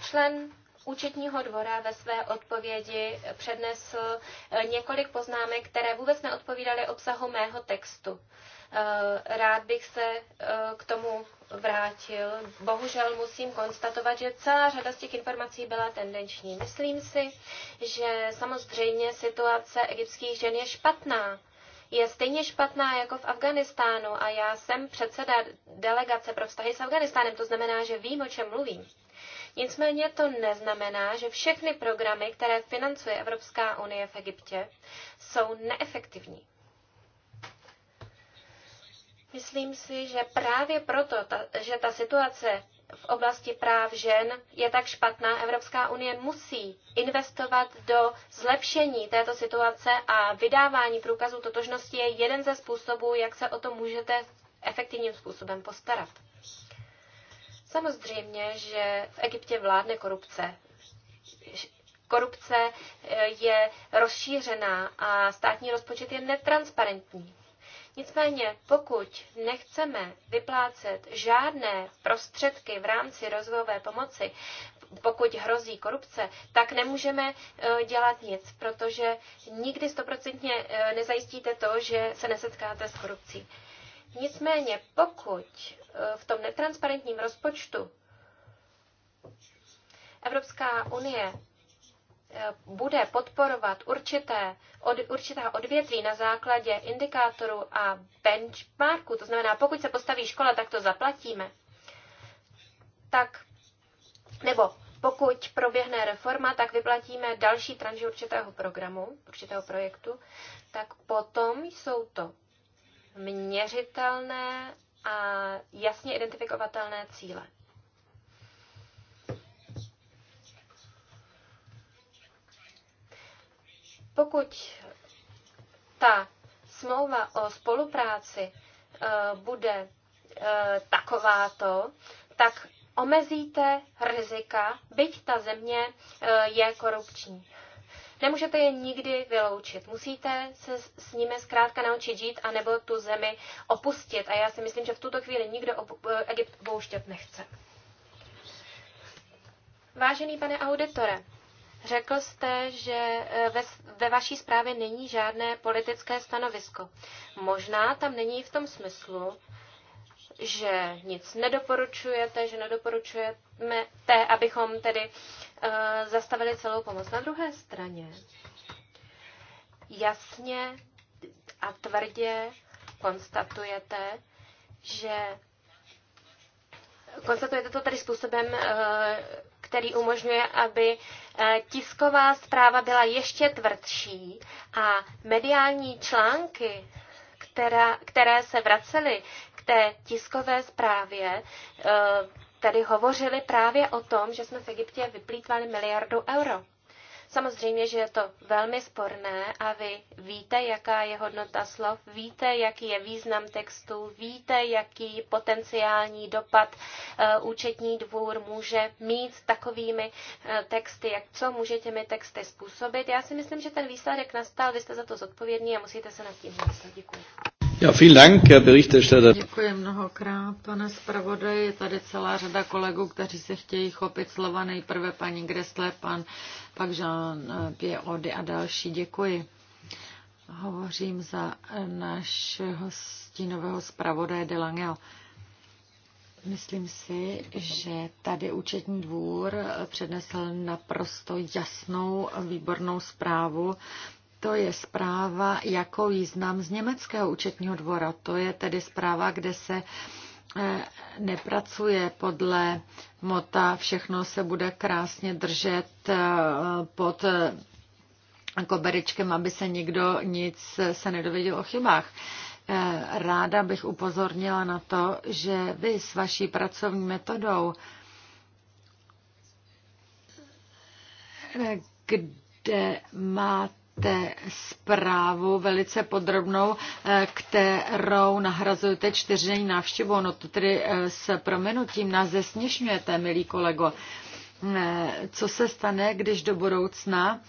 Člen účetního dvora ve své odpovědi přednesl eh, několik poznámek, které vůbec neodpovídaly obsahu mého textu. Eh, rád bych se k tomu vrátil. Bohužel musím konstatovat, že celá řada z těch informací byla tendenční. Myslím si, že samozřejmě situace egyptských žen je špatná. Je stejně špatná jako v Afganistánu a já jsem předseda delegace pro vztahy s Afganistánem, to znamená, že vím, o čem mluvím. Nicméně to neznamená, že všechny programy, které financuje Evropská unie v Egyptě, jsou neefektivní. Myslím si, že právě proto, ta, že ta situace v oblasti práv žen je tak špatná, Evropská unie musí investovat do zlepšení této situace a vydávání průkazů totožnosti je jeden ze způsobů, jak se o to můžete efektivním způsobem postarat. Samozřejmě, že v Egyptě vládne korupce. Korupce eh, je rozšířená a státní rozpočet je netransparentní. Nicméně, pokud nechceme vyplácet žádné prostředky v rámci rozvojové pomoci, pokud hrozí korupce, tak nemůžeme e, dělat nic, protože nikdy stoprocentně e, nezajistíte to, že se nesetkáte s korupcí. Nicméně, pokud e, v tom netransparentním rozpočtu Evropská unie bude podporovat určité, od, určitá odvětví na základě indikátoru a benchmarku, to znamená, pokud se postaví škola, tak to zaplatíme, tak nebo pokud proběhne reforma, tak vyplatíme další tranži určitého programu, určitého projektu, tak potom jsou to měřitelné a jasně identifikovatelné cíle. Pokud ta smlouva o spolupráci e, bude e, takováto, tak omezíte rizika, byť ta země e, je korupční. Nemůžete je nikdy vyloučit. Musíte se s nimi zkrátka naučit žít, anebo tu zemi opustit. A já si myslím, že v tuto chvíli nikdo Egypt opouštět nechce. Vážený pane auditore, Řekl jste, že e, ve, ve vaší zprávě není žádné politické stanovisko. Možná tam není v tom smyslu, že nic nedoporučujete, že nedoporučujeme té, abychom tedy uh, zastavili celou pomoc. Na druhé straně jasně a tvrdě konstatujete, že konstatujete to tady způsobem, e, který umožňuje, aby eh, tisková zpráva byla ještě tvrdší a mediální články, která, které se vracely k té tiskové zprávě, eh, tedy hovořili právě o tom, že jsme v Egyptě vyplýtvali miliardu euro. Samozřejmě, že je to velmi sporné a vy víte, jaká je hodnota slov, víte, jaký je význam textu, víte, jaký potenciální dopad eh, účetní dvůr může mít s takovými eh, texty, jak co může těmi texty způsobit. Já si myslím, že ten výsledek nastal, vy jste za to zodpovědní a musíte se nad tím myslet. Děkuji. Ja, vielen Dank, Herr Berichterstatter. Děkuji mnohokrát, pane zpravodaj. Je tady celá řada kolegů, kteří se chtějí chopit slova. Nejprve paní Gressler, pan, pak Jean-Pierre eh, Ody a další. Děkuji. Hovořím za eh, našeho stínového zpravodaje Delangel. Myslím si, že tady účetní dvůr eh, přednesl naprosto jasnou, výbornou zprávu to je zpráva jako znám z německého účetního dvora. To je tedy zpráva, kde se eh, nepracuje podle mota, všechno se bude krásně držet eh, pod eh, koberičkem, aby se nikdo nic se nedověděl o chybách. Ráda bych upozornila na to, že vy s vaší pracovní metodou, kde máte máte zprávu velice podrobnou, eh, kterou nahrazujete čtyřdenní návštěvu, No to tedy eh, s promenutím nás zesměšňujete, milý kolego. Eh, co se stane, když do budoucna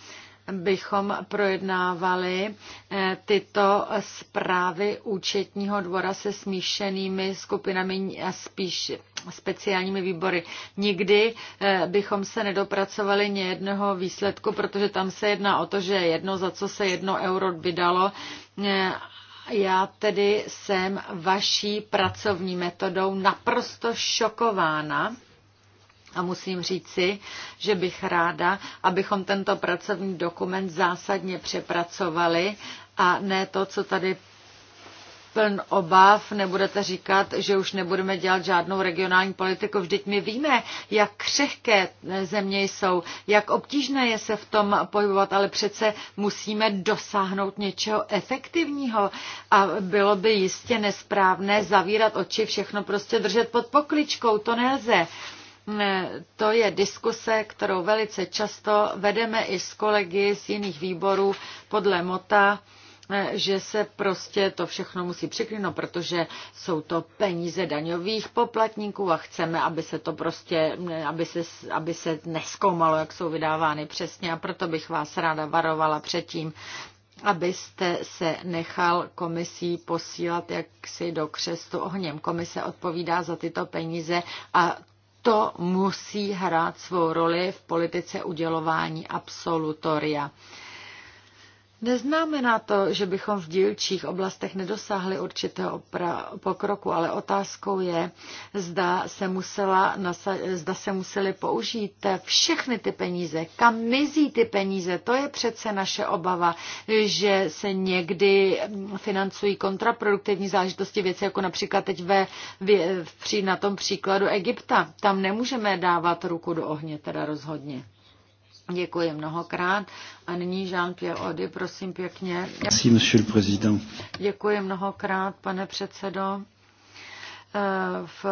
bychom projednávali eh, tyto zprávy účetního dvora se smíšenými skupinami a spíš speciálními výbory. Nikdy eh, bychom se nedopracovali nějednoho výsledku, protože tam se jedná o to, že jedno za co se jedno euro vydalo eh, já tedy jsem vaší pracovní metodou naprosto šokována a musím říci, že bych ráda, abychom tento pracovní dokument zásadně přepracovali a ne to, co tady pln obav, nebudete říkat, že už nebudeme dělat žádnou regionální politiku. Vždyť my víme, jak křehké země jsou, jak obtížné je se v tom pohybovat, ale přece musíme dosáhnout něčeho efektivního a bylo by jistě nesprávné zavírat oči, všechno prostě držet pod pokličkou, to nelze. Eh, to je diskuse, kterou velice často vedeme i s kolegy z jiných výborů podle MOTA, eh, že se prostě to všechno musí překlinout, protože jsou to peníze daňových poplatníků a chceme, aby se to prostě, eh, aby se, aby se neskoumalo, jak jsou vydávány přesně a proto bych vás ráda varovala předtím, abyste se nechal komisí posílat jaksi do křestu ohněm. Komise odpovídá za tyto peníze a to musí hrát svou roli v politice udělování absolutoria. Neznamená to, že bychom v dílčích oblastech nedosáhli určitého pokroku, ale otázkou je, zda se, musela, zda se museli použít všechny ty peníze, kam mizí ty peníze. To je přece naše obava, že se někdy financují kontraproduktivní záležitosti věci, jako například teď ve, v, na tom příkladu Egypta. Tam nemůžeme dávat ruku do ohně, teda rozhodně. Děkuji mnohokrát. A nyní Jean-Pierre Ody, prosím pěkně. Děkuji mnohokrát, pane předsedo. Eh, v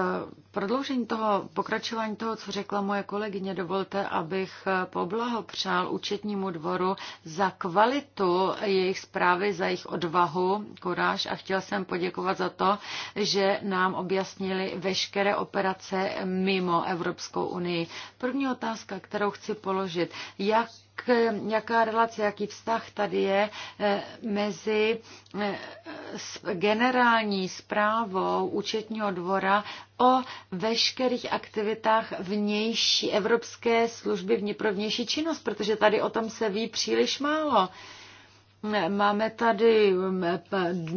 prodloužení toho, pokračování toho, co řekla moje kolegyně, dovolte, abych eh, poblahopřál účetnímu dvoru za kvalitu jejich zprávy, za jejich odvahu, kuráž a chtěl jsem poděkovat za to, že nám objasnili veškeré operace mimo Evropskou unii. První otázka, kterou chci položit, jak jak, eh, jaká relace, jaký vztah tady je eh, mezi eh, generální zprávou účetního dvora o veškerých aktivitách vnější, Evropské služby pro vnější činnost, protože tady o tom se ví příliš málo. Máme tady mm,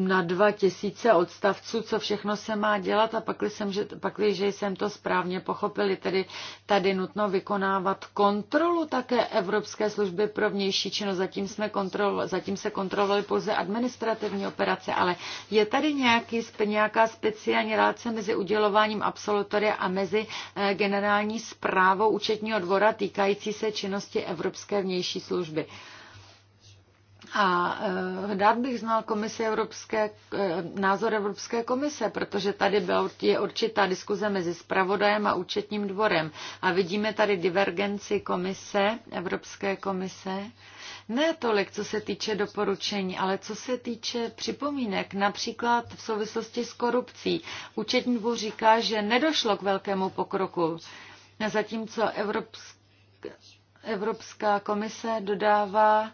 na dva tisíce odstavců, co všechno se má dělat a pakli jsem, že, pak že jsem to správně pochopili, tedy tady nutno vykonávat kontrolu také Evropské služby pro vnější činnost. Zatím, jsme kontrolo, zatím se kontrolovaly pouze administrativní operace, ale je tady nějaký, nějaká speciální relace mezi udělováním absolutoria a mezi eh, generální zprávou účetního dvora týkající se činnosti Evropské vnější služby. A eh, rád bych znal komise Evropské, eh, názor Evropské komise, protože tady byla je určitá diskuze mezi spravodajem a účetním dvorem. A vidíme tady divergenci komise, Evropské komise. Ne tolik, co se týče doporučení, ale co se týče připomínek, například v souvislosti s korupcí. Účetní dvůr říká, že nedošlo k velkému pokroku, zatímco Evropská, Evropská komise dodává,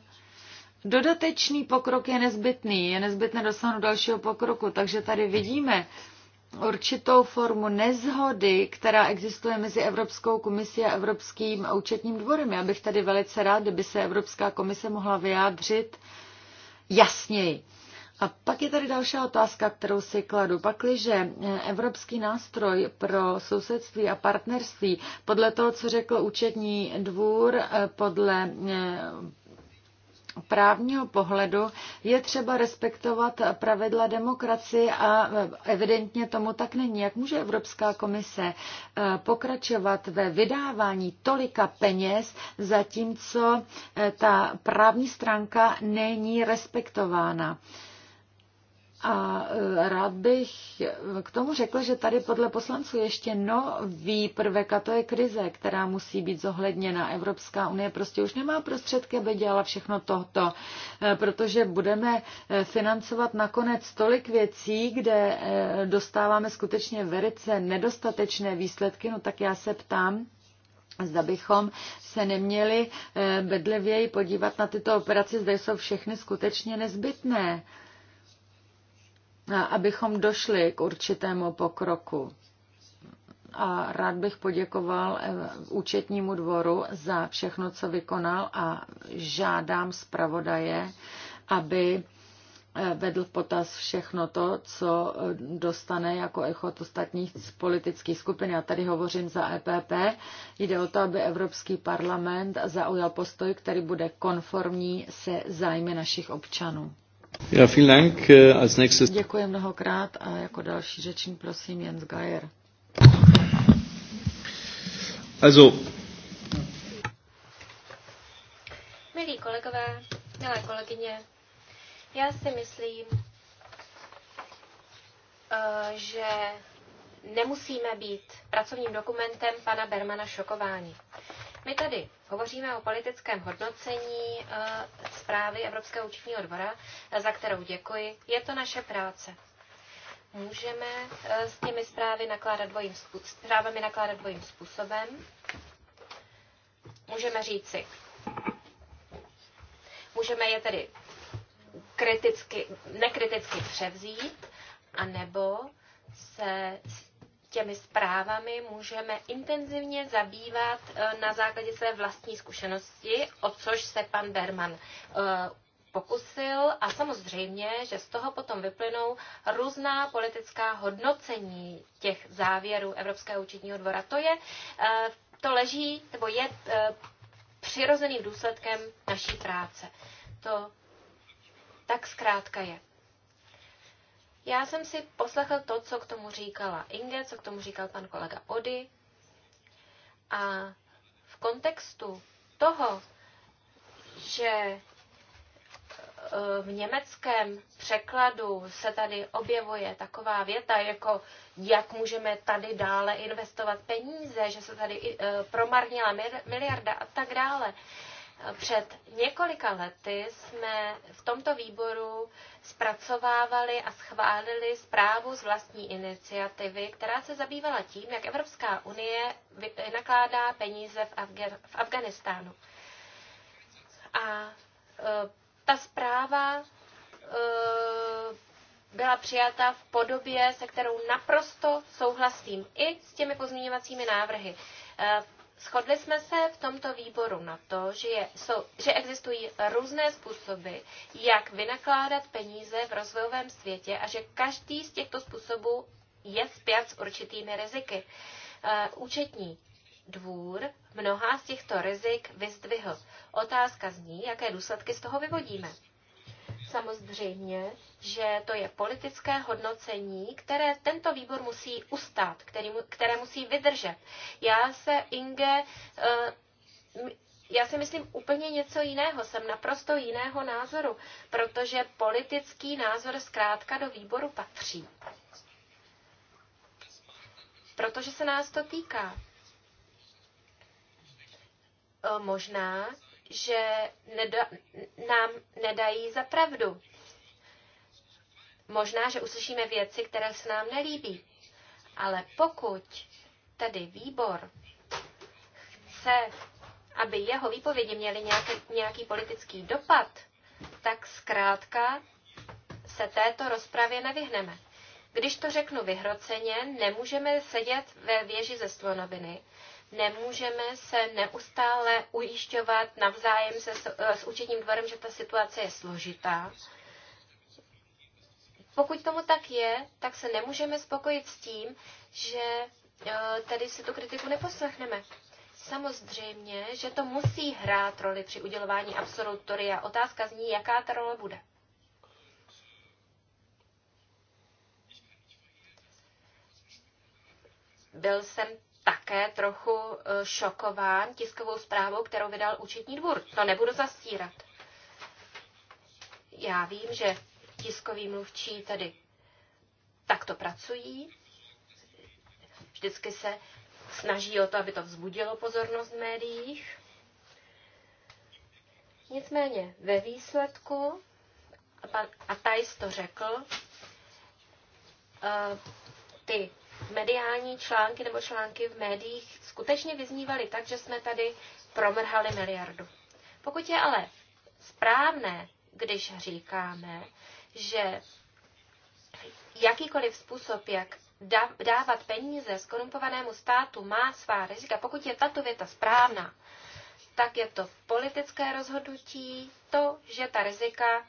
Dodatečný pokrok je nezbytný, je nezbytné dosáhnout dalšího pokroku, takže tady vidíme určitou formu nezhody, která existuje mezi Evropskou komisí a Evropským účetním dvorem. Já bych tady velice rád, kdyby se Evropská komise mohla vyjádřit jasněji. A pak je tady další otázka, kterou si kladu. Pakliže Evropský nástroj pro sousedství a partnerství, podle toho, co řekl účetní dvůr, podle právního pohledu je třeba respektovat pravidla demokracie a evidentně tomu tak není. Jak může Evropská komise eh, pokračovat ve vydávání tolika peněz, zatímco eh, ta právní stránka není respektována? A e, rád bych k tomu řekl, že tady podle poslanců ještě nový prvek a to je krize, která musí být zohledněna. Evropská unie prostě už nemá prostředky, aby dělala všechno tohoto, e, protože budeme e, financovat nakonec tolik věcí, kde dostáváme skutečně velice nedostatečné výsledky, no tak já se ptám, zda bychom se neměli bedlivěji podívat na tyto operace, zda jsou všechny skutečně nezbytné abychom došli k určitému pokroku. A rád bych poděkoval eh, účetnímu dvoru za všechno, co vykonal a žádám zpravodaje, aby eh, vedl v potaz všechno to, co eh, dostane jako echo od ostatních politických skupin. Já tady hovořím za EPP. Jde o to, aby Evropský parlament zaujal postoj, který bude konformní se zájmy našich občanů. Ja, vielen Dank. Äh, als nächstes... Děkuji mnohokrát a jako další řečník prosím Jens Geier. Also. Milí kolegové, milé kolegyně, já si myslím, eh, že nemusíme být pracovním dokumentem pana Bermana šokováni. My tady hovoříme o politickém hodnocení eh, zprávy Evropského účetního dvora, eh, za kterou děkuji. Je to naše práce. Můžeme eh, s těmi zprávy nakládat dvojím, zprávami nakládat dvojím způsobem. Můžeme říci, můžeme je tedy kriticky, nekriticky převzít, anebo se těmi zprávami můžeme intenzivně zabývat eh, na základě své vlastní zkušenosti, o což se pan Berman eh, pokusil a samozřejmě, že z toho potom vyplynou různá politická hodnocení těch závěrů Evropského účetního dvora. To je, eh, to leží, nebo je přirozeným důsledkem naší práce. To tak zkrátka je. Já jsem si poslechl to, co k tomu říkala Inge, co k tomu říkal pan kolega Ody. A v kontextu toho, že e, v německém překladu se tady objevuje taková věta, jako jak můžeme tady dále investovat peníze, že se tady e, promarnila miliarda a tak dále. Před několika lety jsme v tomto výboru zpracovávali a schválili zprávu z vlastní iniciativy, která se zabývala tím, jak Evropská unie nakládá peníze v, Afgan- v Afganistánu. A e, ta zpráva e, byla přijata v podobě, se kterou naprosto souhlasím, i s těmi pozměňovacími návrhy. E, Shodli jsme se v tomto výboru na to, že, je, jsou, že existují různé způsoby, jak vynakládat peníze v rozvojovém světě a že každý z těchto způsobů je zpět s určitými riziky. Eh, účetní dvůr mnoha z těchto rizik vyzdvihl. Otázka zní, jaké důsledky z toho vyvodíme samozřejmě, že to je politické hodnocení, které tento výbor musí ustát, který, které musí vydržet. Já se, Inge, eh, já si myslím úplně něco jiného, jsem naprosto jiného názoru, protože politický názor zkrátka do výboru patří. Protože se nás to týká. Eh, možná, že neda, nám nedají za pravdu. Možná, že uslyšíme věci, které se nám nelíbí, ale pokud tedy výbor chce, aby jeho výpovědi měly nějaký, nějaký politický dopad, tak zkrátka se této rozpravě nevyhneme. Když to řeknu vyhroceně, nemůžeme sedět ve věži ze slonoviny nemůžeme se neustále ujišťovat navzájem se, eh, s účetním dvorem, že ta situace je složitá. Pokud tomu tak je, tak se nemůžeme spokojit s tím, že eh, tady si tu kritiku neposlechneme. Samozřejmě, že to musí hrát roli při udělování absolutoria. Otázka zní, jaká ta role bude. Byl jsem také trochu eh, šokován tiskovou zprávou, kterou vydal účetní dvůr. To nebudu zastírat. Já vím, že tiskoví mluvčí tedy takto pracují. Vždycky se snaží o to, aby to vzbudilo pozornost v médiích. Nicméně ve výsledku, a Tajs to řekl, eh, ty mediální články nebo články v médiích skutečně vyznívaly tak, že jsme tady promrhali miliardu. Pokud je ale správné, když říkáme, že jakýkoliv způsob, jak dávat peníze skorumpovanému státu má svá rizika, pokud je tato věta správná, tak je to politické rozhodnutí, to, že ta rizika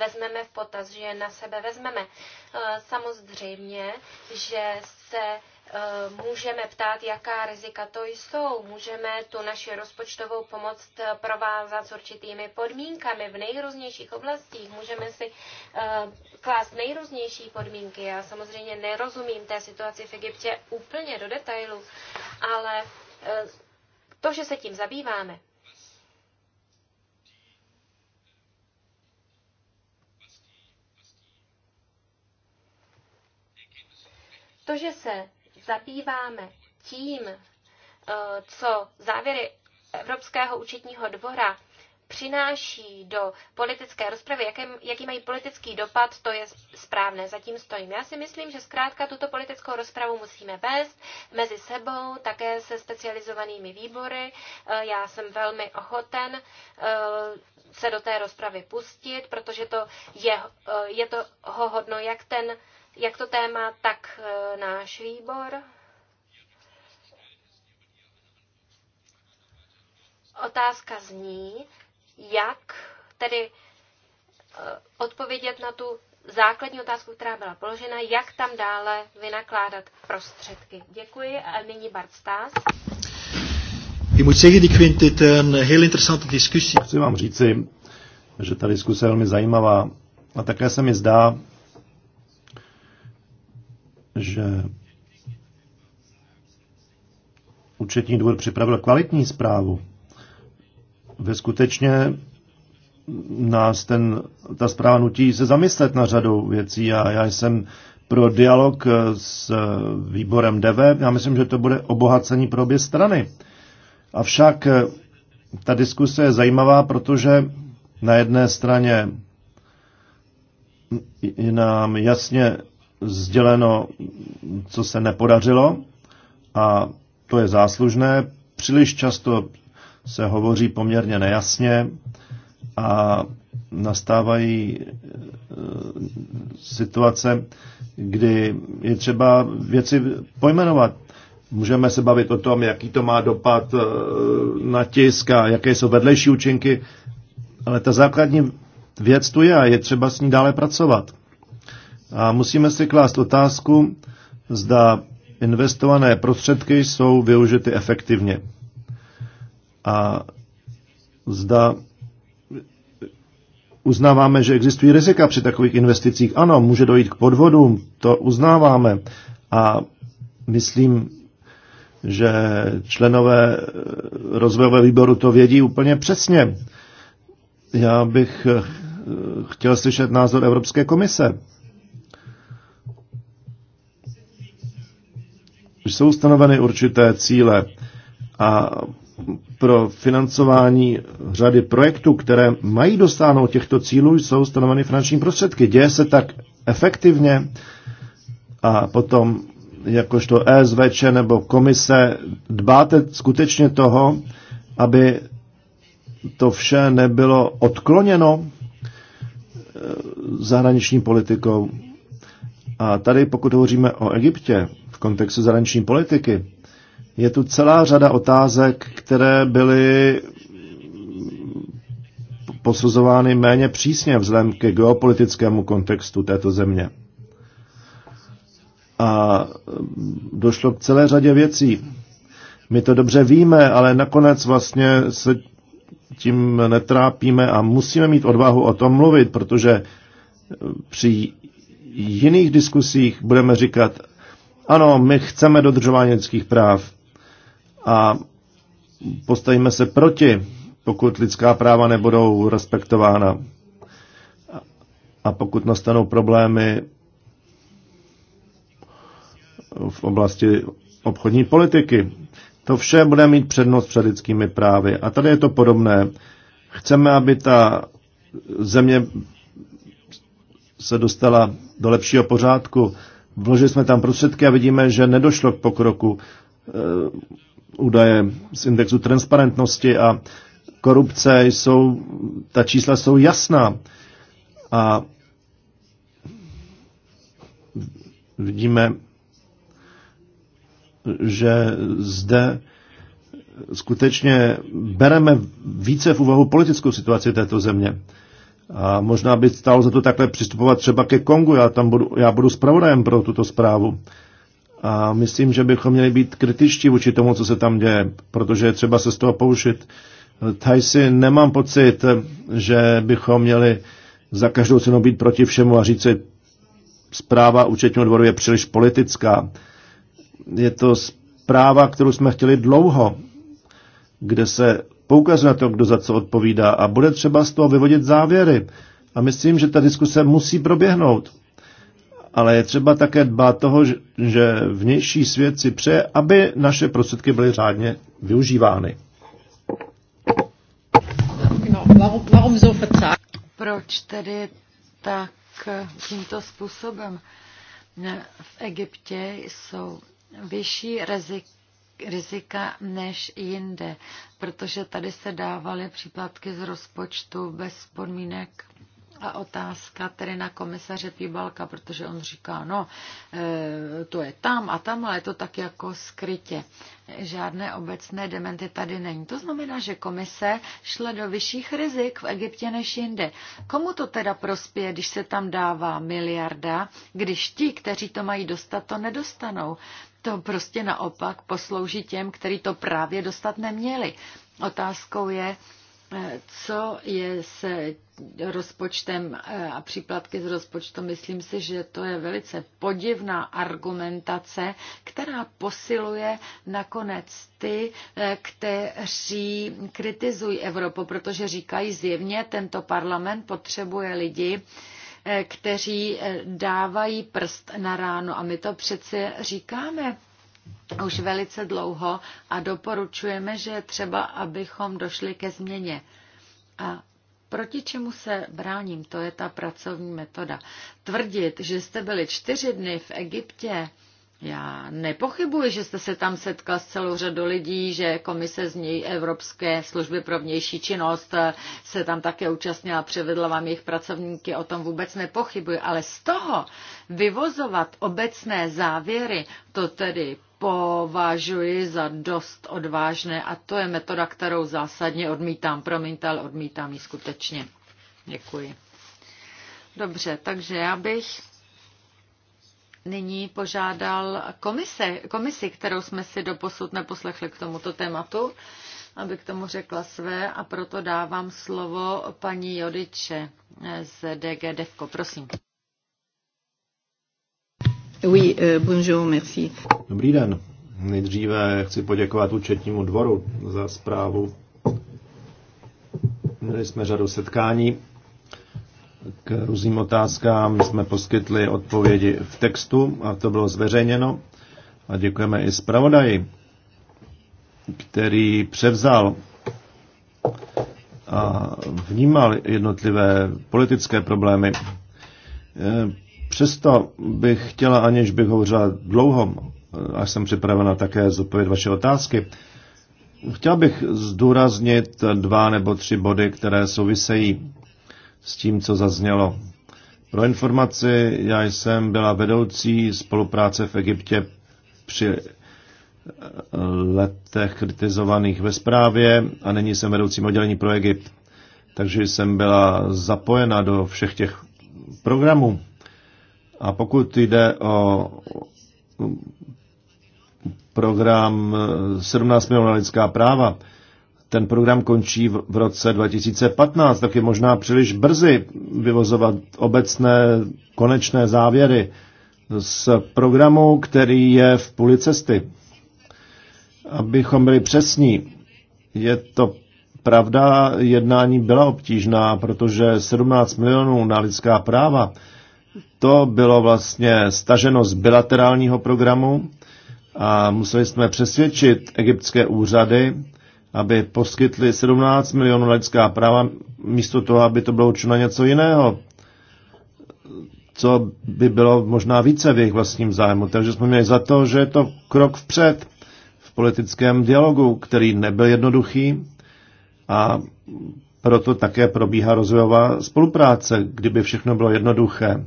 vezmeme v potaz, že je na sebe vezmeme. Eh, samozřejmě, že se eh, můžeme ptát, jaká rizika to jsou. Můžeme tu naši rozpočtovou pomoc provázat s určitými podmínkami v nejrůznějších oblastích. Můžeme si eh, klást nejrůznější podmínky. Já samozřejmě nerozumím té situaci v Egyptě úplně do detailu, ale to, že se tím zabýváme, To, že se zabýváme tím, eh, co závěry Evropského účetního dvora přináší do politické rozpravy, jaký, jaký mají politický dopad, to je správné. Zatím stojím. Já si myslím, že zkrátka tuto politickou rozpravu musíme vést mezi sebou, také se specializovanými výbory. Eh, já jsem velmi ochoten eh, se do té rozpravy pustit, protože to je, je to hodno jak ten jak to téma, tak e, náš výbor. Otázka zní, jak tedy e, odpovědět na tu základní otázku, která byla položena, jak tam dále vynakládat prostředky. Děkuji a nyní Bart Stas. Ik interessante Chci vám říci, že ta diskuse je velmi zajímavá a také se mi zdá, že účetní dvůr připravil kvalitní zprávu. Ve skutečně nás ten, ta zpráva nutí se zamyslet na řadu věcí a já jsem pro dialog s výborem DV. Já myslím, že to bude obohacení pro obě strany. Avšak ta diskuse je zajímavá, protože na jedné straně je nám jasně sděleno, co se nepodařilo a to je záslužné. Příliš často se hovoří poměrně nejasně a nastávají eh, situace, kdy je třeba věci pojmenovat. Můžeme se bavit o tom, jaký to má dopad eh, na tisk a jaké jsou vedlejší účinky, ale ta základní věc tu je a je třeba s ní dále pracovat. A musíme si klást otázku, zda investované prostředky jsou využity efektivně. A zda uznáváme, že existují rizika při takových investicích. Ano, může dojít k podvodům, to uznáváme. A myslím, že členové rozvojové výboru to vědí úplně přesně. Já bych eh, chtěl slyšet názor Evropské komise. jsou stanoveny určité cíle a pro financování řady projektů, které mají dosáhnout těchto cílů, jsou stanoveny finanční prostředky. Děje se tak efektivně a potom jakožto ESVČ nebo komise dbáte skutečně toho, aby to vše nebylo odkloněno e, zahraniční politikou. A tady, pokud hovoříme o Egyptě, kontextu zahraniční politiky. Je tu celá řada otázek, které byly posuzovány méně přísně vzhledem ke geopolitickému kontextu této země. A došlo k celé řadě věcí. My to dobře víme, ale nakonec vlastně se tím netrápíme a musíme mít odvahu o tom mluvit, protože při jiných diskusích budeme říkat, ano, my chceme dodržování lidských práv a postavíme se proti, pokud lidská práva nebudou respektována a pokud nastanou problémy v oblasti obchodní politiky. To vše bude mít přednost před lidskými právy. A tady je to podobné. Chceme, aby ta země se dostala do lepšího pořádku Vložili jsme tam prostředky a vidíme, že nedošlo k pokroku eh, údaje z indexu transparentnosti a korupce jsou, ta čísla jsou jasná. A vidíme, že zde skutečně bereme více v úvahu politickou situaci této země. A možná by stalo za to takhle přistupovat třeba ke Kongu. Já tam budu, já budu zpravodajem pro tuto zprávu. A myslím, že bychom měli být kritičtí vůči tomu, co se tam děje, protože je třeba se z toho poušit. si nemám pocit, že bychom měli za každou cenu být proti všemu a říct si, zpráva účetního dvoru je příliš politická. Je to zpráva, kterou jsme chtěli dlouho, kde se poukazuje na to, kdo za co odpovídá a bude třeba z toho vyvodit závěry. A myslím, že ta diskuse musí proběhnout. Ale je třeba také dbát toho, že vnější svět si přeje, aby naše prostředky byly řádně využívány. Proč tedy tak tímto způsobem? V Egyptě jsou vyšší rizik, rizika než jinde, protože tady se dávaly příplatky z rozpočtu bez podmínek a otázka tedy na komisaře Píbalka, protože on říká, no, e, to je tam a tam, ale je to tak jako skrytě. Žádné obecné dementy tady není. To znamená, že komise šle do vyšších rizik v Egyptě než jinde. Komu to teda prospěje, když se tam dává miliarda, když ti, kteří to mají dostat, to nedostanou? to prostě naopak poslouží těm, kteří to právě dostat neměli. Otázkou je, eh, co je se rozpočtem eh, a příplatky z rozpočtu, myslím si, že to je velice podivná argumentace, která posiluje nakonec ty, eh, kteří kritizují Evropu, protože říkají zjevně, tento parlament potřebuje lidi, Eh, kteří eh, dávají prst na ráno. A my to přece říkáme už velice dlouho a doporučujeme, že je třeba, abychom došli ke změně. A proti čemu se bráním, to je ta pracovní metoda. Tvrdit, že jste byli čtyři dny v Egyptě, já nepochybuji, že jste se tam setkal s celou řadou lidí, že komise z něj Evropské služby pro vnější činnost eh, se tam také účastnila, převedla vám jejich pracovníky, o tom vůbec nepochybuji, ale z toho vyvozovat obecné závěry, to tedy považuji za dost odvážné a to je metoda, kterou zásadně odmítám. Promiňte, ale odmítám ji skutečně. Děkuji. Dobře, takže já bych nyní požádal komise, komisi, kterou jsme si doposud neposlechli k tomuto tématu, aby k tomu řekla své a proto dávám slovo paní Jodiče z DG Devko. Prosím. Oui, euh, bonjour, merci. Dobrý den. Nejdříve chci poděkovat účetnímu dvoru za zprávu. Měli jsme řadu setkání k různým otázkám jsme poskytli odpovědi v textu a to bylo zveřejněno. A děkujeme i zpravodaji, který převzal a vnímal jednotlivé politické problémy. E, přesto bych chtěla, aniž bych hovořila dlouho, až jsem připravena také zodpovědět vaše otázky, chtěl bych zdůraznit dva nebo tři body, které souvisejí s tím, co zaznělo. Pro informaci, já jsem byla vedoucí spolupráce v Egyptě při eh, letech kritizovaných ve zprávě a nyní jsem vedoucím oddělení pro Egypt. Takže jsem byla zapojena do všech těch programů. A pokud jde o program 17 eh, milionů lidská práva, ten program končí v, v roce 2015, tak je možná příliš brzy vyvozovat obecné konečné závěry z programu, který je v půli cesty. Abychom byli přesní, je to pravda, jednání byla obtížná, protože 17 milionů na lidská práva, to bylo vlastně staženo z bilaterálního programu a museli jsme přesvědčit egyptské úřady, aby poskytli 17 milionů lidská práva, místo toho, aby to bylo určeno něco jiného, co by bylo možná více v jejich vlastním zájmu. Takže jsme měli za to, že je to krok vpřed v politickém dialogu, který nebyl jednoduchý a proto také probíhá rozvojová spolupráce. Kdyby všechno bylo jednoduché,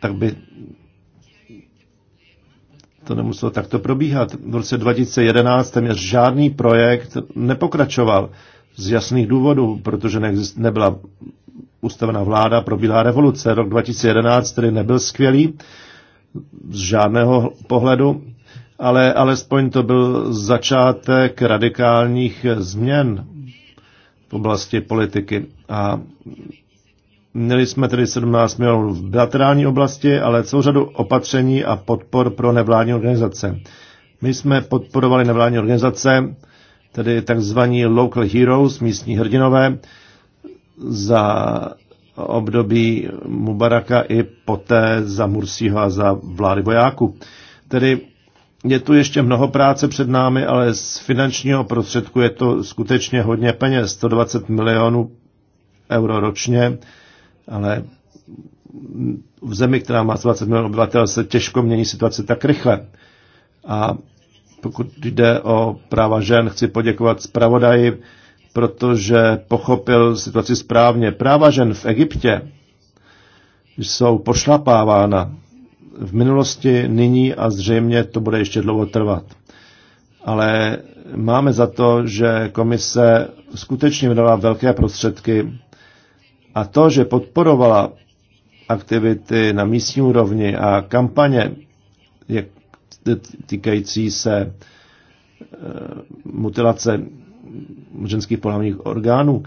tak by to nemuselo takto probíhat. V roce 2011 téměř žádný projekt nepokračoval z jasných důvodů, protože neexist, nebyla ustavená vláda, probíhá revoluce. Rok 2011 tedy nebyl skvělý z žádného pohledu, ale alespoň to byl začátek radikálních změn v oblasti politiky. A Měli jsme tedy 17 milionů v bilaterální oblasti, ale celou řadu opatření a podpor pro nevládní organizace. My jsme podporovali nevládní organizace, tedy takzvaní local heroes, místní hrdinové, za období Mubaraka i poté za Mursího a za vlády vojáků. Tedy je tu ještě mnoho práce před námi, ale z finančního prostředku je to skutečně hodně peněz, 120 milionů euro ročně ale v zemi, která má 20 milionů obyvatel, se těžko mění situace tak rychle. A pokud jde o práva žen, chci poděkovat zpravodaji, protože pochopil situaci správně. Práva žen v Egyptě jsou pošlapávána v minulosti, nyní a zřejmě to bude ještě dlouho trvat. Ale máme za to, že komise skutečně vydala velké prostředky a to, že podporovala aktivity na místní úrovni a kampaně jak týkající se e, mutilace ženských pohlavních orgánů,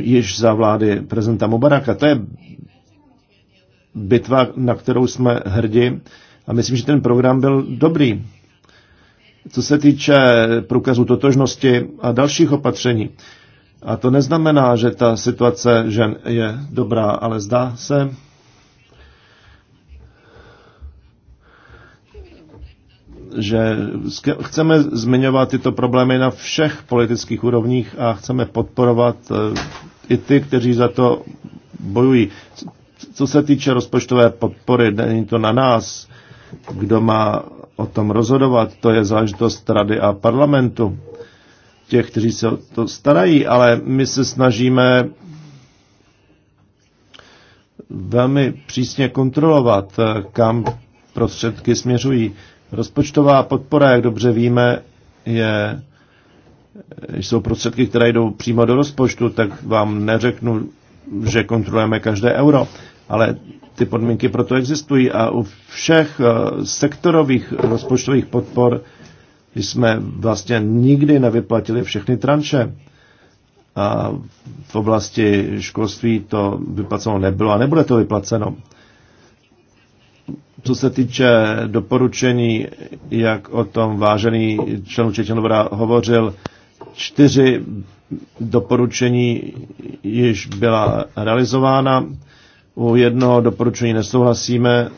již za vlády prezidenta Mubaraka. To je bitva, na kterou jsme hrdi a myslím, že ten program byl dobrý. Co se týče průkazu totožnosti a dalších opatření, a to neznamená, že ta situace žen je dobrá, ale zdá se, že chceme zmiňovat tyto problémy na všech politických úrovních a chceme podporovat eh, i ty, kteří za to bojují. Co se týče rozpočtové podpory, není to na nás, kdo má o tom rozhodovat, to je záležitost Rady a parlamentu těch, kteří se o to starají, ale my se snažíme velmi přísně kontrolovat, kam prostředky směřují. Rozpočtová podpora, jak dobře víme, je, jsou prostředky, které jdou přímo do rozpočtu, tak vám neřeknu, že kontrolujeme každé euro, ale ty podmínky proto existují a u všech eh, sektorových rozpočtových podpor jsme vlastně nikdy nevyplatili všechny tranše. A v oblasti školství to vyplaceno nebylo a nebude to vyplaceno. Co se týče doporučení, jak o tom vážený člen Čečenovra hovořil, čtyři doporučení již byla realizována. U jednoho doporučení nesouhlasíme,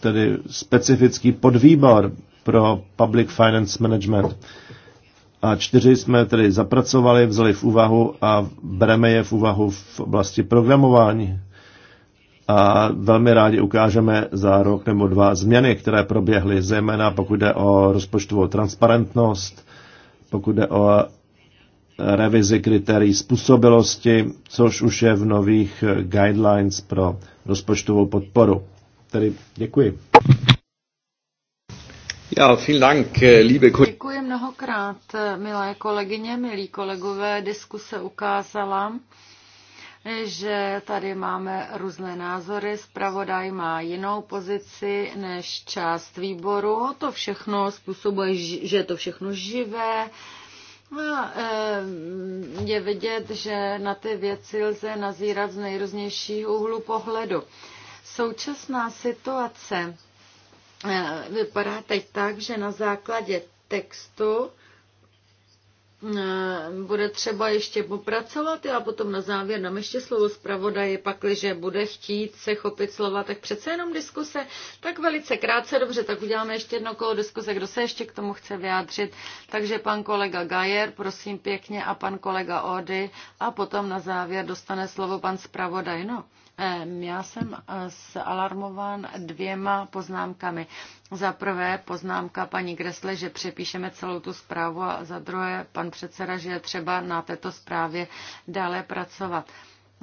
tedy specifický podvýbor pro Public Finance Management. A čtyři jsme tedy zapracovali, vzali v úvahu a bereme je v úvahu v oblasti programování. A velmi rádi ukážeme za rok nebo dva změny, které proběhly, zejména pokud jde o rozpočtovou transparentnost, pokud jde o e, revizi kritérií způsobilosti, což už je v nových e, guidelines pro rozpočtovou podporu. Tedy děkuji. Dank, äh, liebe Děkuji mnohokrát, äh, milé kolegyně, milí kolegové. Diskuse ukázala, že tady máme různé názory, zpravodaj má jinou pozici než část výboru. To všechno způsobuje, že je to všechno živé. A je vidět, že na ty věci lze nazírat z nejrůznějšího úhlu pohledu. Současná situace Eh, vypadá teď tak, že na základě textu eh, bude třeba ještě popracovat a potom na závěr nám ještě slovo zpravodaje, pakliže bude chtít se chopit slova, tak přece jenom diskuse, tak velice krátce, dobře, tak uděláme ještě jedno kolo diskuse, kdo se ještě k tomu chce vyjádřit, takže pan kolega Gajer, prosím pěkně, a pan kolega Ody a potom na závěr dostane slovo pan zpravodaj, no. Já jsem eh, alarmován dvěma poznámkami. Za prvé poznámka paní Gresle, že přepíšeme celou tu zprávu a za druhé pan předseda, že je třeba na této zprávě dále pracovat.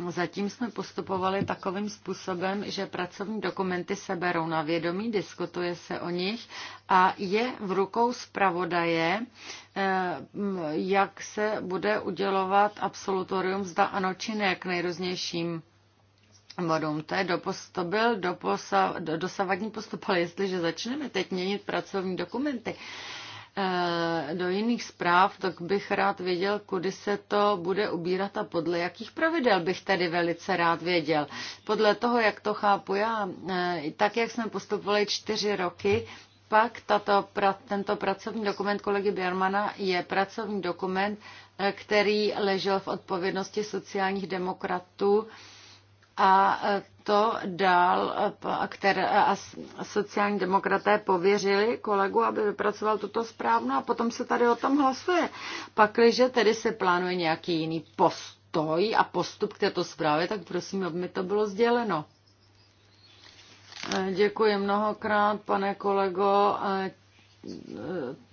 Zatím jsme postupovali takovým způsobem, že pracovní dokumenty se berou na vědomí, diskutuje se o nich a je v rukou zpravodaje, eh, jak se bude udělovat absolutorium, zda ano či ne, k nejrůznějším modum. To, je dopos, to byl do, dosavadní postup, ale jestliže začneme teď měnit pracovní dokumenty, eh, do jiných zpráv, tak bych rád věděl, kudy se to bude ubírat a podle jakých pravidel bych tedy velice rád věděl. Podle toho, jak to chápu já, eh, tak jak jsme postupovali čtyři roky, pak tato, pra, tento pracovní dokument kolegy Bjermana je pracovní dokument, eh, který ležel v odpovědnosti sociálních demokratů a e, to dál e, a kter, a sociální demokraté pověřili kolegu, aby vypracoval tuto správnu no a potom se tady o tom hlasuje. Pakliže tedy se plánuje nějaký jiný postoj a postup k této zprávě, tak prosím, aby mi to bylo sděleno. E, děkuji mnohokrát, pane kolego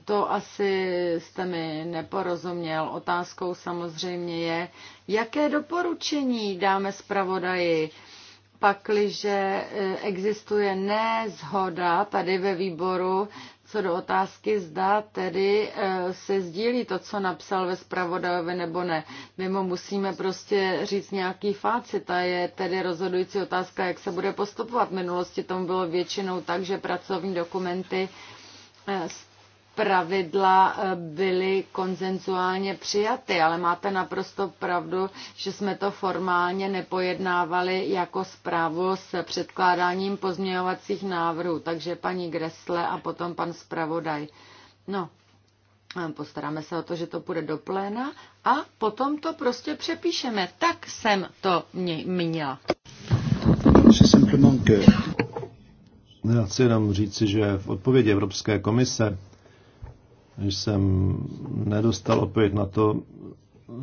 to asi jste mi neporozuměl. Otázkou samozřejmě je, jaké doporučení dáme zpravodaji, pakliže e, existuje nezhoda tady ve výboru co do otázky, zda tedy e, se sdílí to, co napsal ve zpravodajovi nebo ne. My mu musíme prostě říct nějaký facit a je tedy rozhodující otázka, jak se bude postupovat. V minulosti tomu bylo většinou tak, že pracovní dokumenty Eh, pravidla eh, byly konzenzuálně přijaty, ale máte naprosto pravdu, že jsme to formálně nepojednávali jako zprávu s předkládáním pozměňovacích návrhů. Takže paní Gresle a potom pan zpravodaj. No, eh, postaráme se o to, že to půjde do pléna a potom to prostě přepíšeme. Tak jsem to měla. Já chci jenom říci, že v odpovědi Evropské komise jsem nedostal odpověď na to,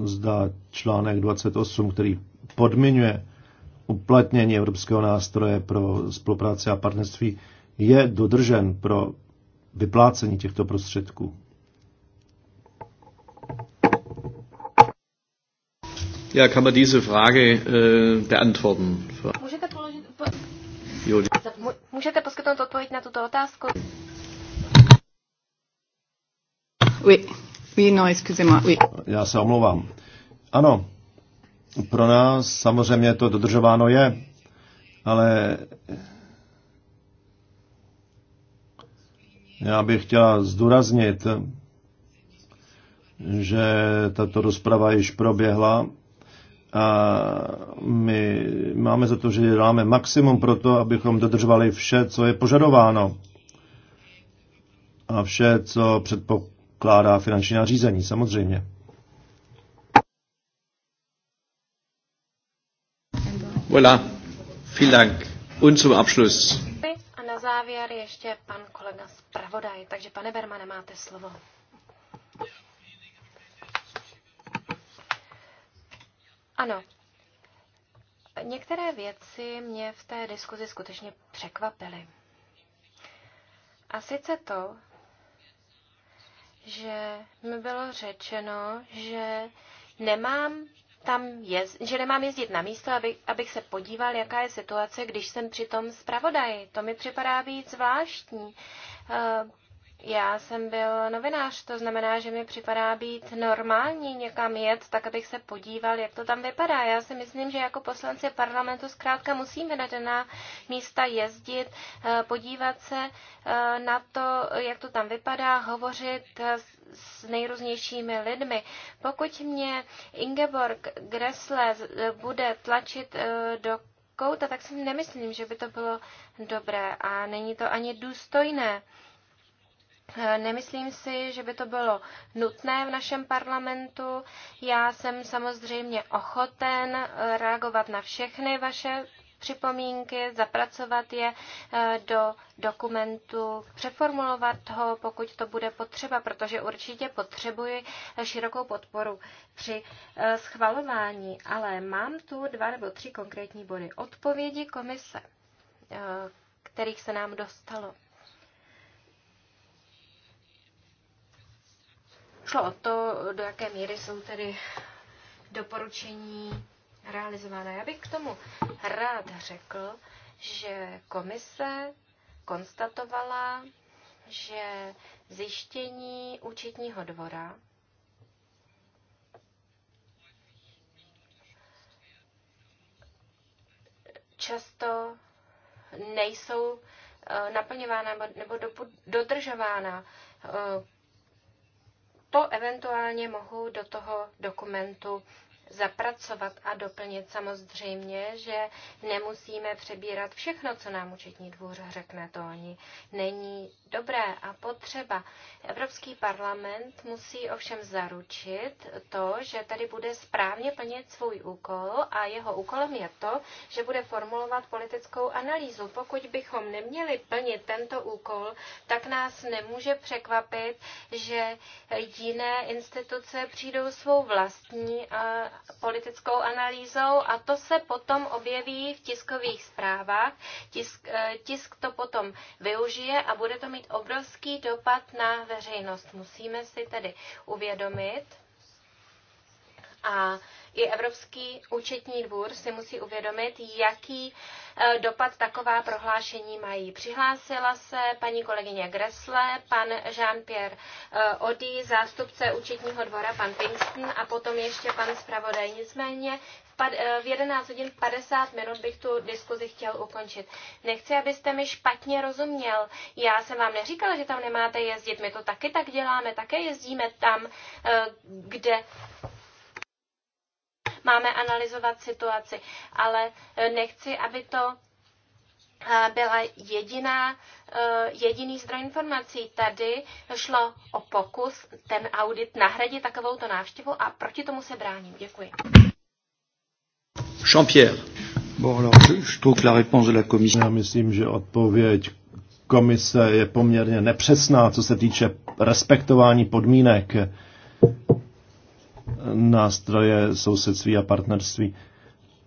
zda článek 28, který podmiňuje uplatnění Evropského nástroje pro spolupráci a partnerství, je dodržen pro vyplácení těchto prostředků. Ja, kann man diese Frage äh, beantworten? Můžete poskytnout odpověď na tuto otázku? Oui. Oui, no, excusez-moi. Oui. Já se omlouvám. Ano, pro nás samozřejmě to dodržováno je, ale já bych chtěla zdůraznit, že tato rozprava již proběhla a my máme za to, že děláme maximum pro to, abychom dodržovali vše, co je požadováno a vše, co předpokládá finanční nařízení, samozřejmě. Voilà. Vielen Dank. Und zum Abschluss. A na závěr ještě pan kolega zpravodaj. Takže pane Bermane, máte slovo. Ano. Některé věci mě v té diskuzi skutečně překvapily. A sice to, že mi bylo řečeno, že nemám tam jezd, že nemám jezdit na místo, aby, abych se podíval, jaká je situace, když jsem při tom zpravodaji. To mi připadá být zvláštní. Eh, já jsem byl novinář, to znamená, že mi připadá být normální někam jet, tak abych se podíval, jak to tam vypadá. Já si myslím, že jako poslanci parlamentu zkrátka musíme na daná místa jezdit, eh, podívat se eh, na to, jak to tam vypadá, hovořit eh, s nejrůznějšími lidmi. Pokud mě Ingeborg Gressle bude tlačit do kouta, tak si nemyslím, že by to bylo dobré a není to ani důstojné. Eh, nemyslím si, že by to bylo nutné v našem parlamentu. Já jsem samozřejmě ochoten eh, reagovat na všechny vaše připomínky, zapracovat je eh, do dokumentu, přeformulovat ho, pokud to bude potřeba, protože určitě potřebuji širokou podporu při schvalování, ale mám tu dva nebo tři konkrétní body. Odpovědi komise, kterých se nám dostalo. Šlo o to, do jaké míry jsou tedy doporučení realizována. Já bych k tomu rád řekl, že komise konstatovala, že zjištění účetního dvora často nejsou eh, naplňována nebo dodržována eh, to eventuálně mohu do toho dokumentu zapracovat a doplnit. Samozřejmě, že nemusíme přebírat všechno, co nám účetní dvůr řekne, to ani není dobré a potřeba. Evropský parlament musí ovšem zaručit to, že tady bude správně plnit svůj úkol a jeho úkolem je to, že bude formulovat politickou analýzu. Pokud bychom neměli plnit tento úkol, tak nás nemůže překvapit, že jiné instituce přijdou svou vlastní politickou analýzou a to se potom objeví v tiskových zprávách. Tisk, eh, tisk to potom využije a bude to mít obrovský dopad na veřejnost. Musíme si tedy uvědomit, a i Evropský účetní dvůr si musí uvědomit, jaký e, dopad taková prohlášení mají. Přihlásila se paní kolegyně Gressle, pan Jean-Pierre e, Odi, zástupce účetního dvora pan Pinkston a potom ještě pan zpravodaj. Nicméně v 11 e, hodin 50 minut bych tu diskuzi chtěl ukončit. Nechci, abyste mi špatně rozuměl. Já jsem vám neříkala, že tam nemáte jezdit. My to taky tak děláme, také jezdíme tam, kde máme analyzovat situaci. Ale eh, nechci, aby to eh, byla jediná, eh, jediný zdroj informací. Tady šlo o pokus ten audit nahradit takovouto návštěvu a proti tomu se bráním. Děkuji. Jean-Pierre. Bon, alors, je trouve que la réponse de la commission... Já myslím, že odpověď komise je poměrně nepřesná, co se týče respektování podmínek nástroje sousedství a partnerství.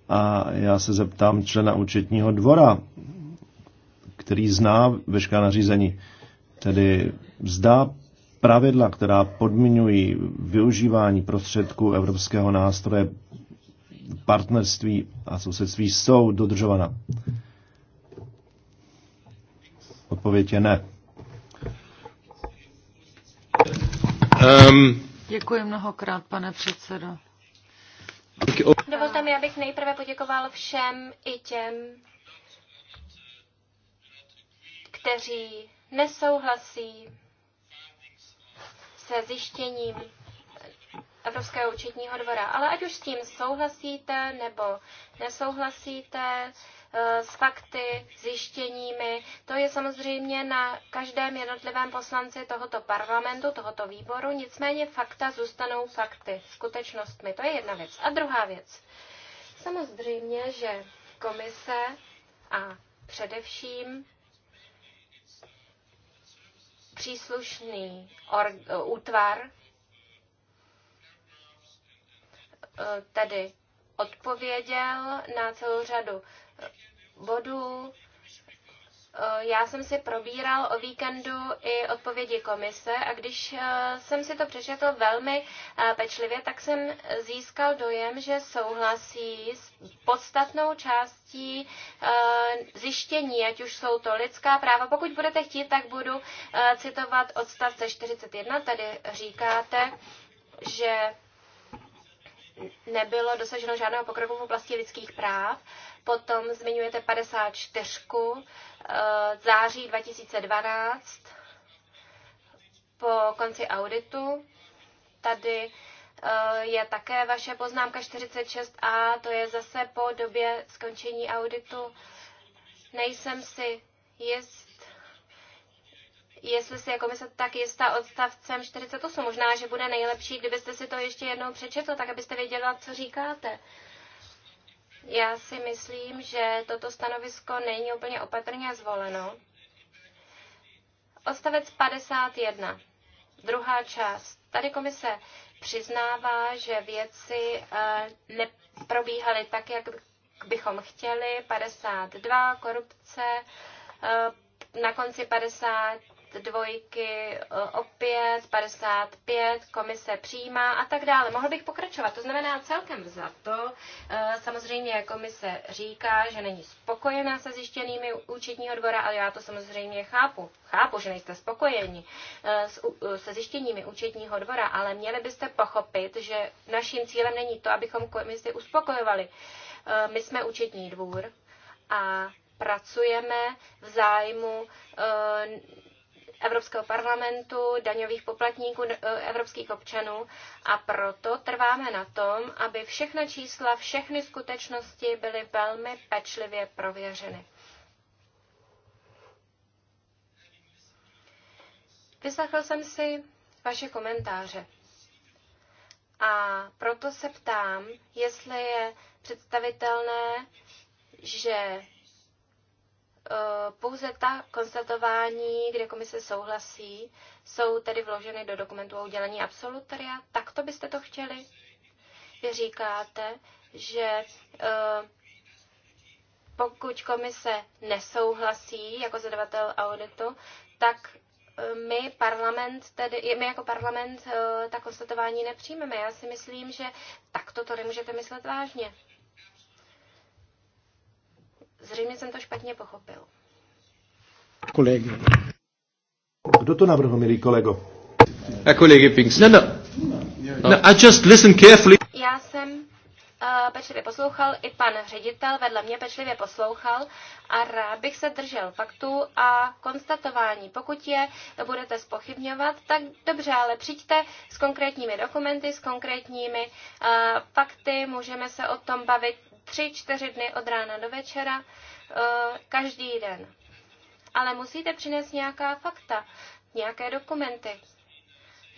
A já se zeptám člena účetního dvora, který zná veškerá nařízení, tedy zdá pravidla, která podmiňují využívání prostředků evropského nástroje partnerství a sousedství jsou dodržována. Odpověď je ne. Um, Děkuji mnohokrát, pane předsedo. Dovolte mi, abych nejprve poděkoval všem i těm, kteří nesouhlasí se zjištěním Evropského účetního dvora. Ale ať už s tím souhlasíte nebo nesouhlasíte, Eh, s fakty, zjištěními. To je samozřejmě na každém jednotlivém poslanci tohoto parlamentu, tohoto výboru, nicméně fakta zůstanou fakty, skutečnostmi. To je jedna věc. A druhá věc. Samozřejmě, že komise a především příslušný útvar, eh, tedy odpověděl na celou řadu bodů. Eh, já jsem si probíral o víkendu i odpovědi komise a když eh, jsem si to přečetl velmi eh, pečlivě, tak jsem získal dojem, že souhlasí s podstatnou částí zjištění, ať už jsou to lidská práva. Pokud budete chtít, tak budu citovat odstavce 41. Tady říkáte, že nebylo dosaženo žádného pokroku v oblasti lidských práv. Potom zmiňujete 54. Eh, září 2012 po konci auditu. Tady eh, je také vaše poznámka 46a, to je zase po době skončení auditu. Nejsem si jist, jestli si jako myslet, tak jistá odstavcem 48. Možná, že bude nejlepší, kdybyste si to ještě jednou přečetl, tak abyste věděla, co říkáte. Já si myslím, že toto stanovisko není úplně opatrně zvoleno. Odstavec 51. Druhá část. Tady komise přiznává, že věci eh, neprobíhaly tak, jak bychom chtěli. 52. Korupce. Eh, na konci 50 dvojky e, opět, 55, komise přijímá a tak dále. Mohl bych pokračovat. To znamená celkem za to. E, samozřejmě komise říká, že není spokojená se zjištěnými účetního dvora, ale já to samozřejmě chápu. Chápu, že nejste spokojeni e, se zjištěními účetního dvora, ale měli byste pochopit, že naším cílem není to, abychom komisi uspokojovali. My jsme účetní dvůr a pracujeme v zájmu Evropského parlamentu, daňových poplatníků, e, evropských občanů a proto trváme na tom, aby všechna čísla, všechny skutečnosti byly velmi pečlivě prověřeny. Vyslechl jsem si vaše komentáře. A proto se ptám, jestli je představitelné, že Eh, pouze ta konstatování, kde komise souhlasí, jsou tedy vloženy do dokumentu o udělení absolutoria. Tak to byste to chtěli? Vy říkáte, že eh, pokud komise nesouhlasí jako zadavatel auditu, tak eh, my, parlament, tedy, my jako parlament ta konstatování nepřijmeme. Já si myslím, že takto to nemůžete myslet vážně. Zřejmě jsem to špatně pochopil. Kolegy. Kdo to navrhl, milý kolego? A eh, kolegy Pinks. No, no. no I just listen carefully. Já jsem uh, pečlivě poslouchal, i pan ředitel vedle mě pečlivě poslouchal a rád bych se držel faktů a konstatování. Pokud je budete spochybňovat, tak dobře, ale přijďte s konkrétními dokumenty, s konkrétními uh, fakty, můžeme se o tom bavit tři, čtyři dny od rána do večera e, každý den. Ale musíte přinést nějaká fakta, nějaké dokumenty.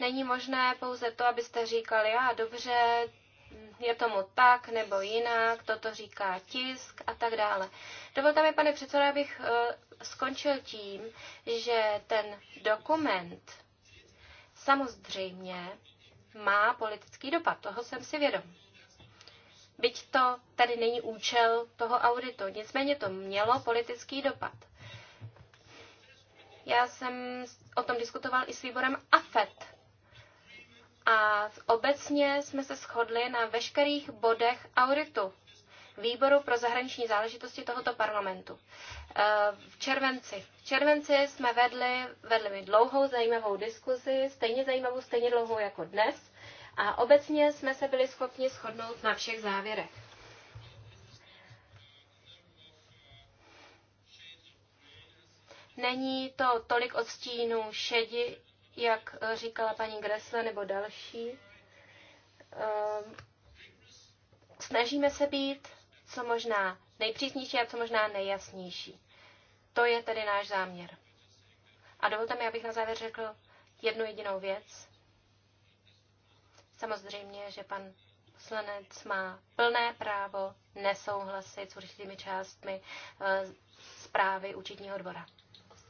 Není možné pouze to, abyste říkali, a dobře, je tomu tak nebo jinak, toto říká tisk a tak dále. Dovolte mi, pane předseda, abych e, skončil tím, že ten dokument samozřejmě má politický dopad, toho jsem si vědom byť to tady není účel toho auditu. Nicméně to mělo politický dopad. Já jsem o tom diskutoval i s výborem AFET. A obecně jsme se shodli na veškerých bodech auditu výboru pro zahraniční záležitosti tohoto parlamentu. Eh, v červenci. V červenci jsme vedli, vedli dlouhou zajímavou diskuzi, stejně zajímavou, stejně dlouhou jako dnes. A obecně jsme se byli schopni shodnout na všech závěrech. Není to tolik odstínů šedi, jak říkala paní Gressle nebo další. Ehm, snažíme se být co možná nejpřísnější a co možná nejjasnější. To je tedy náš záměr. A dovolte mi, abych na závěr řekl jednu jedinou věc. Samozřejmě, že pan poslanec má plné právo nesouhlasit s určitými částmi eh, zprávy účetního dvora.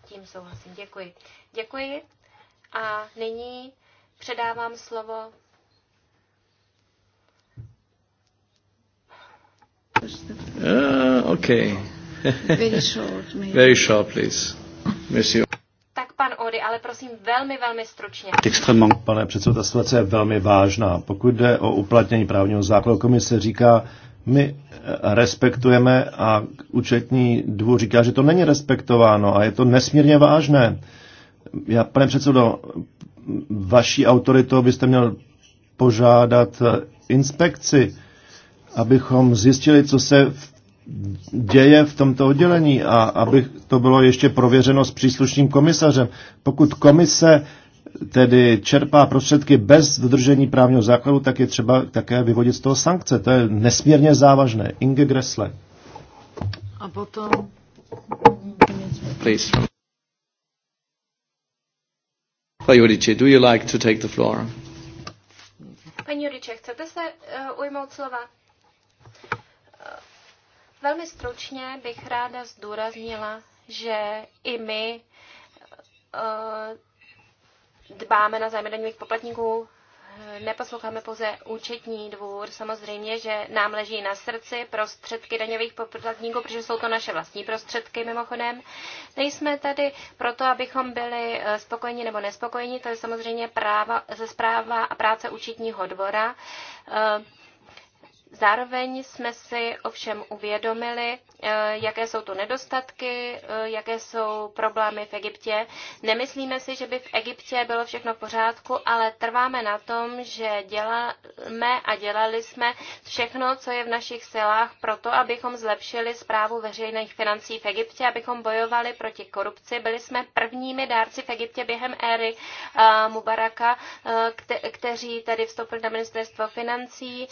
S tím souhlasím. Děkuji. Děkuji. A nyní předávám slovo Uh, okay. Very short, maybe. Very short, please. Monsieur ale prosím velmi, velmi stručně. Pane předsedo, ta situace je velmi vážná. Pokud jde o uplatnění právního základu, komise říká, my eh, respektujeme a účetní dvůr říká, že to není respektováno a je to nesmírně vážné. Já, pane předsedo, vaší autoritu, byste měl požádat eh, inspekci, abychom zjistili, co se v děje v tomto oddělení a aby to bylo ještě prověřeno s příslušným komisařem. Pokud komise tedy čerpá prostředky bez dodržení právního základu, tak je třeba také vyvodit z toho sankce. To je nesmírně závažné. Inge Gressle. A potom... Please. do you like to take the floor? Paní Juriče, chcete se uh, ujmout slova? Velmi stručně bych ráda zdůraznila, že i my eh, dbáme na zájmy daňových poplatníků, eh, neposloucháme pouze účetní dvůr. Samozřejmě, že nám leží na srdci prostředky daňových poplatníků, protože jsou to naše vlastní prostředky mimochodem. Nejsme tady proto, abychom byli eh, spokojeni nebo nespokojeni, to je samozřejmě práva, ze zpráva a práce účetního dvora. Zároveň jsme si ovšem uvědomili, eh, jaké jsou tu nedostatky, eh, jaké jsou problémy v Egyptě. Nemyslíme si, že by v Egyptě bylo všechno v pořádku, ale trváme na tom, že děláme a dělali jsme všechno, co je v našich silách pro to, abychom zlepšili zprávu veřejných financí v Egyptě, abychom bojovali proti korupci. Byli jsme prvními dárci v Egyptě během éry eh, Mubaraka, kteří tedy vstoupili na ministerstvo financí.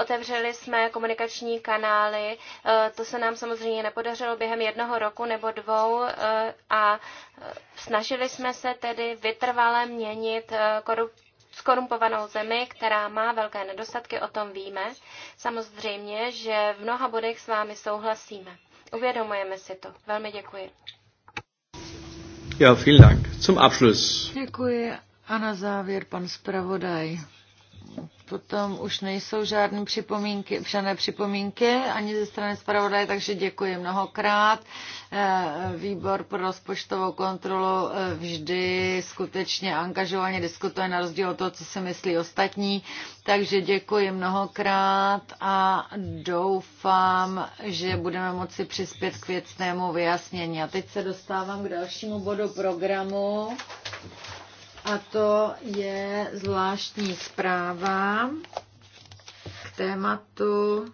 Od otevřeli jsme komunikační kanály. Eh, to se nám samozřejmě nepodařilo během jednoho roku nebo dvou eh, a eh, snažili jsme se tedy vytrvale měnit korup- skorumpovanou zemi, která má velké nedostatky, o tom víme. Samozřejmě, že v mnoha bodech s vámi souhlasíme. Uvědomujeme si to. Velmi děkuji. Ja, vielen Dank. Zum Abschluss. Děkuji. A na závěr pan zpravodaj. Potom už nejsou žádné připomínky, žádné připomínky ani ze strany zpravodaje, takže děkuji mnohokrát. Eh, výbor pro rozpočtovou kontrolu eh, vždy skutečně angažovaně diskutuje na rozdíl od toho, co si myslí ostatní. Takže děkuji mnohokrát a doufám, že budeme moci přispět k věcnému vyjasnění. A teď se dostávám k dalšímu bodu programu a to je zvláštní zpráva k tématu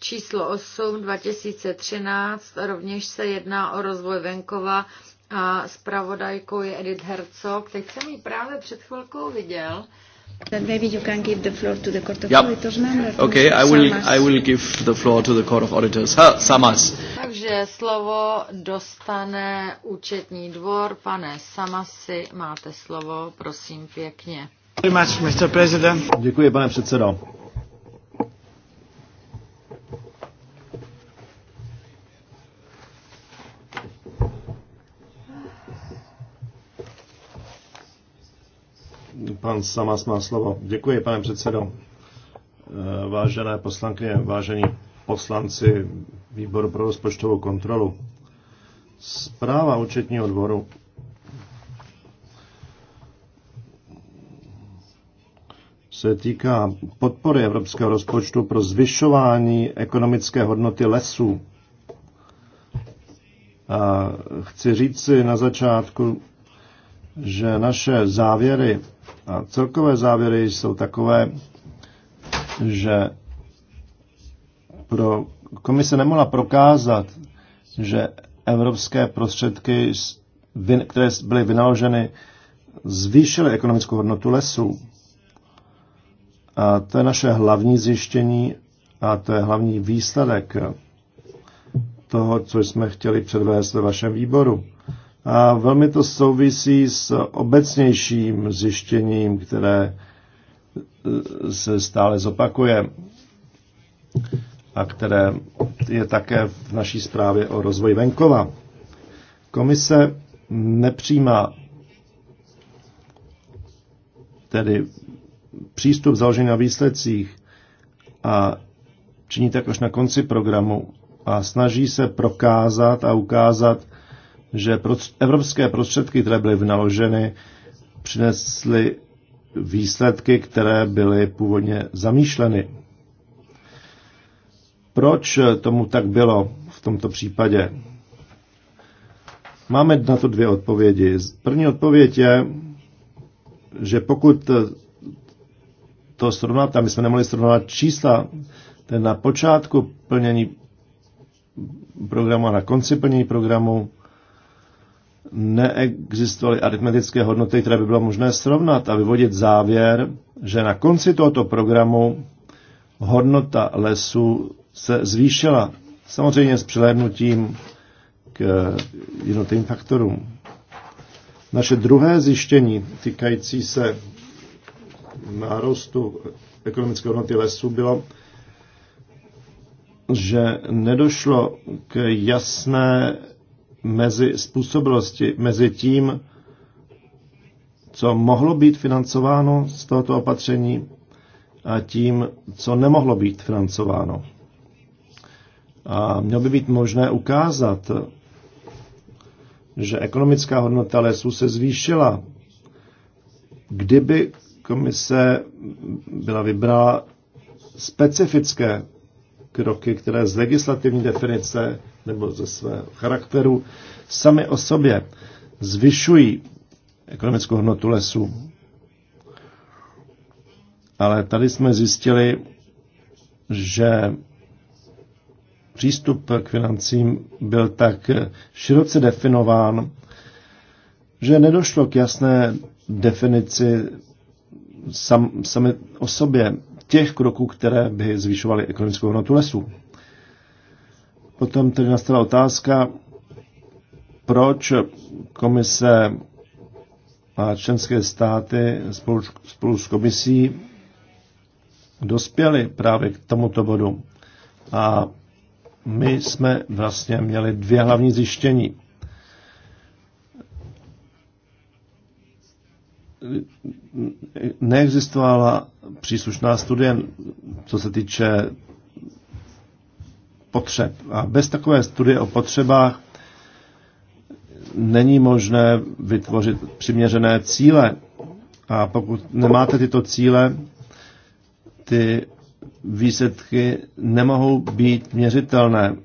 číslo 8 2013. Rovněž se jedná o rozvoj venkova a zpravodajkou je Edith Hercog. Teď jsem ji právě před chvilkou viděl Then maybe you can give the floor to the Court of yep. Auditors member. Okay, I will, Samas. I will give the floor to the Court of Auditors. Ha, Samas. Takže slovo dostane účetní dvor. Pane Samasi, máte slovo, prosím pěkně. Děkuji, pane předsedo. Pan Samas má slovo. Děkuji, pane předsedo. Eh, vážené poslankyně, vážení poslanci výboru pro rozpočtovou kontrolu. Zpráva účetního dvoru se týká podpory evropského rozpočtu pro zvyšování ekonomické hodnoty lesů. A chci říct si na začátku, že naše závěry a celkové závěry jsou takové, že pro komise nemohla prokázat, že evropské prostředky, které byly vynaloženy, zvýšily ekonomickou hodnotu lesů. A to je naše hlavní zjištění a to je hlavní výsledek toho, co jsme chtěli předvést ve vašem výboru. A velmi to souvisí s obecnějším zjištěním, které e, se stále zopakuje a které je také v naší zprávě o rozvoji venkova. Komise nepřijímá tedy přístup založený na výsledcích a činí tak až na konci programu a snaží se prokázat a ukázat, že evropské prostředky, které byly vynaloženy, přinesly výsledky, které byly původně zamýšleny. Proč tomu tak bylo v tomto případě? Máme na to dvě odpovědi. První odpověď je, že pokud to srovnat, a my jsme nemohli srovnat čísla, ten na počátku plnění programu a na konci plnění programu neexistovaly aritmetické hodnoty, které by bylo možné srovnat a vyvodit závěr, že na konci tohoto programu hodnota lesu se zvýšila. Samozřejmě s přilédnutím k jednotlivým faktorům. Naše druhé zjištění týkající se nárostu ekonomické hodnoty lesů bylo, že nedošlo k jasné mezi způsobilosti, mezi tím, co mohlo být financováno z tohoto opatření a tím, co nemohlo být financováno. A mělo by být možné ukázat, že ekonomická hodnota lesů se zvýšila, kdyby komise byla vybrala specifické kroky, které z legislativní definice nebo ze svého charakteru sami o sobě zvyšují ekonomickou hodnotu lesů. Ale tady jsme zjistili, že přístup k financím byl tak široce definován, že nedošlo k jasné definici sam, sami o sobě těch kroků, které by zvyšovaly ekonomickou hodnotu lesů. Potom tedy nastala otázka, proč komise a členské státy spolu, spolu s komisí dospěli právě k tomuto bodu. A my jsme vlastně měli dvě hlavní zjištění. Neexistovala příslušná studie, co se týče potřeb. A bez takové studie o potřebách není možné vytvořit přiměřené cíle. A pokud nemáte tyto cíle, ty výsledky nemohou být měřitelné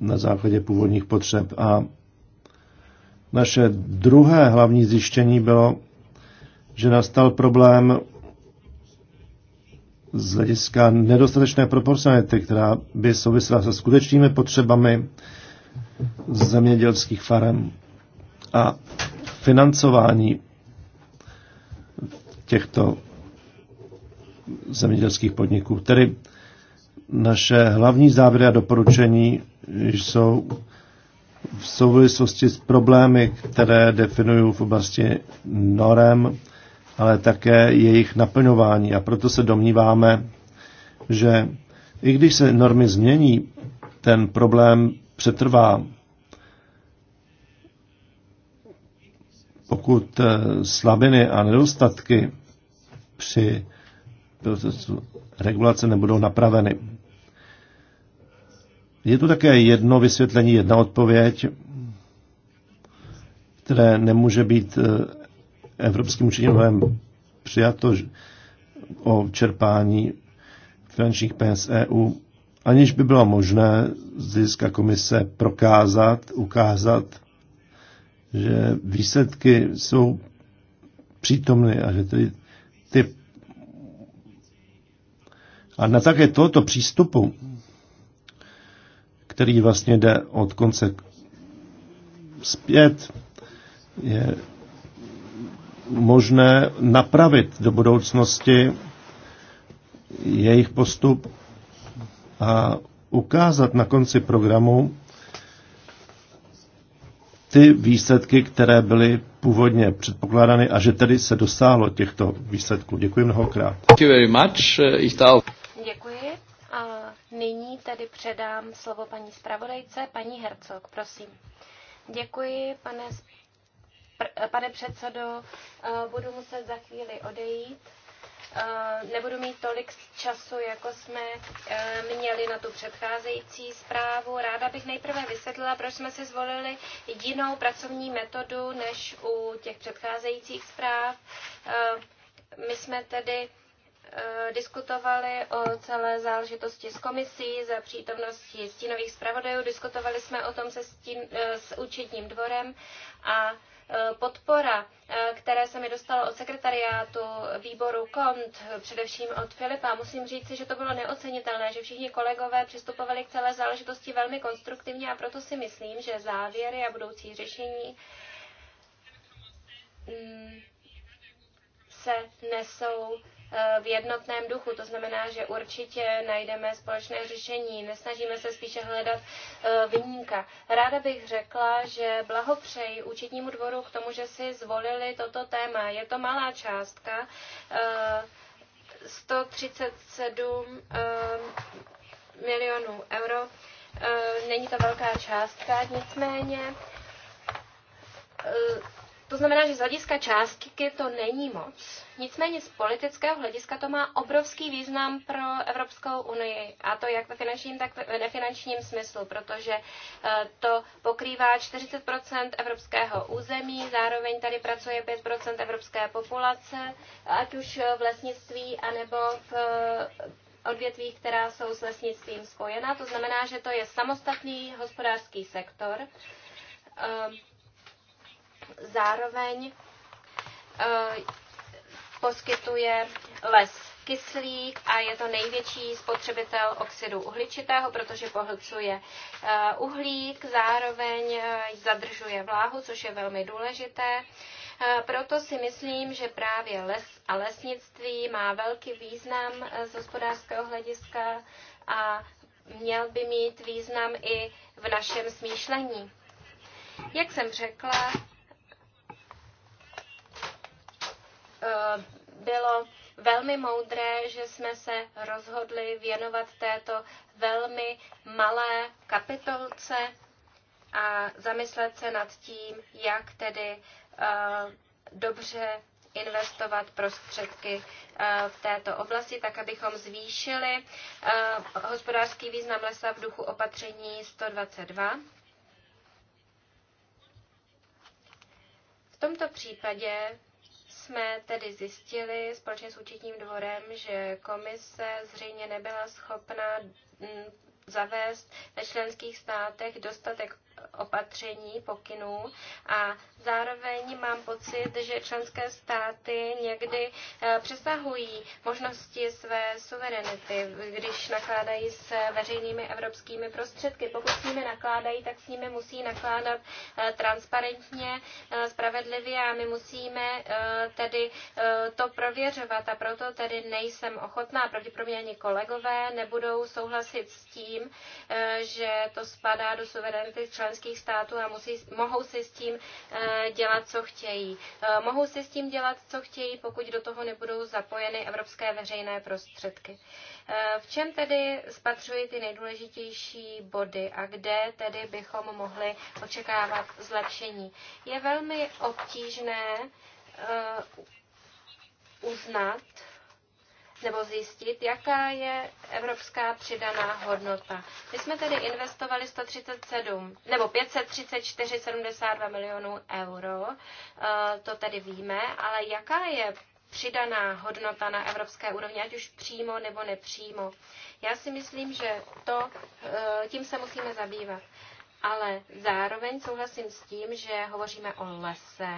na základě původních potřeb. A naše druhé hlavní zjištění bylo, že nastal problém z hlediska nedostatečné proporcionality, která by souvisela se skutečnými potřebami zemědělských farem a financování těchto zemědělských podniků. Tedy naše hlavní závěry a doporučení jsou v souvislosti s problémy, které definují v oblasti norem, ale také jejich naplňování. A proto se domníváme, že i když se normy změní, ten problém přetrvá. Pokud eh, slabiny a nedostatky při procesu regulace nebudou napraveny. Je tu také jedno vysvětlení, jedna odpověď, které nemůže být eh, Evropským učitelem přijato o čerpání finančních peněz EU, aniž by bylo možné získat komise prokázat, ukázat, že výsledky jsou přítomny a že tedy ty a na také tohoto přístupu který vlastně jde od konce zpět, je možné napravit do budoucnosti jejich postup a ukázat na konci programu ty výsledky, které byly původně předpokládány a že tedy se dosáhlo těchto výsledků. Děkuji mnohokrát. Eh, Děkuji. Nyní tedy předám slovo paní zpravodajce, paní Hercog, prosím. Děkuji, pane, pane předsedo, eh, budu muset za chvíli odejít eh, nebudu mít tolik času, jako jsme eh, měli na tu předcházející zprávu. Ráda bych nejprve vysvětlila, proč jsme si zvolili jinou pracovní metodu než u těch předcházejících zpráv. My jsme tedy Eh, diskutovali o celé záležitosti s komisí za přítomnosti stínových zpravodajů. Diskutovali jsme o tom se stín, eh, s účetním dvorem a eh, podpora, které se mi dostalo od sekretariátu výboru KONT, především od Filipa, musím říct, že to bylo neocenitelné, že všichni kolegové přistupovali k celé záležitosti velmi konstruktivně a proto si myslím, že závěry a budoucí řešení mm, se nesou Eh, v jednotném duchu. To znamená, že určitě najdeme společné řešení, nesnažíme se spíše hledat eh, vyníka. Ráda bych řekla, že blahopřeji účetnímu dvoru k tomu, že si zvolili toto téma. Je to malá částka, 137 eh, milionů euro. Není to velká částka, nicméně to znamená, že z hlediska částky to není moc. Nicméně z politického hlediska to má obrovský význam pro Evropskou unii, a to jak ve finančním, tak ve nefinančním smyslu, protože eh, to pokrývá 40 evropského území, zároveň tady pracuje 5 evropské populace, ať už v lesnictví, anebo v eh, odvětví, která jsou s lesnictvím spojena. To znamená, že to je samostatný hospodářský sektor eh, zároveň eh, poskytuje les kyslík a je to největší spotřebitel oxidu uhličitého, protože pohlcuje eh, uhlík, zároveň eh, zadržuje vláhu, což je velmi důležité. Proto si myslím, že právě les a lesnictví má velký význam z hospodářského hlediska a měl by mít význam i v našem smýšlení. Jak jsem řekla, Eh, bylo velmi moudré, že jsme se rozhodli věnovat této velmi malé kapitolce a zamyslet se nad tím, jak tedy eh, dobře investovat prostředky eh, v této oblasti, tak abychom zvýšili hospodářský význam lesa v duchu opatření 122. V tomto případě jsme tedy zjistili společně s účetním dvorem, že komise zřejmě nebyla schopna mm, zavést ve členských státech dostatek opatření, pokynů a zároveň mám pocit, že členské státy někdy eh, přesahují možnosti své suverenity, když nakládají s veřejnými evropskými prostředky. Pokud s nimi nakládají, tak s nimi musí nakládat eh, transparentně, eh, spravedlivě a my musíme tedy to prověřovat a proto tedy nejsem ochotná, pravděpodobně ani kolegové nebudou souhlasit s tím, že to spadá do suverenity členské členských států a musí, mohou si s tím eh, dělat, co chtějí. Eh, mohou si s tím dělat, co chtějí, pokud do toho nebudou zapojeny evropské veřejné prostředky. Eh, v čem tedy spatřují ty nejdůležitější body a kde tedy bychom mohli očekávat zlepšení? Je velmi obtížné uznat, nebo zjistit, jaká je evropská přidaná hodnota. My jsme tedy investovali 137 nebo 534,72 milionů euro, eh, to tedy víme, ale jaká je přidaná hodnota na evropské úrovni, ať už přímo nebo nepřímo. Já si myslím, že to, eh, tím se musíme zabývat ale zároveň souhlasím s tím, že hovoříme o lese.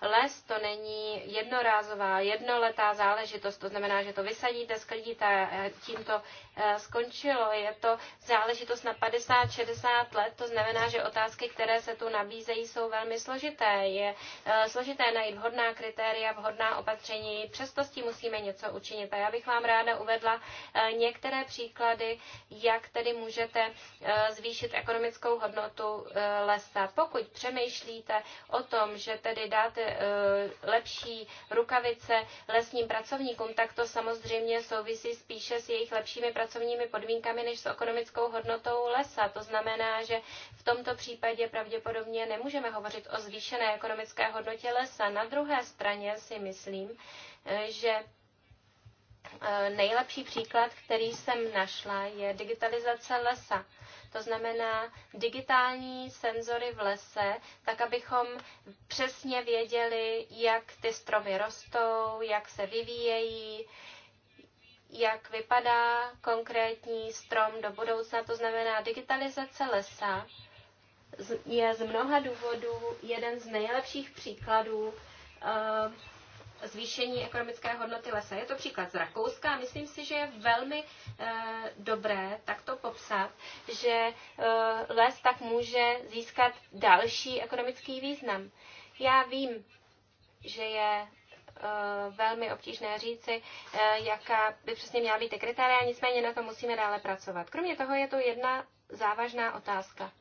Les to není jednorázová, jednoletá záležitost, to znamená, že to vysadíte, sklidíte a eh, tím to eh, skončilo. Je to záležitost na 50-60 let, to znamená, že otázky, které se tu nabízejí, jsou velmi složité. Je eh, složité najít vhodná kritéria, vhodná opatření, přesto s tím musíme něco učinit. A já bych vám ráda uvedla některé příklady, jak tedy můžete zvýšit ekonomickou hodnotu hodnotu eh, lesa. Pokud přemýšlíte o tom, že tedy dáte eh, lepší rukavice lesním pracovníkům, tak to samozřejmě souvisí spíše s jejich lepšími pracovními podmínkami než s ekonomickou hodnotou lesa. To znamená, že v tomto případě pravděpodobně nemůžeme hovořit o zvýšené ekonomické hodnotě lesa. Na druhé straně si myslím, eh, že nejlepší příklad, který jsem našla, je digitalizace lesa to znamená digitální senzory v lese, tak abychom přesně věděli, jak ty stromy rostou, jak se vyvíjejí, jak vypadá konkrétní strom do budoucna. To znamená digitalizace lesa je z mnoha důvodů jeden z nejlepších příkladů eh, zvýšení ekonomické hodnoty lesa. Je to příklad z Rakouska a myslím si, že je velmi eh, dobré takto popsat, že eh, les tak může získat další ekonomický význam. Já vím, že je eh, velmi obtížné říci, jaká by přesně měla být kritéria, nicméně na to musíme dále pracovat. Kromě toho je to jedna závažná otázka.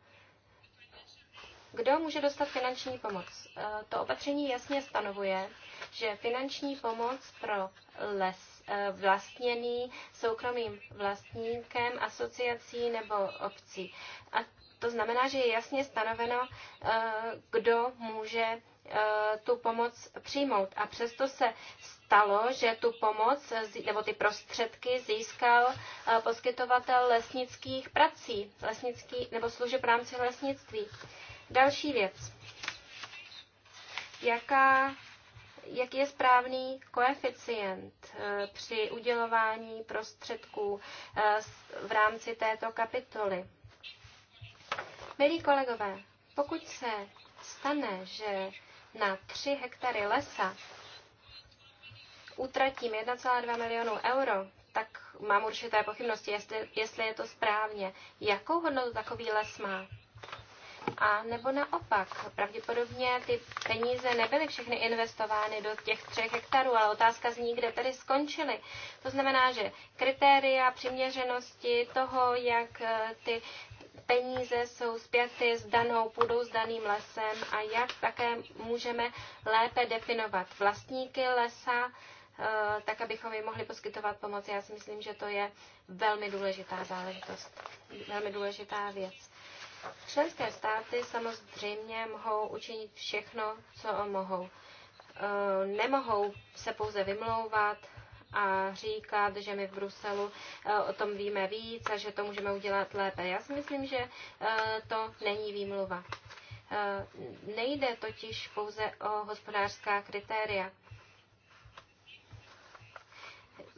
Kdo může dostat finanční pomoc? To opatření jasně stanovuje, že finanční pomoc pro les eh, vlastněný soukromým vlastníkem, asociací nebo obcí. A to znamená, že je jasně stanoveno, eh, kdo může eh, tu pomoc přijmout. A přesto se stalo, že tu pomoc nebo ty prostředky získal poskytovatel lesnických prací lesnický, nebo služeb v rámci lesnictví. Další věc. Jaká jaký je správný koeficient eh, při udělování prostředků eh, v rámci této kapitoly. Milí kolegové, pokud se stane, že na 3 hektary lesa utratím 1,2 milionu euro, tak mám určité pochybnosti, jestli, jestli je to správně. Jakou hodnotu takový les má? A nebo naopak, pravděpodobně ty peníze nebyly všechny investovány do těch třech hektarů, ale otázka zní, kde tedy skončily. To znamená, že kritéria přiměřenosti toho, jak eh, ty peníze jsou zpěty s danou půdou, s daným lesem a jak také můžeme lépe definovat vlastníky lesa, eh, tak abychom jim mohli poskytovat pomoc. Já si myslím, že to je velmi důležitá záležitost, velmi důležitá věc. Členské státy samozřejmě mohou učinit všechno, co mohou. E, nemohou se pouze vymlouvat a říkat, že my v Bruselu e, o tom víme víc a že to můžeme udělat lépe. Já si myslím, že e, to není výmluva. Nejde totiž pouze o hospodářská kritéria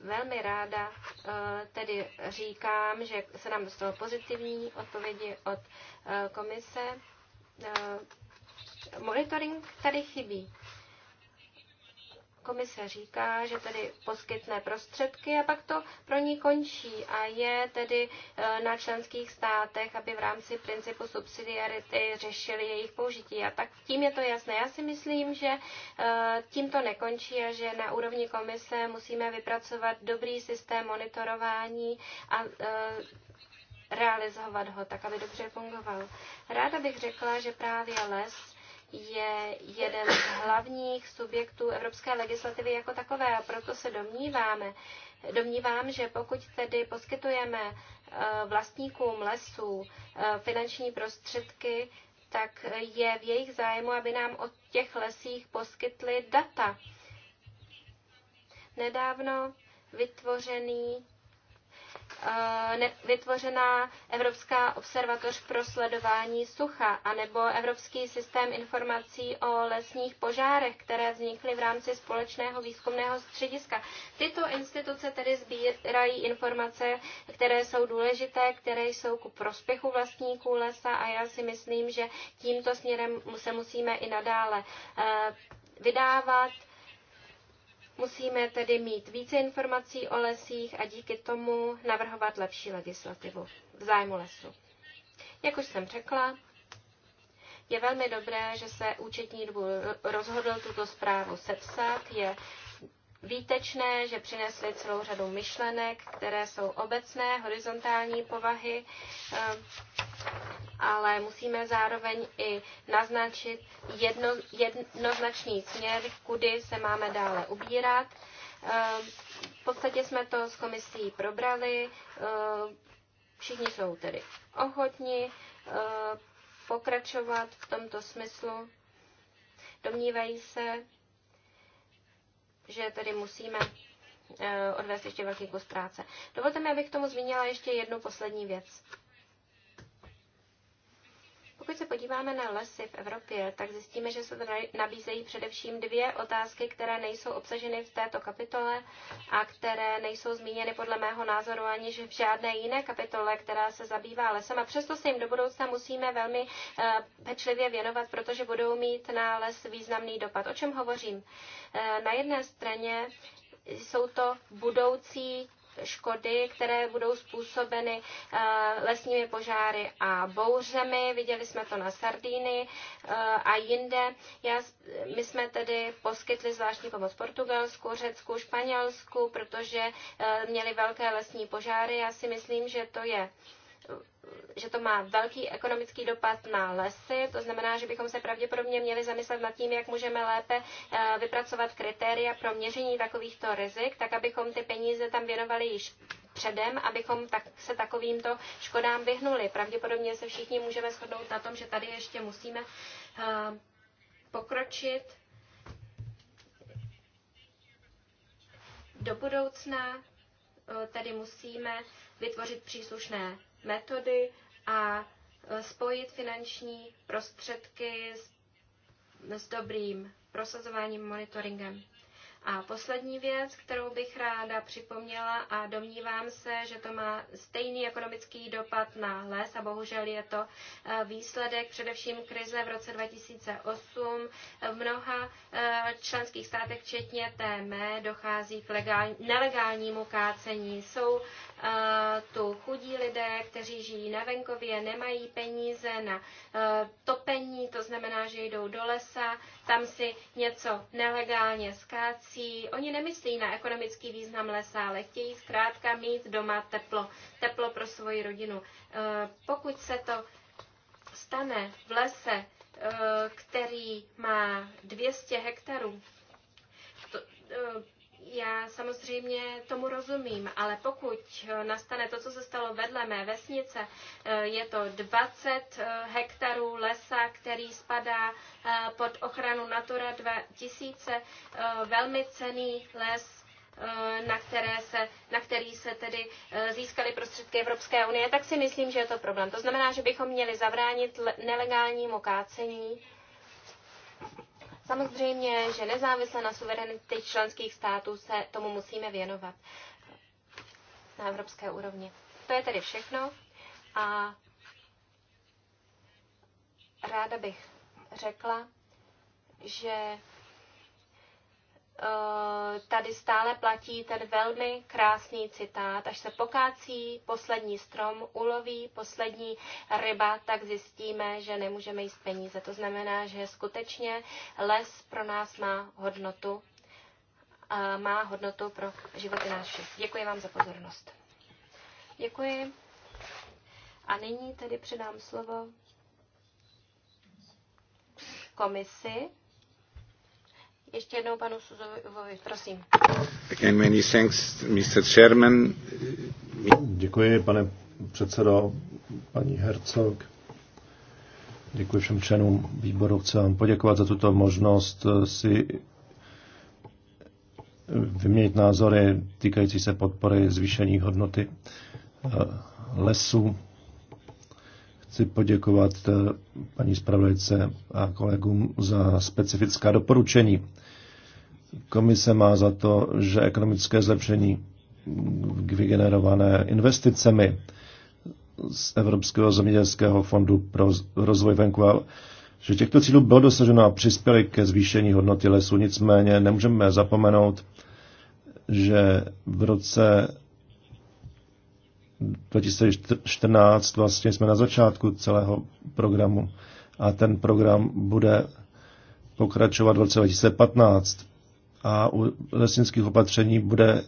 velmi ráda eh, tedy říkám, že se nám dostalo pozitivní odpovědi od eh, komise. Eh, monitoring tady chybí komise říká, že tedy poskytne prostředky a pak to pro ní končí a je tedy e, na členských státech, aby v rámci principu subsidiarity řešili jejich použití. A tak tím je to jasné. Já si myslím, že e, tím to nekončí a že na úrovni komise musíme vypracovat dobrý systém monitorování a e, realizovat ho tak, aby dobře fungoval. Ráda bych řekla, že právě les je jeden z hlavních subjektů evropské legislativy jako takové a proto se domníváme, domnívám, že pokud tedy poskytujeme eh, vlastníkům lesů eh, finanční prostředky, tak je v jejich zájmu, aby nám o těch lesích poskytli data. Nedávno vytvořený Eh, vytvořená Evropská observatoř pro sledování sucha, anebo Evropský systém informací o lesních požárech, které vznikly v rámci společného výzkumného střediska. Tyto instituce tedy sbírají informace, které jsou důležité, které jsou ku prospěchu vlastníků lesa a já si myslím, že tímto směrem se musíme i nadále eh, vydávat Musíme tedy mít více informací o lesích a díky tomu navrhovat lepší legislativu v zájmu lesu. Jak už jsem řekla, je velmi dobré, že se účetní dvůr rozhodl tuto zprávu sepsat. Je výtečné, že přinesly celou řadu myšlenek, které jsou obecné, horizontální povahy, eh, ale musíme zároveň i naznačit jedno, jednoznačný směr, kudy se máme dále ubírat. Eh, v podstatě jsme to s komisí probrali, eh, všichni jsou tedy ochotni pokračovat v tomto smyslu. Domnívají se, že tedy musíme eh, odvést ještě velký kus práce. Dovolte mi, abych k tomu zmínila ještě jednu poslední věc. Pokud se podíváme na lesy v Evropě, tak zjistíme, že se tady nabízejí především dvě otázky, které nejsou obsaženy v této kapitole a které nejsou zmíněny podle mého názoru ani v žádné jiné kapitole, která se zabývá lesem. A přesto se jim do budoucna musíme velmi eh, pečlivě věnovat, protože budou mít na les významný dopad. O čem hovořím? Eh, na jedné straně jsou to budoucí škody, které budou způsobeny eh, lesními požáry a bouřemi. Viděli jsme to na Sardíny eh, a jinde. Já, my jsme tedy poskytli zvláštní pomoc Portugalsku, Řecku, Španělsku, protože eh, měli velké lesní požáry. Já si myslím, že to je že to má velký ekonomický dopad na lesy, to znamená, že bychom se pravděpodobně měli zamyslet nad tím, jak můžeme lépe eh, vypracovat kritéria pro měření takovýchto rizik, tak abychom ty peníze tam věnovali již předem, abychom tak, se takovýmto škodám vyhnuli. Pravděpodobně se všichni můžeme shodnout na tom, že tady ještě musíme eh, pokročit do budoucna, eh, tedy musíme vytvořit příslušné metody a e, spojit finanční prostředky s, s dobrým prosazováním, monitoringem. A poslední věc, kterou bych ráda připomněla a domnívám se, že to má stejný ekonomický dopad na les a bohužel je to e, výsledek především krize v roce 2008. E, v mnoha členských státech, včetně té mé, dochází k legál, nelegálnímu kácení. Jsou tu chudí lidé, kteří žijí na venkově, nemají peníze na e, topení, to znamená, že jdou do lesa, tam si něco nelegálně skácí. Oni nemyslí na ekonomický význam lesa, ale chtějí zkrátka mít doma teplo, teplo pro svoji rodinu. E, pokud se to stane v lese, e, který má 200 hektarů, já samozřejmě tomu rozumím, ale pokud eh, nastane to, co se stalo vedle mé vesnice, eh, je to 20 eh, hektarů lesa, který spadá pod ochranu Natura 2000, velmi cený les, na, které se, na který se tedy získaly prostředky Evropské unie, tak si myslím, že je to problém. To znamená, že bychom měli zabránit nelegálnímu kácení Samozřejmě, že nezávisle na suverenitě členských států se tomu musíme věnovat na evropské úrovni. To je tedy všechno a ráda bych řekla, že Eh, tady stále platí ten velmi krásný citát. Až se pokácí poslední strom, uloví poslední ryba, tak zjistíme, že nemůžeme jíst peníze. To znamená, že skutečně les pro nás má hodnotu, eh, má hodnotu pro životy naše. Děkuji vám za pozornost. Děkuji. A nyní tedy předám slovo komisi. Ještě jednou panu Suzovi, prosím. Again, many thanks, Mr. Chairman. Děkuji, pane předsedo, paní Hercog. Děkuji všem členům výboru. Chci vám poděkovat za tuto možnost eh, si vyměnit názory týkající se podpory zvýšení hodnoty eh, lesů Chci poděkovat eh, paní zpravodajce a kolegům za specifická doporučení. Komise má za to, že ekonomické zlepšení vygenerované investicemi z Evropského zemědělského fondu pro rozvoj venkova, že těchto cílů bylo dosaženo a přispěli ke zvýšení hodnoty lesů. Nicméně nemůžeme zapomenout, že v roce 2014 vlastně jsme na začátku celého programu a ten program bude pokračovat v roce 2015 a u lesnických opatření bude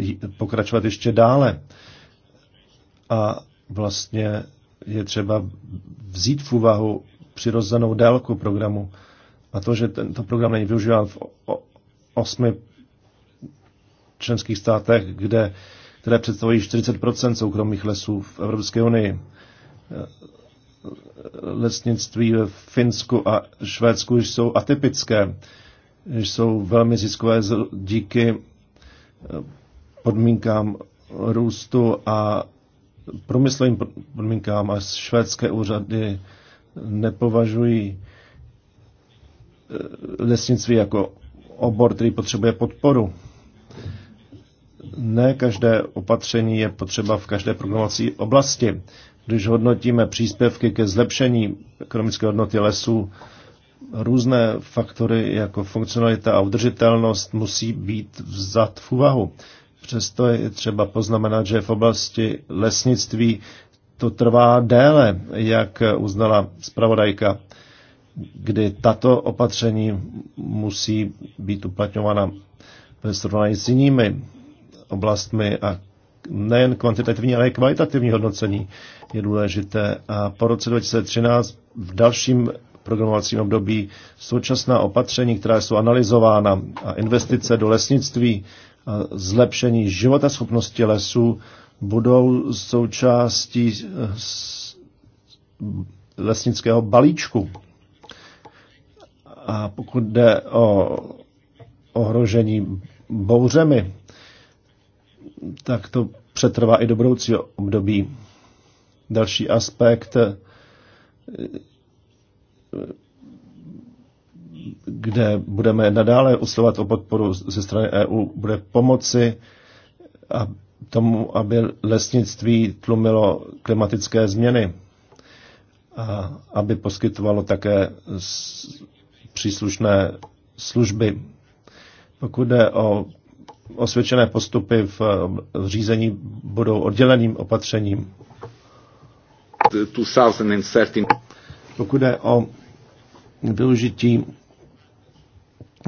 eh, pokračovat ještě dále. A vlastně je třeba vzít v úvahu přirozenou délku programu. A to, že tento program není využíván v osmi členských státech, kde které představují 40 soukromých lesů v Evropské unii. Lesnictví v Finsku a Švédsku jsou atypické, jsou velmi ziskové díky eh, podmínkám růstu a průmyslovým podmínkám a švédské úřady nepovažují eh, lesnictví jako obor, který potřebuje podporu ne každé opatření je potřeba v každé programovací oblasti. Když hodnotíme příspěvky ke zlepšení ekonomické hodnoty lesů, různé faktory jako funkcionalita a udržitelnost musí být vzat v úvahu. Přesto je třeba poznamenat, že v oblasti lesnictví to trvá déle, jak uznala zpravodajka, kdy tato opatření musí být uplatňována ve srovnání s jinými oblastmi a nejen kvantitativní, ale i kvalitativní hodnocení je důležité. A po roce 2013 v dalším programovacím období současná opatření, která jsou analyzována a investice do lesnictví a zlepšení životaschopnosti lesů budou součástí eh, lesnického balíčku. A pokud jde o ohrožení bouřemi, tak to přetrvá i do budoucího období. Další aspekt, kde budeme nadále usilovat o podporu ze strany EU, bude pomoci a tomu, aby lesnictví tlumilo klimatické změny a aby poskytovalo také příslušné služby. Pokud jde o osvědčené postupy v řízení budou odděleným opatřením. Pokud je o využití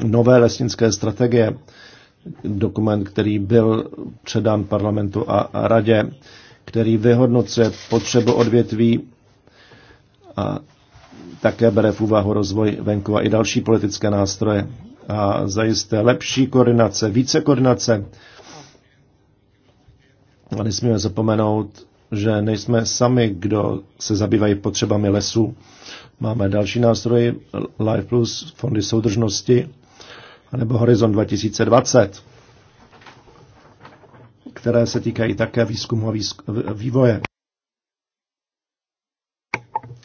nové lesnické strategie, dokument, který byl předán parlamentu a radě, který vyhodnocuje potřebu odvětví a také bere v úvahu rozvoj a i další politické nástroje a zajisté lepší koordinace, více koordinace. A nesmíme zapomenout, že nejsme sami, kdo se zabývají potřebami lesů. Máme další nástroje, Life Plus, fondy soudržnosti, nebo Horizon 2020, které se týkají také výzkumu a vývoje.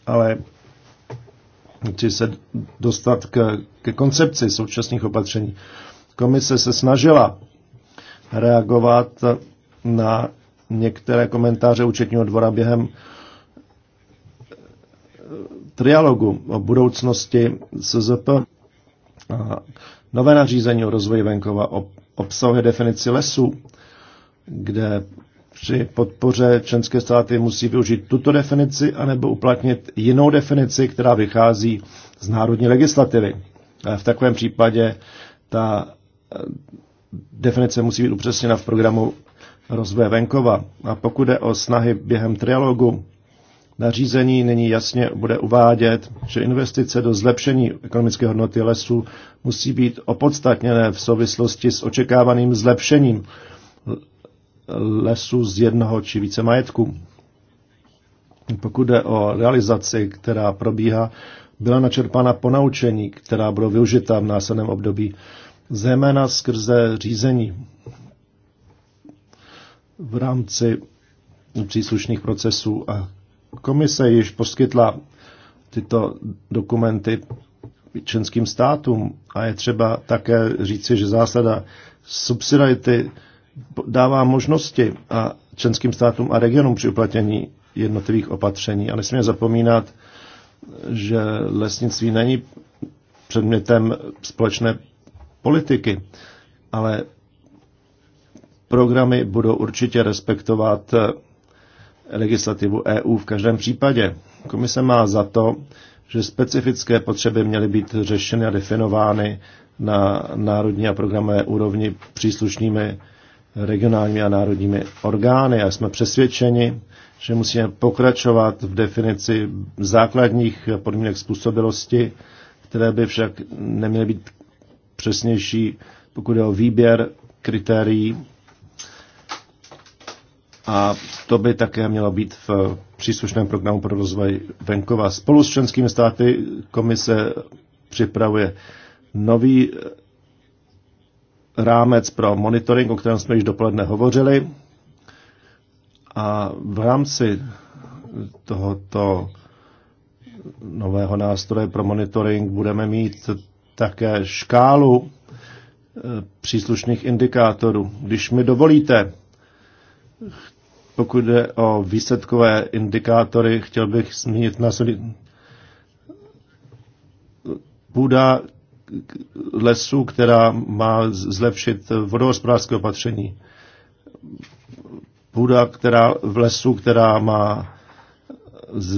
Ale či se dostat k, ke koncepci současných opatření. Komise se snažila reagovat na některé komentáře účetního dvora během eh, trialogu o budoucnosti SZP. A nové nařízení o rozvoji venkova obsahuje definici lesů, kde při podpoře členské státy musí využít tuto definici anebo uplatnit jinou definici, která vychází z národní legislativy. V takovém případě ta eh, definice musí být upřesněna v programu rozvoje venkova. A pokud je o snahy během trialogu, nařízení nyní jasně bude uvádět, že investice do zlepšení ekonomické hodnoty lesů musí být opodstatněné v souvislosti s očekávaným zlepšením lesů z jednoho či více majetku. Pokud jde o realizaci, která probíhá, byla načerpána ponaučení, která budou využita v následném období, zejména skrze řízení v rámci příslušných procesů. A komise již poskytla tyto dokumenty členským státům a je třeba také říci, že zásada subsidiarity dává možnosti a členským státům a regionům při uplatnění jednotlivých opatření. A nesmíme zapomínat, že lesnictví není předmětem společné politiky, ale programy budou určitě respektovat eh, legislativu EU v každém případě. Komise má za to, že specifické potřeby měly být řešeny a definovány na národní a programové úrovni příslušnými regionálními a národními orgány a jsme přesvědčeni, že musíme pokračovat v definici základních podmínek způsobilosti, které by však neměly být přesnější, pokud je o výběr kritérií. A to by také mělo být v příslušném programu pro rozvoj venkova. Spolu s členskými státy komise připravuje nový rámec pro monitoring, o kterém jsme již dopoledne hovořili. A v rámci tohoto nového nástroje pro monitoring budeme mít také škálu eh, příslušných indikátorů. Když mi dovolíte, pokud jde o výsledkové indikátory, chtěl bych zmínit na Půda, lesů, která má zlepšit vodohospodářské opatření. Půda, která v lesu, která má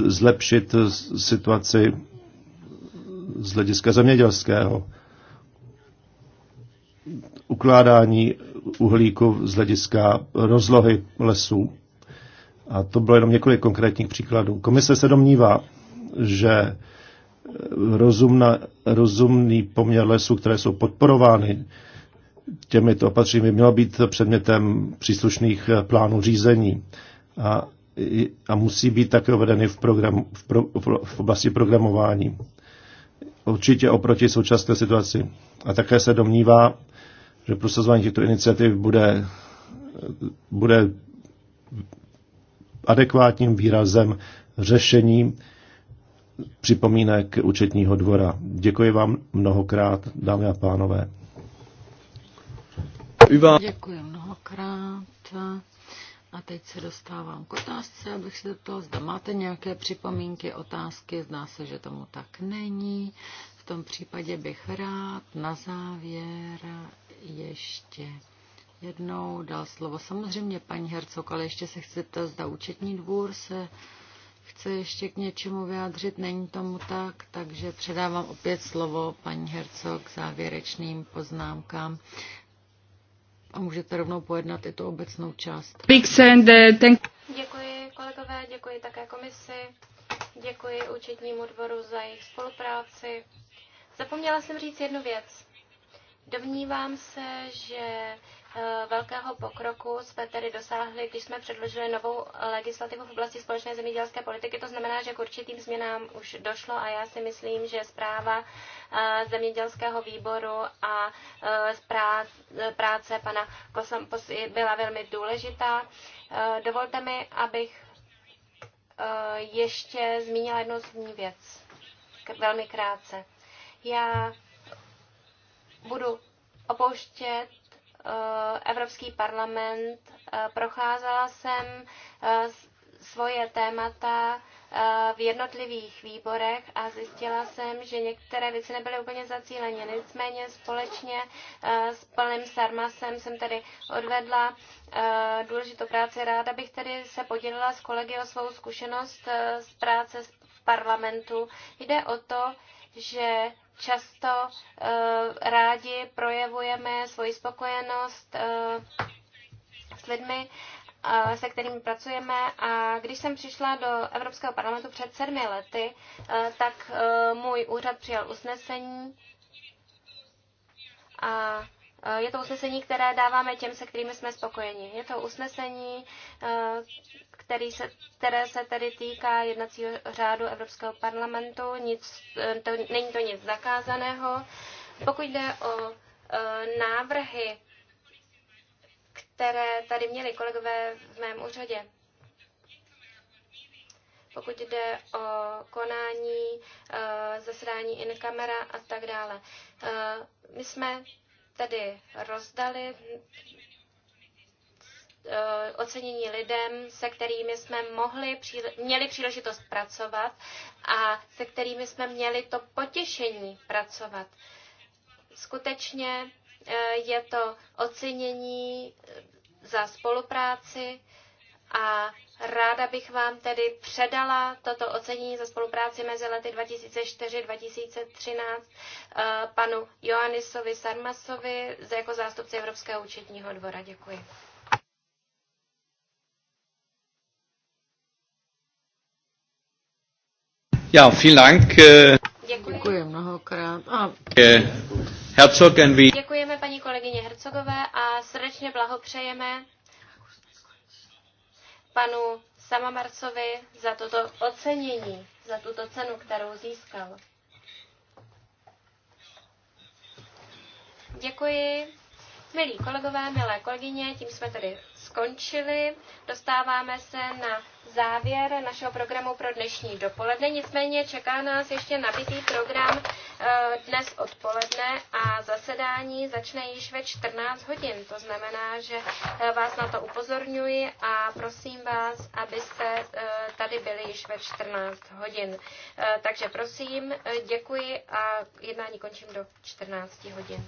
zlepšit situaci z hlediska zemědělského. Ukládání uhlíku z hlediska rozlohy lesů. A to bylo jenom několik konkrétních příkladů. Komise se domnívá, že rozumna, rozumný poměr lesů, které jsou podporovány těmito opatřeními, mělo být předmětem příslušných eh, plánů řízení. A, a musí být také uvedeny v, program, v, pro, v oblasti programování. Určitě oproti současné situaci. A také se domnívá, že prosazování těchto iniciativ bude, bude adekvátním výrazem řešení připomínek účetního dvora. Děkuji vám mnohokrát, dámy a pánové. Děkuji mnohokrát. A teď se dostávám k otázce, abych se zeptal, zda máte nějaké připomínky, otázky. Zdá se, že tomu tak není. V tom případě bych rád na závěr ještě jednou dal slovo. Samozřejmě paní Hercok, ale ještě se chcete, zda účetní dvůr se chce ještě k něčemu vyjádřit, není tomu tak, takže předávám opět slovo paní Herco k závěrečným poznámkám. A můžete rovnou pojednat i tu obecnou část. Eh, děkuji kolegové, děkuji také komisi, děkuji účetnímu dvoru za jejich spolupráci. Zapomněla jsem říct jednu věc. Domnívám se, že Eh, velkého pokroku jsme tedy dosáhli, když jsme předložili novou legislativu v oblasti společné zemědělské politiky. To znamená, že k určitým změnám už došlo a já si myslím, že zpráva eh, zemědělského výboru a eh, práce pana Kosampos byla velmi důležitá. Dovolte mi, abych ještě zmínila jednu zmní věc. Velmi krátce. Já budu opouštět Eh, Evropský parlament. Eh, procházela jsem eh, svoje témata v jednotlivých výborech a zjistila jsem, že některé věci nebyly úplně zacíleně. Nicméně společně s plným Sarmasem jsem tedy odvedla důležitou práci. Ráda bych tedy se podělila s kolegy o svou zkušenost z práce v parlamentu. Jde o to, že často eh, rádi projevujeme svoji spokojenost eh, s lidmi, eh, se kterými pracujeme. A když jsem přišla do Evropského parlamentu před sedmi lety, tak můj úřad přijal usnesení a Eh, je to usnesení, které dáváme těm, se kterými jsme spokojeni. Je to usnesení, eh, který se, které se tedy týká jednacího řádu Evropského parlamentu. Nic, eh, to, není to nic zakázaného. Pokud jde o návrhy, které tady měli kolegové v mém úřadě, pokud jde o konání, zasedání in kamera a tak dále. My jsme tedy rozdali eh, ocenění lidem, se kterými jsme mohli, měli příležitost pracovat a se kterými jsme měli to potěšení pracovat. Skutečně eh, je to ocenění eh, za spolupráci a Ráda bych vám tedy předala toto ocenění za spolupráci mezi lety 2004-2013 eh, panu Joannisovi Sarmasovi jako zástupci Evropského účetního dvora. Děkuji. Ja, vielen Dank. Eh, Děkuji. Děkuji mnohokrát. A... Eh, Herzog Děkujeme paní kolegyně Hercogové a srdečně blahopřejeme panu Samamarcovi za toto ocenění, za tuto cenu, kterou získal. Děkuji. Milí kolegové, milé kolegyně, tím jsme tedy skončili. Dostáváme se na závěr našeho programu pro dnešní dopoledne. Nicméně čeká nás ještě nabitý program eh, dnes odpoledne a zasedání začne již ve 14 hodin. To znamená, že eh, vás na to upozorňuji a prosím vás, abyste eh, tady byli již ve 14 hodin. Takže prosím, děkuji a jednání končím do 14 hodin.